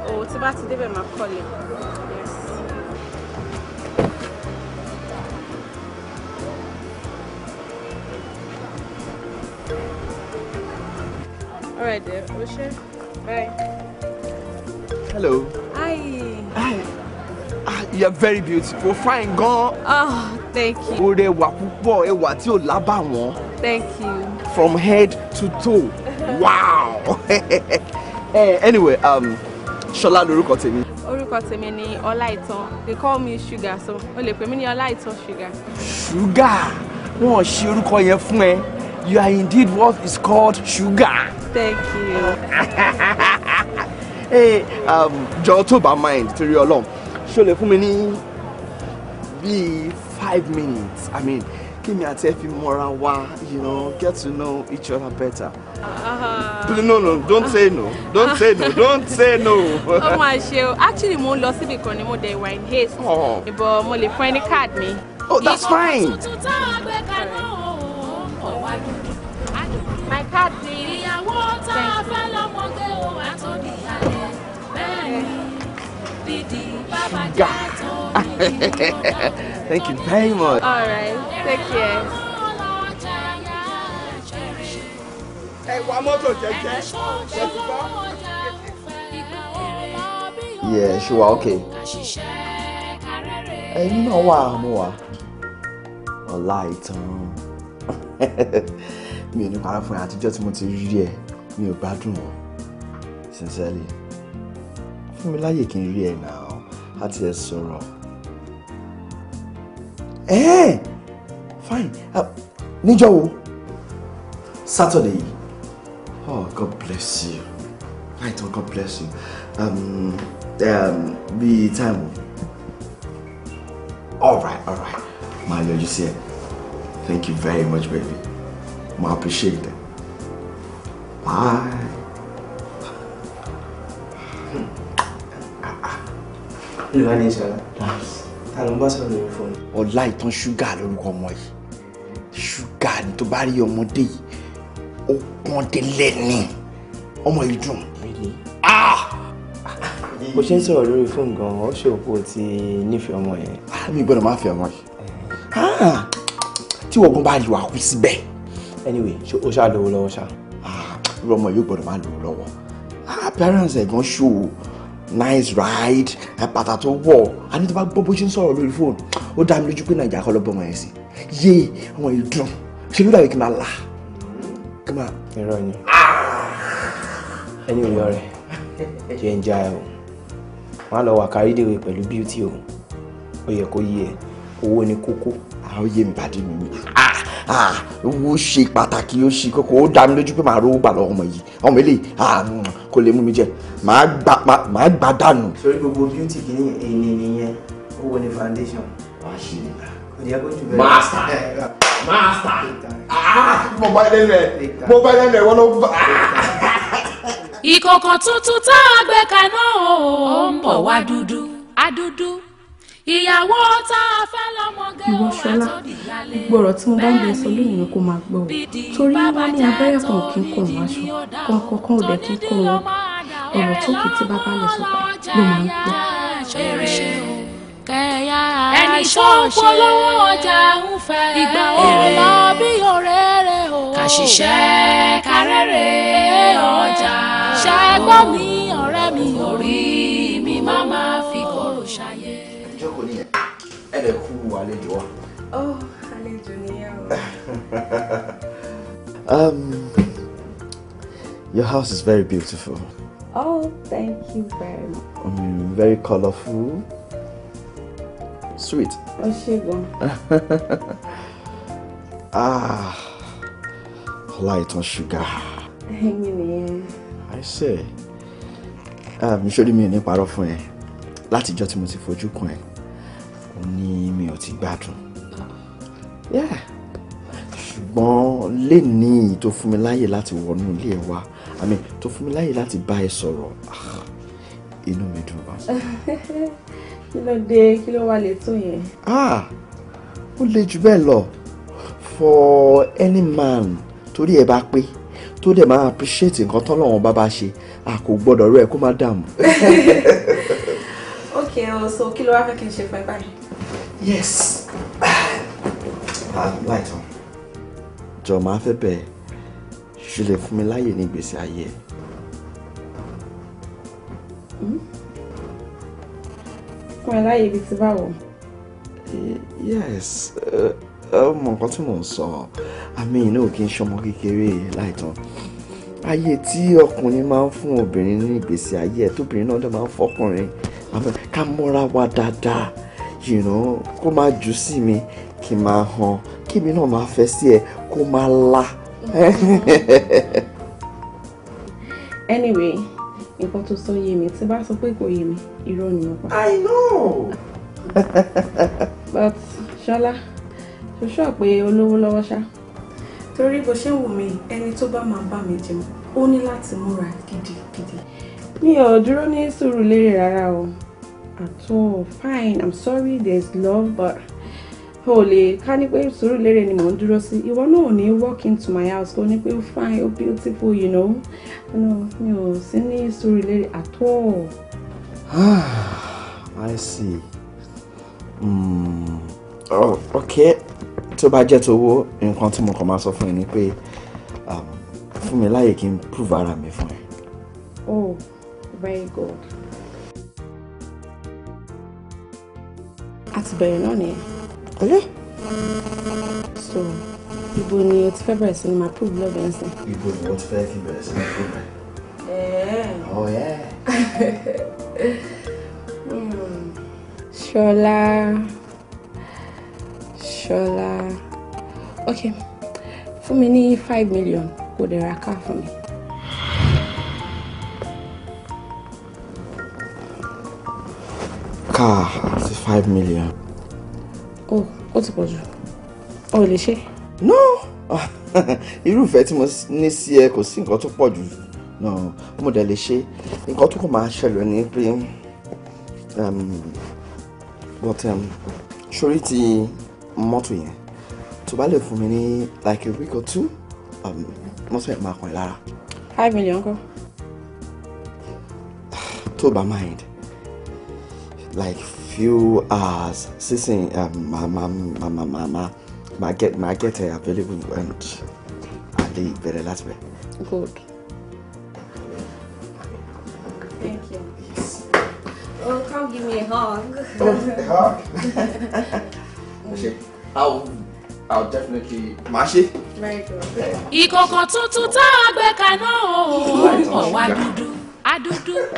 o tí bá ti débẹ̀ máa kọ́ All right then. O ṣé. Bye. Hello. Hi. Hi. Ah, you are very beautiful. Fine gan. Oh, thank you. O rẹwà púpọ̀, ẹwà tí ò lábàwọ́n. Thank you. From head to toe. [laughs] wow. [laughs] eh, anyway, um, Ṣọlá lorúkọ tèmi. Orúkọ tèmi ni Ọláìtàn. They call me Sugar so o lè pè mí ní Ọláìtàn Sugar. Sugar? Wọ́n ṣe orúkọ yẹn fún ẹ. You are indeed what is called sugar thank you. [laughs] hey um, jọ tó bá mind torí Ọlọ́run ṣó lè fún mi Be five minutes i mean kíni àti ẹ fi mọ́ra wa you know get to know each other better. Uh, no no don't say no don't say no don't say no. Oh my, ṣe actually mo ń it because kan ni mo dẹ̀ wà in haste oh. ìbọn mo lè fún card me. oh that's fine. ìbọn my card please. ìyàwó tá a fẹ́ lọ́mọge o wà tó di alẹ́ bẹ́ẹ̀ ni bídì bàbá jẹ́ tó ní [laughs] Thank you very much. All right, take care. ẹ̀wà mọ́tò jẹ́jẹ́ ṣẹ́tùbá. Yeah, she was okay. ẹ̀yin you know á mú A light ìtàn. [laughs] mi ò ní parọ́ fún ẹ àtijọ́ tí mo ti rí ẹ mi ò gbádùn o sincerely fún mi láyè kí n rí ẹ náà àti ẹ sọ̀rọ̀ ẹ́ẹ̀ fine ah, níjọ́ wo Saturday oh God bless you I oh God bless you um, um, bí time o alright alright My yọjú you see. thank you very much baby ma appreciate them. Why? Olúwa ní ìṣọ́lá. Ta ló ń bá sọ̀rọ̀ lórí fóònù? Ọlá ìtàn ṣúgà lórúkọ ọmọ yìí. Ṣúgà ni tó bá rí ọmọdé yìí. Ó pọ́n délẹ̀ ni. Ọmọ yìí dùn. Bó ṣe ń sọ̀rọ̀ lórí fóònù gan-an, ó ṣòkò ti nífẹ̀ẹ́ ọmọ yẹn. Mi gbọ́dọ̀ máa fẹ́ ọmọ Ah. Ti wọ́n gan bá lu àkú síbẹ̀ anyway ṣe o ṣáà lówó lọ́wọ́ ṣá. Ah, irú ọmọ yóò gbọ́dọ̀ máa lówó lọ́wọ́ parents ẹ̀gbọ́n ṣù nice ride àpàtà tó wọ̀ àní tó bá gbọ́ bó ṣe ń sọ̀rọ̀ lórí fóònù ó dá mi lójú pé nàìjíríà kọ́ ló bọ́ ọmọ yẹn sí yé ọmọ yìí dùn ṣe ló dàbí kí n máa là kí n máa. irọ́ ni ẹni ò yọ rẹ̀ jẹ́ ń já ẹ o wọ́n á lọ wà kárí dèwé pẹ̀lú beauty o ó yẹ kó yí ẹ owó ni kókó. àwọn yé mi bàdé mi ah ó ṣe pàtàkì ó ṣe kókó ó dá mi lójú pé màá rówó gbà lọ́wọ́ ọmọ yìí ọmọ eléyìí mm, kò lè mú mi jẹ màá gbà dànù. sori gbogbo beauty kìíní èyí nìyẹn ó wọ foundation. wà á ṣe nìyà. master master mo bá ilé rẹ mo bá ilé rẹ wọn ló bá. ìkòkò tuntun tá a gbé kaná ó ń bọ̀ wá dúdú. a ìyàwó tá a fẹ́ lọ́mọge ó wà tó dìyàlé gbogbo ọ̀rọ̀ tí mo bá ń bẹ sọ lónìí ni kò máa gbọ́ o torí wọ́n ní abẹ́rẹ́ kan kì í kó òun aṣọ kankan ò dẹ̀ kí í kó òun ọ̀rọ̀ tó kì í tí bàbá lè sọ pé ló máa ń gbọ́. ẹni tó ń polówó ọjà ń fẹ́ ìgbà ó lọ bí ọ̀rẹ́ o. kà ṣiṣẹ́ kárẹ́rẹ́ ọjà ṣẹ́gbọ́n mi ọ̀rẹ́ mi ò rí. wà àlejò wa. ó oh, àlejò nìyẹn o. [laughs] Um, your house is very beautiful. Oh, thank you very much. Um, very colorful. Sweet. Oshigun. [laughs] ah, light on sugar. Hanging in. I say. Um, ṣé orí mi ò ní parọ́ fún ẹ látijọ́ tí mo ti fojú kan ẹ ni mi ò ti gbádùn ah. ṣùgbọ́n lénìí tó fún mi láyè láti wọnú ilé ẹ wá àmì tó fún mi láyè láti bá ẹ sọ̀rọ̀ ah, inú mi dùn gan. [laughs] kí ló dé kí ló wà létò yẹn. Ah, ó le jù bẹ́ẹ̀ lọ for any man torí ẹ bá pé tó dẹ̀ máa appreciate nǹkan tọ́lọ́wọ́n bá bá ṣe a kò gbọ́dọ̀ rẹ̀ kó má dààmú. [laughs] ok o so kí ló wá fẹ́ kí n ṣe fún báyìí. Yes. Láìtàn, ah, jọ̀ọ́ máa fẹ́ bẹ̀ ṣe lè fún mi láàyè ní ìgbésí ayé ẹ̀. Hmm? Fún ẹ láàyè ibi tí báwo? Yes, ọmọ eh, eh, nǹkan tí mò ń sọ, àmì ìnáwó kì í ṣọmọ kékeré láìtàn ayé tí ọkùnrin máa ń fún obìnrin ní ìgbésí ayé ẹ tóbìnrin náà dẹ̀ máa ń fọkùnrin ká mọ́ra wa dáadáa you know kó máa jù sí mi kí n máa hàn kí mi náà máa fẹ́ sí ẹ kó máa la. [laughs] anyway nǹkan tó sọ yé mi tí bá sọ pé kò yé mi irọ́ ni mo pa. i know. [laughs] but ṣọlá ṣoṣọ pé olówó lọ́wọ́ ṣá. torí bó ṣe ń wù mí ẹni tó bá máa bá mi jẹun ó ní láti múra gidigidi. mi ò dúró ní sùúrù lérè rárá o at all fine i'm sorry there's love but holy, lè ká ní pé sùúrù lérè ni mò ń dúró sí ìwọ náà ò ní walk into my house kó ní pé ó fine ó beautiful you know No, mi ò sí ní sùúrù lérè at all. Ah, i see mm. oh, okay tó bá jẹ́ towó nǹkan tí mo kàn máa sọ fún ẹ ni pé um, fún mi láàyè kí n prove ara mi fún ẹ. oh very good. a ti bẹ̀rẹ̀ náà nìyẹn. ọ̀lẹ́. so ibo ni o ti fẹ́ bẹ̀rẹ̀ sí ni máa prove love ẹ̀ ń sìn. ibo ni wọ́n ti fẹ́ fi bẹ̀rẹ̀ sí ni prove ẹ̀. Oh yeah. [laughs] mm. Ṣọlá. Ṣọlá. Okay. Fún mi ní five million kò dẹ̀ ra ká fún mi. Káà five million. o oh, ó ti pọ̀ jù o lè ṣe. no [laughs] irúfẹ́ tí mo ní sí ẹ kò sí nǹkan tó pọ̀ jù náà mo dẹ̀ lè ṣe nǹkan tó kàn máa ṣẹlẹ̀ ni pé um, but um, sórí ti mọ́tò yẹn tó bá lè fún mi ní like a week or two Um, mọ́tò yẹn máa kàn lára. five million kọ́. tó bá mind like few hours um, sísìn màá màá màá màá màá màá get màá get her available and I leave very láti bẹ̀. good. thank you. Yes. oh come give me a hug. oh [laughs] a hug. ṣe [laughs] how. I'll definitely máa ṣe. ìkòkò tuntun tá a gbé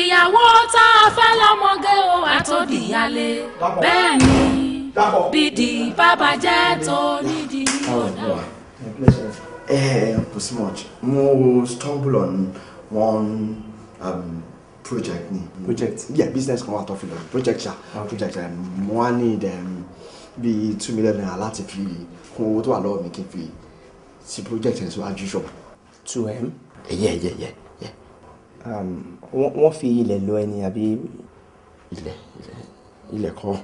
ìyàwó tá a fẹ́ lọ́mọge o àtòdìyálé bẹ́ẹ̀ ni bídì bàbá jẹ́ tó nídìí ọ̀dà. Oh, eh, eh, eh, kò sí much mo stumble on one um, project ni. project yeah business kan wà tó fi lọ project ṣá project um, mo wá ní um, bíi two million naira láti fi kún owó tó wà lọ́wọ́ mi kí n fi sí project ẹ̀ síwájú ṣọ́ọ̀bù. two m. ẹ̀yẹ́ ẹ̀yẹ́ ẹ̀yẹ́. Um, wọ́n fi ilẹ̀ lọ ẹni àbí. ilẹ̀ ilẹ̀ kọ́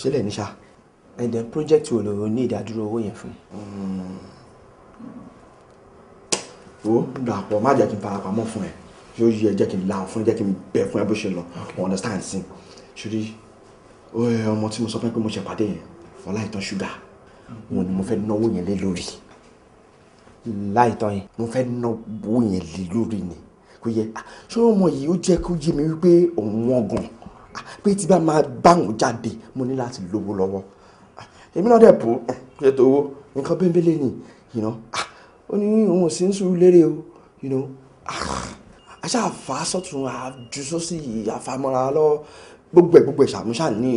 ṣẹlẹ̀ níṣà and then project wo ló ní ìdádúró owó yẹn fún. Hmm. ó dàpọ̀ má jẹ́ kí n farapamọ́ fún ẹ yóò yí ẹ jẹ́ kí n la fún ẹ jẹ́ kí n bẹ̀ fún ẹ bó ṣe lọ understand sí ṣùrí ọmọ tí mo sọ fún ẹ pé mo ṣe pàdé yẹn ọlá ìtàn ṣúgà wọn ni mo fẹ́ náwó yẹn lé lórí. láìtọ́ yẹn. mo fẹ́ náwó yẹn lé lórí ni kò yẹ ah, ṣé ọmọ yìí ó jẹ́ kó yé mi wípé òun wọ́n gan ah, pé tí bá máa báwọn jáde mo ní láti lówó lọ́wọ́ ah, èmi náà dẹ̀ bò ó ṣe tó owó nǹkan bẹ́ńbẹ́lẹ́ ni ó ní òun ò sí ń sùúrù lérè o àṣà àfà sọ̀tún àjùsọ́sì àfàmọ́ra lọ́wọ́ gbogbo ẹ gbogbo ẹ ṣàmúṣà ní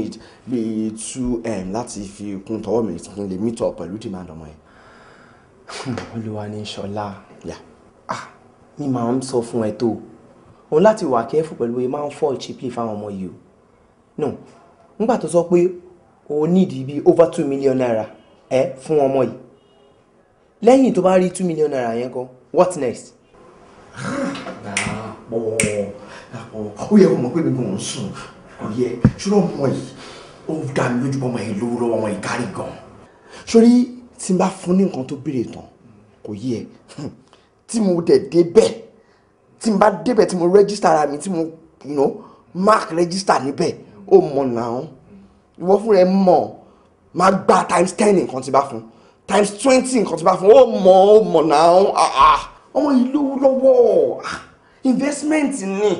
bí two m láti fi kún tọwọ́ mi tuntun lè meet pẹ̀lú demand ọmọ yẹn. Hmm, olúwa ní sọlá ni màá ń sọ fún ẹ tó òun láti wà kẹ́fù pẹ̀lú ẹ máa ń fọ́ ìchìpì fáwọn ọmọ yìí o no nígbà tó sọ pé o nídìí bíi over two million naira ẹ fún ọmọ yìí lẹ́yìn tó bá rí two million naira yẹn kan what next. àpò àpò ó yẹ kó mọ̀ pé mi kò ń sùn kò yẹ ṣùgbọ́n ọmọ yìí ó dá mi lójú ọmọ yìí lówó lọ́wọ́ ọmọ yìí kárí gan-an sórí tí n bá fún ní nǹkan tó béèrè tán kò yẹ tí mo dẹ̀ débẹ̀ tí n bá débẹ̀ tí mo rẹ́gísítà ara mi tí mo you know, mark register níbẹ̀ ó mọ̀ náà ìwọ fúnra ẹ mọ̀ máa gba times ten nǹkan tí bá fún times twenty nǹkan tí bá fún ó mọ̀ ó mọ̀ náà ah, ah. ọmọ yìí lówó lọ́wọ́ ah, investment ni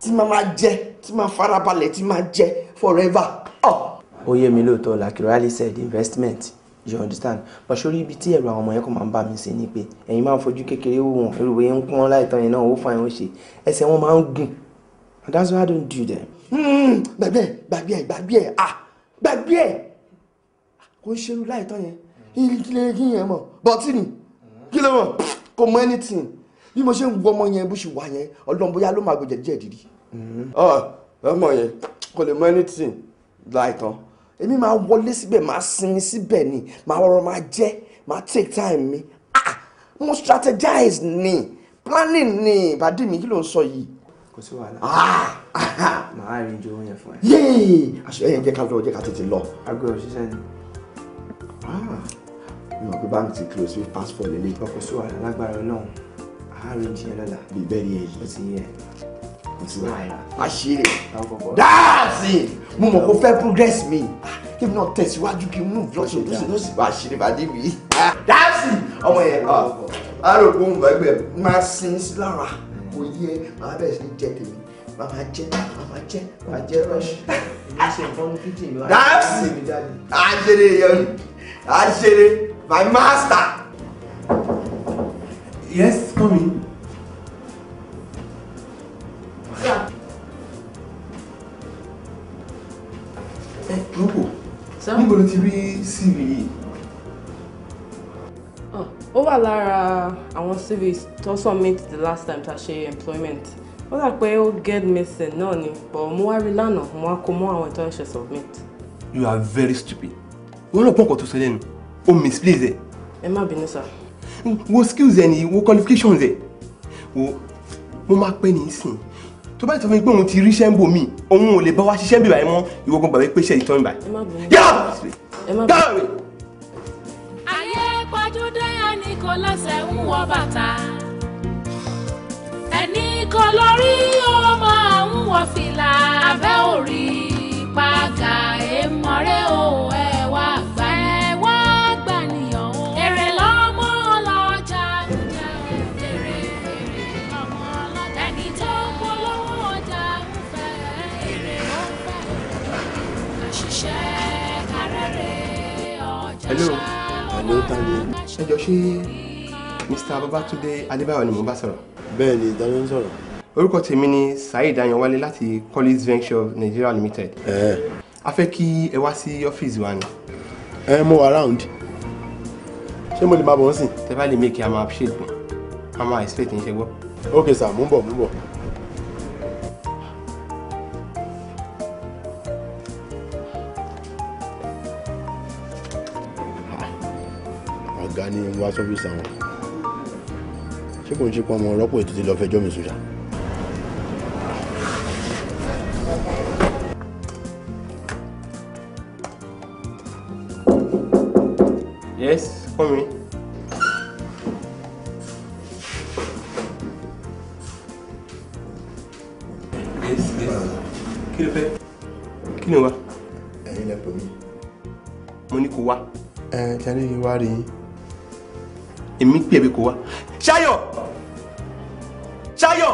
tí máa máa jẹ tí máa farabalẹ̀ tí máa jẹ forever. Oh. ó yé mi lóòótọ́ like you really said investment you understand but sórí ibi tí ẹ̀rù àwọn ọmọ yẹn kò máa ń bá mi sí ni pé ẹ̀yin máa ń fojú kékeré wọn ẹ̀rù wẹ̀ ń pọ́n láìtàn yẹn náà ó fà yẹn ó ṣe ẹsẹ̀ wọn máa ń gùn and that's why I don't do them. Hmm, gbàgbé ẹ̀ gbàgbé ẹ̀ gbàgbé ẹ̀ ah gbàgbé ẹ̀ kò ń ṣerú láìtàn yẹn kí lè kí yẹn mọ̀ bọ́tìnì kí lè mọ̀ kò mọ anything bí mo ṣe ń wọ ọmọ yẹn bó ṣe wà yẹn ọlọ́run bóyá ló máa gbọ̀jẹ̀ díẹ̀ dídí. Hmm. Ah, ọmọ yẹn kò lè mọ anything láìtàn èmi máa wọlé síbẹ̀ máa sinmi síbẹ̀ ni máa wọ́rọ̀ máa jẹ́ máa take time mi ah mo strategize ni planning ni ìbàdí mi kí ló ń sọ yìí. kò sí wàhálà ah! [laughs] màá rí ijó yẹn fún ẹ. yéè aṣọ ẹyẹ jẹ́ ká lọ jẹ́ ká tètè lọ. aago ẹ̀ ṣiṣẹ́ ni. Ah! mi ò pé báńkì ti close with passport lélẹ̀. ọkọ̀ sí wàhálà lágbára ọlọ́run àárín jìyẹn lọ́la. bíi bẹ́ẹ̀ ni èyí. ó ti yẹ kò sí wàhálà má ṣe rè dáàsì mo mọ̀ kó fẹ́ progress mi ah. kí mi náà tẹ̀síwájú kí n mú lọ́sọ̀ lọ́sọ̀ lọ́sọ̀ bá ṣe rè bàdé mi dáàsì ọmọ yẹn arògbó ah, ń bẹ́gbẹ́ máa sin sí lára kò yẹ màá bẹ̀rẹ̀ sí jẹ tèmi màá máa jẹ màá máa jẹ màá jẹ rọ́ọ̀ṣì. dáàsì àṣeré yẹn àṣeré my master. yes come in. CV yìí? Ah, ó wà lára àwọn CVs tó submit the last time tá a ṣe employment. Ó dà pé ó get missing náà ni, but mo wá rí lánàá, mo wá kó mọ́ àwọn ìtọ́ ìṣe submit. You are very stupid. Wọ́n náà pọ̀ nǹkan tó sọ lẹ́nu. O misplace ẹ̀. Ẹ má bínú sá. Wo skills ẹ̀ ni, wo qualifications ẹ̀. Wo mo máa pẹ́ ní sìn tó bá ti sọ fún mi pé òun ti ríṣẹ́ ń bò mí òun ò lè bá wa ṣiṣẹ́ ń bì báyìí mọ́ ìwọ gbọ́n gbàgbé pé iṣẹ́ ìtọ́ ń báyìí dáre. ayé pajúdé ẹni kò lẹ́sẹ̀ ń wọ bàtà ẹni kò lórí ó ń wọ fìlà abẹ́ òrì pàgà èèmọ̀ rẹ̀ o. ta ni. ẹ jọ ṣé Mr. Babatunde Adébáyọ̀ ni mo bá sọ̀rọ̀. bẹ́ẹ̀ ni ìdájọ́ ń sọ̀rọ̀. orúkọ tèmi ni Saheed Ayanwale láti Collins Venture Nigeria Limited. Eh. a fẹ́ kí ẹ wá sí ọ́fíìsì wa ni. ẹ mo wà round ṣé mo lè máa bọ̀ wọ́n sìn. tẹ bá lè make a máa ṣègùn a máa expect gbọ́. ok sir mo ń bọ̀ mo ń bọ̀. ní wá sọ́fíìsì àwọn ṣé kò ń ṣe pọ́nmọ́ rọ́pò ètùtù lọ́ọ́ mi sùn kó wá ṣayọ ṣayọ.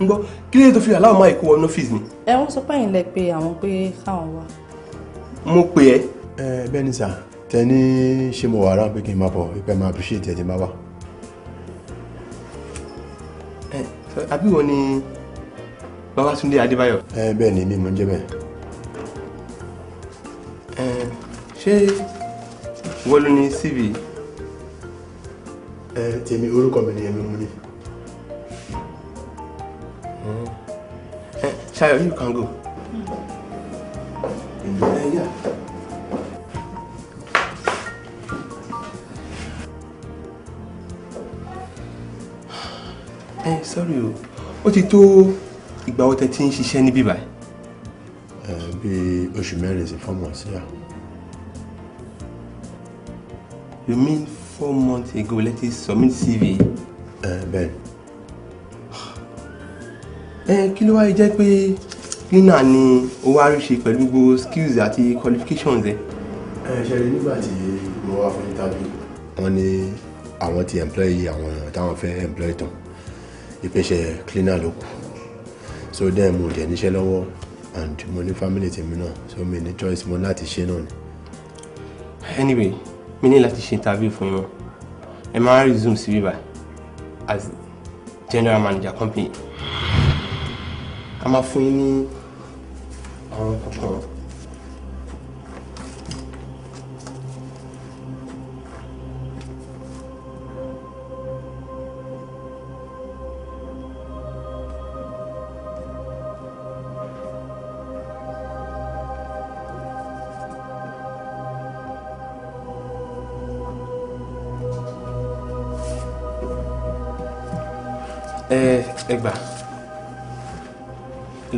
ń gbọ́ kí ló dé tó fi aláwọ̀ máa kó wọnú ọ́fíìsì mi. ẹ wọ́n sọ pé ẹ̀yin lẹ pé àwọn pé káwọn wá. mo pè ẹ́. ẹ bẹ́ẹ̀ ni sà tẹ́ni ṣe mo wà rán pé kí n máa bọ̀ pé máa appreciate ẹ̀ tí máa wà. àbí wọn ni Babátúndé Adébáyọ̀. ẹ bẹ́ẹ̀ ni mi mo ń jẹ́ bẹ́ẹ̀ ṣé wọ́n ló ní cv. ẹ tèmi orúkọ mi nìyẹn mi mú ni. Shayo, you can go. Mm. Uh, yeah. Hey, o. Ó ti tó ìgbà wo tẹ́ ń ṣiṣẹ́ níbí báyìí? Bí oṣù mẹ́rin sí four months, yeah. You mean four months ago let it submit CV? Ẹ bẹ́ẹ̀. Ẹ kí ló wáá jẹ́ pé cleaner ni ó wá rí ṣe pẹ̀lú gbogbo skills àti qualifications ẹ? Ẹ ṣe rí nígbà tí mo wá fún interview. Wọ́n ní àwọn ti employ àwọn èèyàn táwọn fẹ́ employ tán. Ìpèsè cleaner ló kù. So then mo dẹ̀ níṣẹ́ lọ́wọ́ and mo ní family tèmi náà so mi ní choice mo láti ṣe náà ni. Anyway mi ní láti ṣe interview fún yín ẹ máa resume sí bíbá as general manager company a máa fún yín ní àwọn kankan Egba, gbà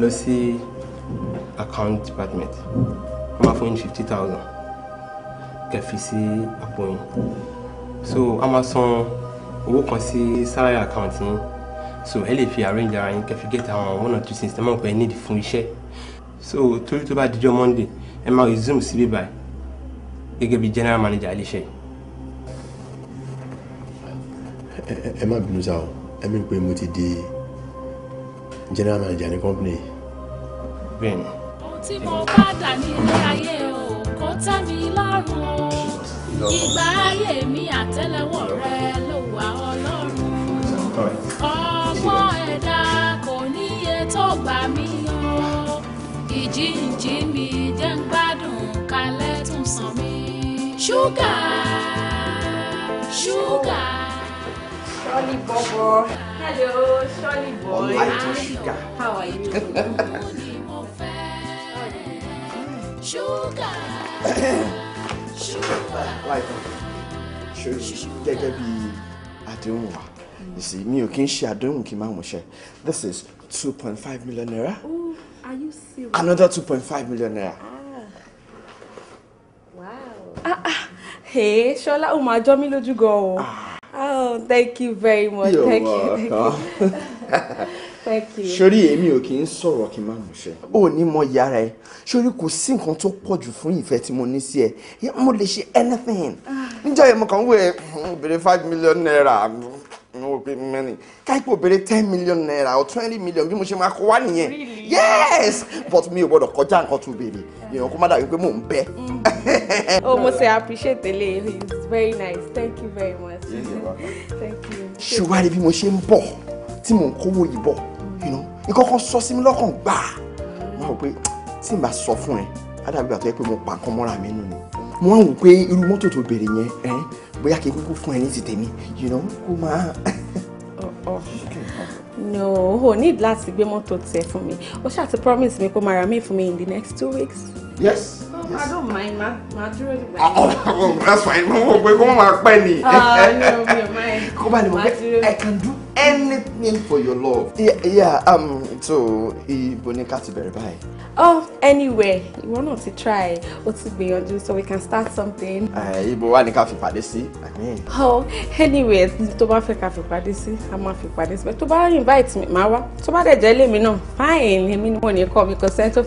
lọ sí account department wọ́n máa fún yín fifty thousand kẹfì sí àpò yín so a máa san owó kan sí salary account yín so ẹ lè fi arrange ara yín kẹfì get àwọn one or two things ẹ máa ń pẹ́ need fún iṣẹ́ so torí tó bá dijọ́ monday ẹ máa resume sí bíbá gẹ́gẹ́ bí general manager iléeṣẹ́ yìí. ẹ má bínú sáà o ẹ mi pé mo ti di general manager ní company. bẹ́ẹ̀ni. ohun tí mo bá ní ilé ayé o kò tẹ́ mi lọ́rùn o ìgbà ayé mi àtẹ́lẹwọ́ rẹ ló wà ọlọ́run ọgbọ́n ẹ̀dá kò níye tó gbà mí o ìjìnjì mi jẹ́ ń gbádùn kalẹ̀ tún sàn mí ṣúgà ṣúgà. sọ́ọ́lì bọ́bọ̀. Hello, Surely boy. All right, sugar. How are you? Sugar. Sugar. Like, gẹ́gẹ́ I don't wa. You see, me ò kí ń don't àdéhùn kí share. This is two point five million naira. Ooh, are you serious? Another two point five million naira. Ah. Wow. Ah, ah. Hey, Ṣọlá, ó máa jọ mí lójú Ah. Thank you very much. You're thank welcome. you. [laughs] Thank you. thank you. sori èmi ò kì í sọ̀rọ̀ kí n má mú ṣe. ó ní mo yára ẹ sori kò sí nǹkan tó pọ̀ jù fún ìfẹ́ tí mo ní sí ẹ mo lè ṣe anything ah. níjọ́ yẹn mo kàn ń wé hmm, bèrè five million naira mo pe mẹ́rin káìpọ̀ béèrè ten million naira or twenty million bí mo ṣe máa kó wá nìyẹn yes but mi ò gbọ́dọ̀ kọjá nǹkan tó béèrè mm. èèyàn kó má dàbí pé mò ń bẹ́. Mm. Oh, mo I appreciate ele it's very nice thank you very much thank you. ṣùwárí bí mo ṣe ń bọ̀ tí mò ń kówó yìí bọ̀ mm. nǹkan kan sọ sí mi lọ́kàn gbà mo rò pé tí n bá sọ fún ẹ ládàbí àtọ́ yẹ pé mo pa nǹkan mọ́ra mi nù ni mo wá wò pé irú mọ́tò tó béèrè yẹn bóyá kí n kúkú fún ẹ ní ti tèmi you know kó máa. Oh, oh. no o need láti gbé mọ́tò tẹ fún mi ó ṣáà ti promise mi kó máa ra mi fún mi in the next two weeks. yes. I don't mind, ma. Ma ah, oh, oh, That's fine. Mo mọ̀ pé kó má máa pẹ́ ni. Ah, kó bá lè I can do anything for your love. Yeah, yeah um, so ibo ni ká ti bẹ̀rẹ̀ báyìí? Oh, anywhere. Ìwọ náà to try. O ti gbìyànjú so we can start something. Eh, ibo wá ni ká fi pàdé sí? Oh, anywhere to bá fẹ́ ká fi pàdé sí, a máa fi pàdé sí. Tó bá invite mi, màá to Tó bá dẹ̀ jẹ́ lèmi náà, fine. Èmi ni mo ní kọ́ mi kò sẹ́ni tó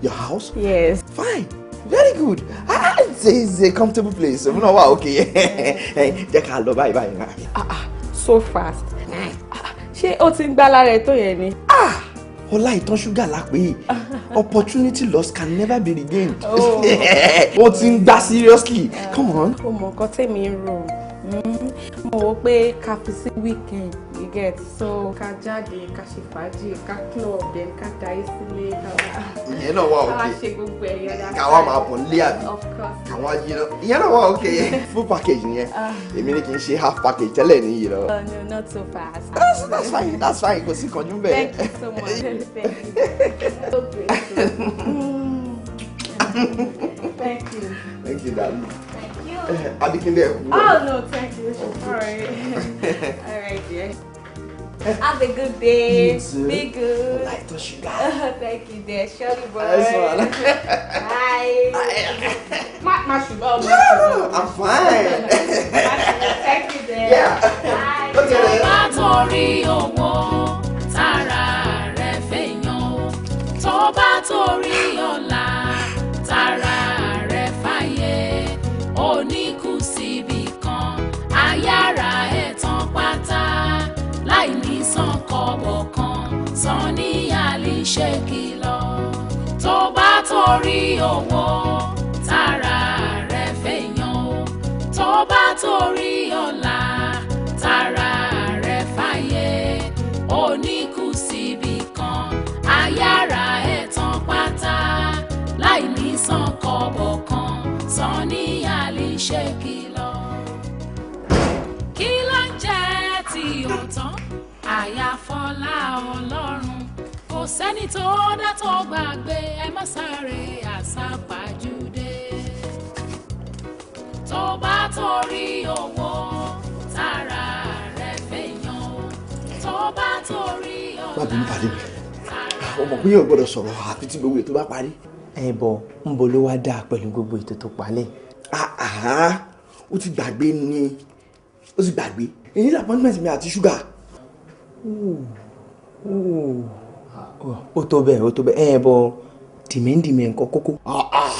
Your house? Yes. Fine very good ah, ah it's a, it's a comfortable place You know what? okay [laughs] jẹ́ ká lọ báyìí báyìí. Ah, ah, so fast ṣé o ti ń gbá lára ẹ tó yẹn ni. ah ọlá ìtàn ṣúgà lápè opportunity lost can never be regained wọ́n oh. [laughs] ti ń gbá seriously eh, come on. o mọ̀ nǹkan tèmi ń rò hmm, mo wò pé ká fi sí weekend you get so ká jáde ká ṣe fàájì ká club then ká dayé sílé ká wá. ìyẹn náà wà òkè ká ṣe gbogbo ẹ̀yà dáadáa káwa máa bọ̀ nílé àbí káwa yí lọ ìyẹn náà wà òkè [laughs] full package nìyẹn ah. èmi ni kì í ṣe half package tẹ́lẹ̀ ní yìí lọ. oh no not so fast. that's, fine that's fine kò sí kanjú bẹ́ẹ̀. thank you so much thank [laughs] you so grateful. [laughs] thank you. thank you darling. Abikinde. Oh no, thank you. All right. All right, dear. Have a good day. You too. Be good. Light to sugar. [laughs] Thank you, dear. Surely, boy. That's one. Bye. Mark my sugar. Yeah, oh, I'm fine. [laughs] Thank you, dear. Yeah. Bye. Okay, then. Bátorí ọ̀la tara rẹ̀ fàyè, oníkùsíbì kan, ayára ẹ̀ pátá láìní san kọ́bọ̀ kan Sànní Àlìṣe kìlọ̀ tó bá torí owó tara rẹ̀ fẹ̀yàn o tó bá torí ọ̀la tara rẹ̀ fàyè oníkù síbi kan ayára ẹ̀ tán pátá láìní san kọ́bọ̀ kan Sànní Àlìṣe kìlọ̀ kí ló ń jẹ́ tí ò tán àyàfọlá ọlọ́run kò sẹ́ni tó dátọ́ gbàgbé ẹ má sáré àsápàjúdé tó bá torí owó tara rẹ fẹ́yàn tó bá torí ọ̀la ọmọ pé yóò gbọ́dọ̀ sọ̀rọ̀ àfi tí gbogbo ètò bá parí. ẹ ń bo dáa pẹ̀lú gbogbo ètò tó palẹ̀. Ah, ah, ó ti gbàgbé ni ó sì gbàgbé èyí appointment mi àti ṣúgà. ó tó bẹ́ẹ̀ ó tó bẹ́ẹ̀ ẹ̀ bọ dìmẹ́ǹdìmẹ́ nǹkan kókó. Ah, ah,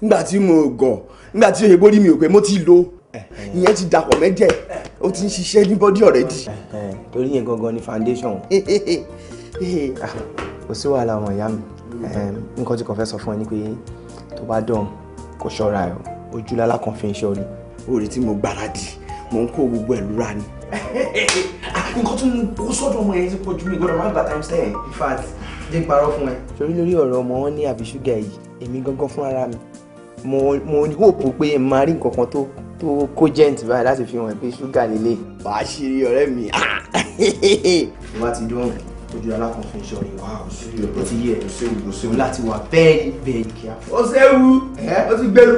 nígbà tí mo gàn nígbà tí òye bórí mi ò pé mo ti lo ìyẹn ti dàpọ̀ mẹ́jẹ̀ ó ti ń ṣiṣẹ́ ní body already. torí yẹn gangan ni foundation. [laughs] Ah, kò sí wàhálà ọmọ ìyá mi nǹkan tí kò fẹ́ sọ fún ẹ ni pé tó bá dán kò ṣọ́ra ẹ ojú lálá fi ń ṣe ọ ni. orí tí mo gbáradì mò ń kó gbogbo ẹ̀ lura ni. [laughs] nǹkan tó ń kó sọ́dọ̀ ọmọ yẹn ti pọ̀ jù mí gbọ́dọ̀ má gbà times ten in fact jẹ́ ń parọ́ fún ẹ. torí lórí ọ̀rọ̀ ọmọ wọn ní àbí ṣúgà yìí èmi gangan fún ara mi mo hóòpù pé màá rí nǹkan kan tó tó cogent báyìí láti fi hàn pé ṣúgà nílé. wàá ṣe rí ọ̀rẹ́ mi. Ah! mo bá ti dán ojú alákọ̀ọ́fẹ́ ìṣòro ìwà òṣèlú ó ti yẹ òṣèlú òṣèlú láti wà bẹ́ẹ̀ bẹ́ẹ̀ kíá. ó ṣe é wu ó ti gbẹ́rù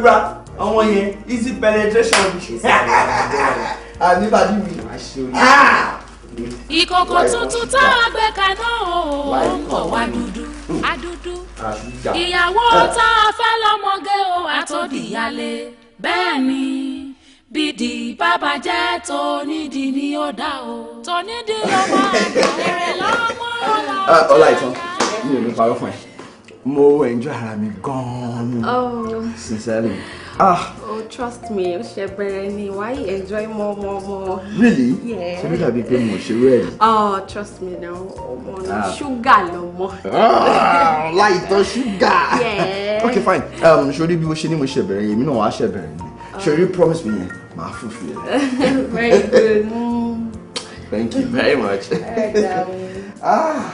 ọmọ yẹn easy penetration àníbàdí [laughs] ah, mi. Ah! ìkòkò tuntun tá a gbé kaná ó ń bọ̀ wá dúdú adúdú hmm. ah, ìyàwó tá a fẹ́ lọ́mọge ó àtòdìyálé bẹ́ẹ̀ ni bídì bàbá jẹ́ tónídìí ni ó dá o tónídìí ló máa bẹ̀rẹ̀ lọ́mọ ọlọ́run. ọlá ìtàn mi ò ní parọ́ fún ẹ mo enjoy ara mi gan-an oh. sincerely. Ah. Oh, trust me, o why you enjoy more, more, more? Really? Yeah. Ṣé ló dàbí pé mo ṣe rẹ̀? Oh, trust me now, ọmọ ni ah. ṣúgà lọ́mọ. Ah, Láìtọ́ ṣúgà. Yeah. Okay, fine. Um, should bí be ṣe ní mo ṣe bẹ̀rẹ̀ yẹn, èmi Should you oh. promise me? yẹn, màá [laughs] Very good. Thank you very much. ah.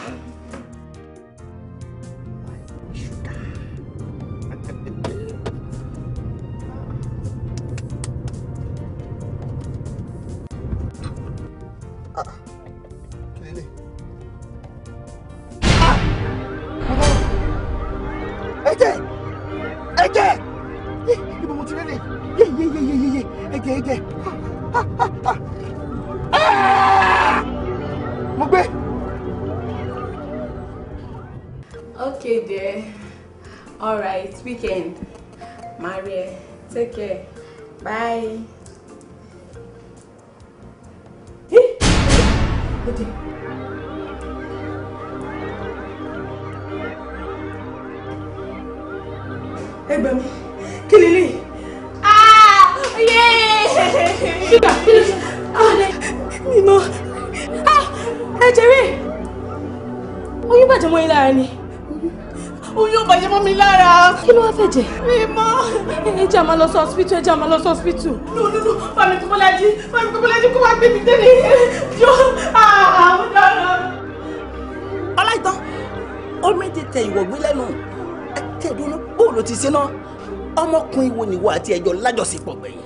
jọ ẹja máa lọ sí hospital. nù nù nù Fàmí Kọ́bọ́lájí Fàmí Kọ́bọ́lájí kó wá gbé mi délé yọ àwọn ah, ah, ah, dára. ọláìtàn omi ti tẹ ìwọ̀gbí lẹ́nu kẹ́ẹ̀dúnú bóòlù ti síná ọmọkùnrin wo nìwọ àti ẹjọ lájọṣepọ̀ gbẹ̀yìn.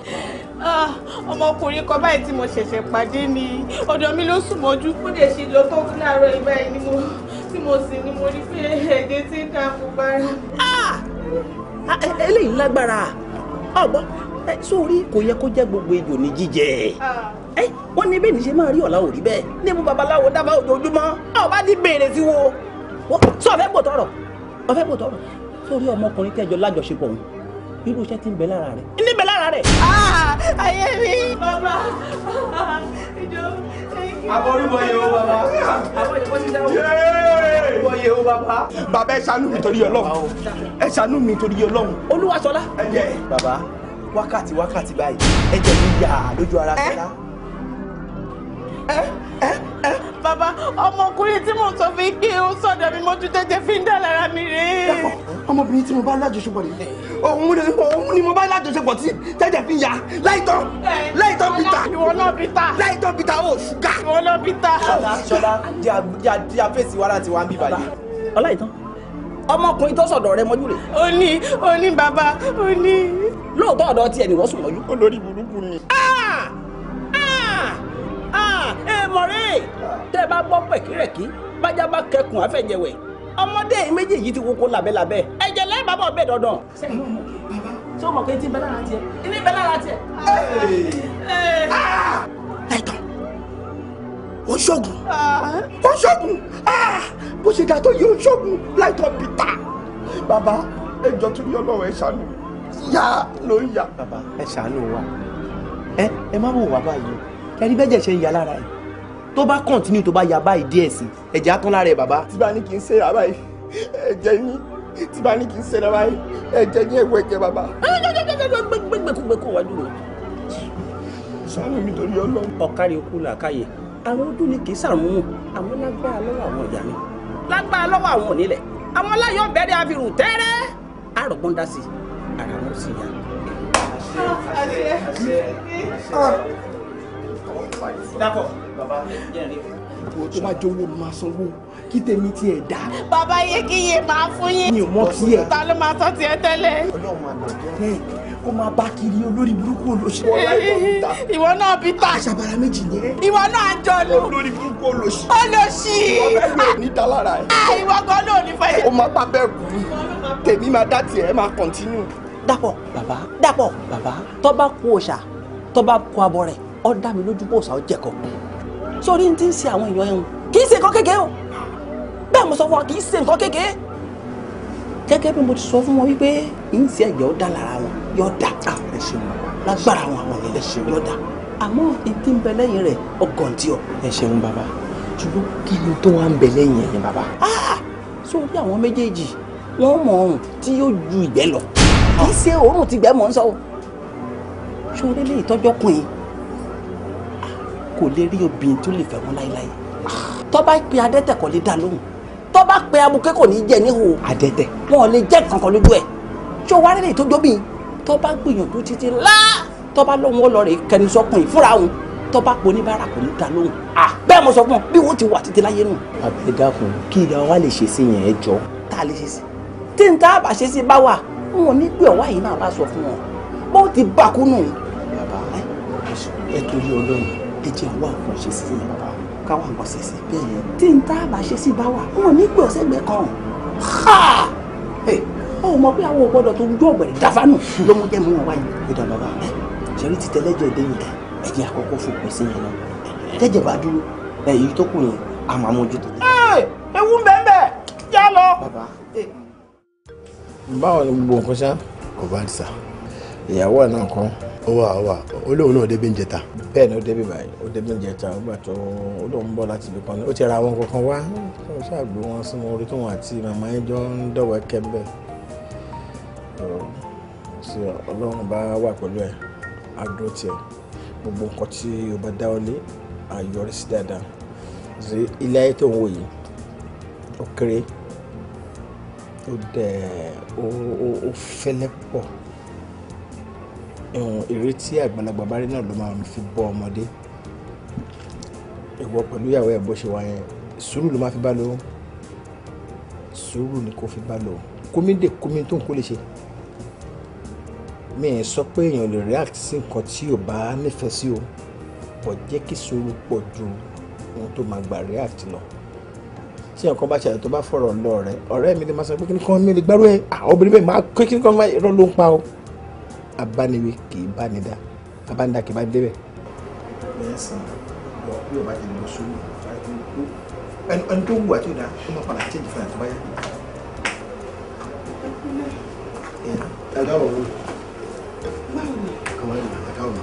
ọmọkùnrin kan báyìí tí mo ṣẹ̀ṣẹ̀ pàdé ni ọ̀dọ̀ mi ló sùn mọ́jú kó lè ṣe lọ tó fún láàárọ̀ ìgbà yìí ni mo tí mo sì ni mo rí pé ẹ̀jẹ̀ tí ń dààmú bára. eléyìí lágbára ọgbọ ẹ sórí kò yẹ kó jẹ gbogbo ejò ah. ní jíjẹ ẹ wọn ní bẹ́ẹ̀ ní ṣe máa rí ọ̀la òrí bẹ́ẹ̀ níbo babaláwo dábàá ojoojúmọ́ ọba ti béèrè sí wo sọ ọfẹ gbò tọrọ ọfẹ gbò tọrọ sórí ọmọkùnrin tẹjọ lájọṣepọ̀ òun irú iṣẹ́ tí ń bẹ lára rẹ̀. ń bẹ lára rẹ̀. Ah, ayé mi. bàbá ìjọba aboríbọyè o o bàbá. bàbá ẹ ṣàánú mi torí Ọlọ́run ẹ ṣàánú mi torí Ọlọ́run. Olúwaṣọlá. ẹ jẹ bàbá wákàtí wákàtí báyìí ẹ jẹ mi yà lójú ara Ṣọlá. ẹ ẹ bàbá ọmọkùnrin tí mò ń sọ fún ike ó sọ̀dọ̀ mi mo tún tẹ́tẹ́ fi ń dà lára mi rèé. dàpọ̀ ọmọbìnrin tí mo bá lájọṣepọ̀ ni òun ni mo bá lájọṣepọ̀ tí tẹ́tẹ́ fi ń láìtọ́ láìtọ́ bìtà láìtọ́ bìtà ó ṣùgà ìwọ bìtà. ṣọlá ṣọlá di àfẹ́sí wàrà tiwa ń bí báyìí. ọláìtàn ọmọkùnrin tó sọ̀dọ̀ rẹ mọ́jú rè. ó ní ó ní bàbá ó ní. lóòótọ́ ọ̀dọ̀ tiẹ̀ ni wọ́n sùn mọ́jú. olórí burúkú ni. Ah! ẹ mọ̀rẹ́ tẹ́ ẹ bá gbọ́ pẹ̀kírẹ̀kí bájá bá kẹkùn àfẹ̀jẹ̀wẹ̀ ọmọdé méjì yìí ti woko làbẹ́làbẹ́ ẹ̀jẹ̀ lẹ́yìn bàbá ọbẹ̀ dandan. ṣé o mọ̀ pé tí bẹ́ẹ̀ lára tiẹ̀ ilé bẹ́ẹ̀ lára tiẹ̀. ẹ̀tàn ah! ah! ó ṣògùn ah! bó ṣe ga tó yìí ó ṣògùn bìtà bàbá ẹjọ́ tún yọ lọ́wọ́ ẹ ṣàánú yá ló ń yà. bàbá ẹ ṣàánú wa ẹ ẹ má wò wá báyìí ẹ̀rí bẹ́jẹ̀ ṣe ń yà lára ẹ̀ tó bá kọ̀ntínú tó bá yà báyìí díẹ̀ sí ẹ̀jẹ̀ á tán lára ẹ̀ bàbá. tí bá ní kí n ṣe ra báyìí ẹ̀jẹ̀ ní tí bá ní kí n ṣe ra báyìí ẹ̀jẹ̀ ní ẹ̀wọ̀ ẹ̀jẹ̀ bàbá. gbẹgbẹgbẹgbẹkú wájú rẹ. sáré mi torí Ọlọ́run. ọ̀kárí okú làákàyè àwọn ọdún ni kì í sàrùn àwọn lágbára lọ́wọ́ àwọn ìyá mi lágbára lọ́wọ́ àwọn onílẹ̀ àwọn aláyọ̀ bẹ̀rẹ̀ àfihàn tẹ́rẹ́ àrògbọ́n dá sí ara wọn sì yá. Dàpọ̀ bàbá jẹ́rìí. Ìwọ tó máa jówó ló máa sanwó kí tèmi tiẹ̀ dá. Bàbá Yékéyé máa fún yín. Mi ò mọ tiẹ̀. Ta ló máa sọ tiẹ̀ tẹ́lẹ̀? Ọlọ́run máa nà jẹ́. Kó máa bá kiri olórí burúkú olóṣì. Ìwọ náà bí ta. Aṣàbàrà méjì ni ẹ. Ìwọ náà jọlù. Olórí burúkú olóṣì. Olóṣì. Ní dálára ẹ̀. Ah, ìwọ gan ló O máa bá bẹ́ẹ̀ kú ni. Tèmi máa dá tiẹ̀ máa kọ̀ntínú. Dàpọ̀. Bàbá. Dàpọ̀. Bàbá. Tọ́ bá kú òòṣà, tọ́ ó mi lójú bó sàó sórí ti ń ṣe àwọn èèyàn ẹ̀hún kì í ṣe nǹkan kékeré o bẹ́ẹ̀ mo sọ fún wa kì í ṣe nǹkan kékeré gẹ́gẹ́ bí mo ti sọ fún wọn wípé yìí ẹ̀jẹ̀ ó lára wọn yóò dá lágbára wọn àwọn yẹn yóò dá àmọ́ ìdí ń bẹ lẹ́yìn rẹ̀ ọkàn tí ọ. ẹ ṣeun bàbá ṣùgbọ́n kí ni tó wá ń bẹ lẹ́yìn ẹ̀yìn bàbá. Ah! sórí àwọn méjèèjì wọ́n mọ ọrùn tí yóò ju ìgbẹ́ lọ kì í ṣe òórùn tìgbẹ́ mọ̀ ń sọ o ṣòro lè tọ́jọ́ kùn yín kò lè rí obìnrin tó lè fẹ́ mọ́ láéláé tó bá pe adẹ́tẹ̀ kò lè dá lóhùn tó bá pe abuké kò ní jẹ níhò adẹ́tẹ̀ wọn ò lè jẹ́ kankan lójú ẹ̀ tó wá rẹ̀ tó jóbi tó bá gbìyànjú títí lá tó bá lóhùn ó lọ rè kẹni fúnra òun tó bá pe oníbàárà kò ní dá lóhùn bẹ́ẹ̀ mo sọ fún ọ bí wọ́n ti wà títí láyé nù. àbẹ̀ dákun kí ìdá wa lè ṣe sí yẹn ẹ a lè ṣe sí a bá ṣe sí bá wà wọn ò ní gbé ọwọ́ yìí náà bá sọ torí Ọlọ́run ẹ jẹ́ àwọn nǹkan ṣe sí i káwọn nǹkan ṣe sí bẹ́ẹ̀ yẹn tí n tá àbá ṣe sí bá wà wọn ní gbé ọ̀sẹ̀ gbẹ kan ọ mọ pé àwọn ògbọ́dọ̀ tó ń jó ọ̀gbẹ̀rẹ̀ dáfánù ló mú jẹ́ mú wọn wáyé. ìdá bàbá ṣẹ́rí ti tẹ́lẹ́jọ́ ìdẹ́yìn ẹ jẹ́ àkọ́kọ́ fòpin sí yẹn náà tẹ́jẹ̀ bá dúró èyí tó kù yẹn a máa mójútó. ewu bẹ́ẹ̀ já lọ. báwo ni gbogbo nǹkan ṣá kò bá ìyàwó ẹ̀ náà kọ́. ó wà ó wà ó lóun náà débi ń jẹta. bẹ́ẹ̀ ni ó débi báyìí ó débi ń jẹta ó gbà tó ó lóun bọ̀ láti ibi kan ó ti ra àwọn kankan wá ó ṣàgbé wọn sí mo rí tóun àti màmá yín jọ ń dọ̀wọ́ kẹ́ńbẹ́ sí ọlọ́run bá wà pẹ̀lú ẹ̀ á dúró tiẹ̀ gbogbo nǹkan tí o bá dáwọ́ lé àyọrí sí dáadáa ṣe ilé ayé tó ń wò yìí ó kéré ó dẹ̀ ó fẹ́lẹ́ pọ̀ èrè tí àgbàlagbà bá rí náà ló máa fi bọ́ ọmọdé ìwọ pẹ̀lú ìyàwó ẹ̀ bó ṣe wà yẹn sùúrù ló máa fi bá lò sùúrù ni kò fi bá lò kómìdè kómi tó ń kó lè ṣe mi ẹ̀ sọ pé èèyàn lè react sí nǹkan tí ò bá nífẹ̀ẹ́ sí o pọ̀ jẹ́ kí sùúrù pọ̀ ju ohun tó máa gbà react lọ tí nǹkan bá ṣàyẹ̀ bá fọ̀rọ̀ lọ rẹ ọ̀rẹ́ mi lè máa sọ pé kí ni kan mi lè gbárù ẹ̀ ah, obìnrin bẹ́ẹ̀ máa kí ni kan máa rọ́ ló ń pa o abániwé kì í bá ní dá abánidá kì í bá ní débẹ̀. bẹ́ẹ̀ sàn lọ bí ọba ti lọ sórí ẹni tó wù àti ìdá ó máa padà change fún àtúbá yá. ẹ̀dá ọ̀rọ̀ kọ́mọ́ ẹ̀dá ẹ̀dá ọ̀rọ̀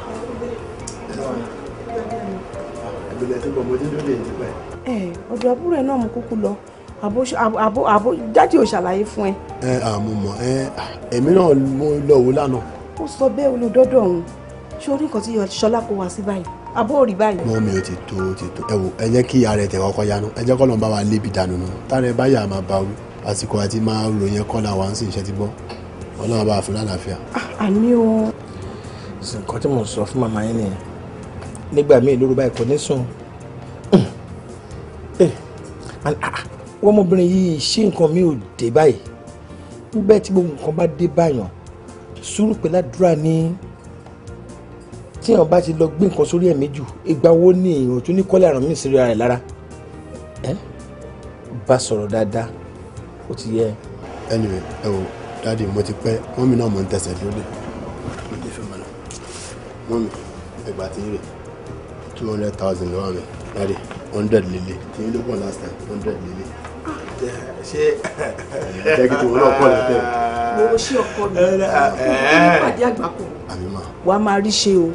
ìbílẹ̀ tí gbogbo ojú lè yí pẹ́. ẹ ọ̀dọ̀ àbúrò ẹ náà mú kúkú lọ àbó jáde ò ṣàlàyé fún ẹ. ẹ àmọ́ mọ̀ ẹ èmi náà mo lọ wò lánàá ó sọ bẹ́ẹ̀ olùdọ́dọ̀ ọ̀hún ṣé orí nǹkan tí ṣọlá kó wá sí báyìí àbó rí báyìí. mọ mi ti tó ti tó ẹ wò ẹ jẹ́ kí ara ẹ tẹ kọ́kọ́ yanu ẹ jẹ́ kọlọ ń bá wa lébi dànù nù tára ẹ báyà máa bá wí àsìkò àti máa rò yẹn kọ́ la wà ń sìn iṣẹ́ ti bọ́ ọlọ́run bá fún lálàáfíà. Ah, àmì o. nǹkan tí mo sọ fún màmá yín nìyẹn nígbà míì lóru báyìí kò ní sùn eh, ah, wọ́n mọ́bìnrin yìí ṣé nǹkan mi ò dé báyìí níbẹ̀ tí gbogbo nǹkan bá dé báyàn sùúrù pẹ̀lú àdúrà ni tí èèyàn bá ti lọ gbé nǹkan sórí ẹ̀mí jù ìgbà wo ni èèyàn tún ní kọ́lé àrùn míì sí ara ẹ̀ lára ẹ bá sọ̀rọ̀ dáadáa ó ti yẹ. anyway ẹ o dáàdi mo ti pẹ́ wọn mi náà mọ ń tẹsẹ̀ lóde mo ti fẹ́ mọ wọn mi ẹgbàá ti rè two hundred thousand lọ́wọ́ mi dáàdi hundred lélẹ̀ tí yín ló pọ̀ last time hundred lélẹ̀ ṣe. jẹ́ kí tòun náà pọ̀ látẹ̀. mo ṣe ọkọ mi ìpàdé àgbákò wàá máa rí ṣe o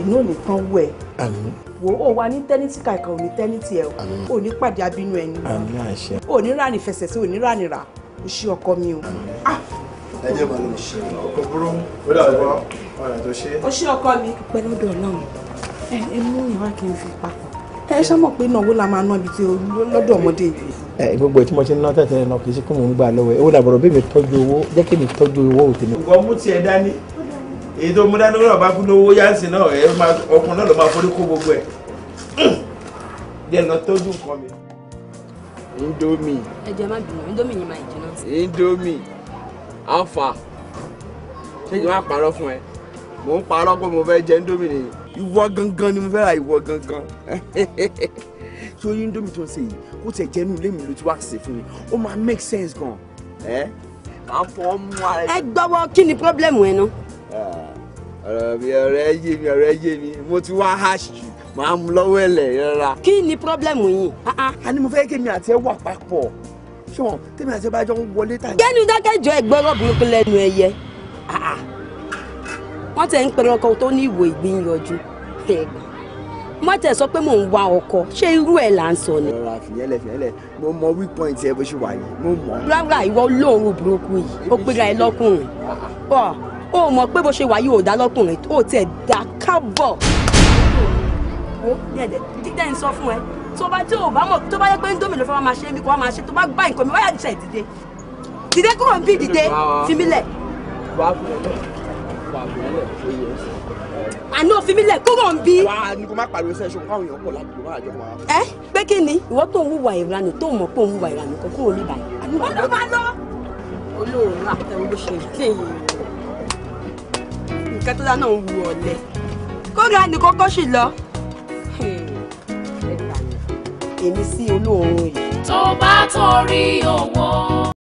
inú ò ní tán wú ẹ wo o wa ní tẹ́nítì kàìkà ò ní tẹ́nítì ẹ o ò ní pàdé abínú ẹni o ò ní rà ní fẹsẹ̀ sí o ò ní rà ní rà o ṣe ọkọ mi o. Ah! ẹ jẹ́ màá lọ ṣe ọkọ burú ó dà bọ́ ọ̀rẹ́ tó ṣe. o ṣe ọkọ mi. pẹ̀lú ọdọ Ọlọ́run ẹ mú ìwà kí n fi papọ̀ ẹ ṣá mọ̀ pé náà owó la máa ná ibi tí lọ́dọ̀ ọmọdé yìí. ẹ gbogbo ètí mo ti ná tẹ̀tẹ̀ náà kì í ṣe kó mò ń gbà lọ́wọ́ ẹ ó dàbọ̀rọ̀ bí mi tọ́jú owó jẹ́ kí mi tọ́jú owó òtẹ̀mí. ǹkan mú tiẹ̀ dání èyí tó mú dání lọ́wọ́ bá kú lówó yáǹsì náà ọkùnrin náà ló máa forí kó gbogbo ẹ̀ díẹ̀ lọ tọ́jú nǹkan mi. indomie. ẹ jẹ́ má bínú indomie ni màá jẹ náà. indomie alpha ṣé ìjọba parọ́ fún ẹ mò ń parọ́ pé mo fẹ́ jẹ indomie nìyí ìwọ gangan ni mo fẹ́ ra ìwọ gangan tí ó yí ń dómi tó ń ṣe yìí kó tiẹ̀ jẹ́ inú ilé mi ló ti wá ṣe fún mi ó máa make sense gan ẹ à ń fọ ọmú ara ẹ. ẹ gbọ́wọ́ kí ni pọ́blẹ́mù ẹ ná. ọ̀rọ̀ mi ọ̀rọ̀ ẹ yé mi ọ̀rọ̀ ẹ yé mi mo ti wá hash jù máa mú lọ́wọ́ ẹ̀ lẹ̀ rárá. kí ni pọ́blẹ́mù yìí. Ah, ah. a ní mo fẹ́ kí mi àti ẹ wà papọ̀ ṣé tèmi àti ẹ bá jọ ń wọlé tà. kẹ́nu dákẹ́jọ ẹ̀gbọ́n rọ̀bù wọ́n tẹ̀ ń pẹ̀rọ kan tó ní ìwò ìgbìyànjú má tẹ̀ sọ pé mò ń wa ọkọ ṣé irú ẹ̀ là ń sọ ni. ọ̀rọ̀ àfìyẹ́lẹ̀ fìyẹ́lẹ̀ mo mọ weak point ẹ bó ṣe wà yìí mo mọ. rárá ìwọ olóòórùn burúkú yìí ó gbéra ẹ lọ́kùnrin ó mọ̀ pé bó ṣe wà yìí ò dá lọ́kùnrin ó tẹ̀ dá kábọ̀. tó bá tí tó bá yẹ pé ń dómi ló fẹ́ máa ṣe é àná òfin mi lẹ kúrò ń bí. wà á ní kó má pariwo sẹ́yìn ṣùgbọ́n káwọn èèyàn pọ̀ láti lọ́wọ́ àjọ wa. ẹ pé kí ni ìwọ tó ń hùwà ìranù tó mọ̀ pé ń hùwà ìranù kan kúrò níbà yìí. wọ́n ló máa lọ. olóòórùn àtẹ̀wé bó ṣe dé yìí nǹkan tó dáná ń wu ọ̀lẹ. kóra ni kókó sì lọ. èmi sí olóòórùn yìí. tó bá torí owó.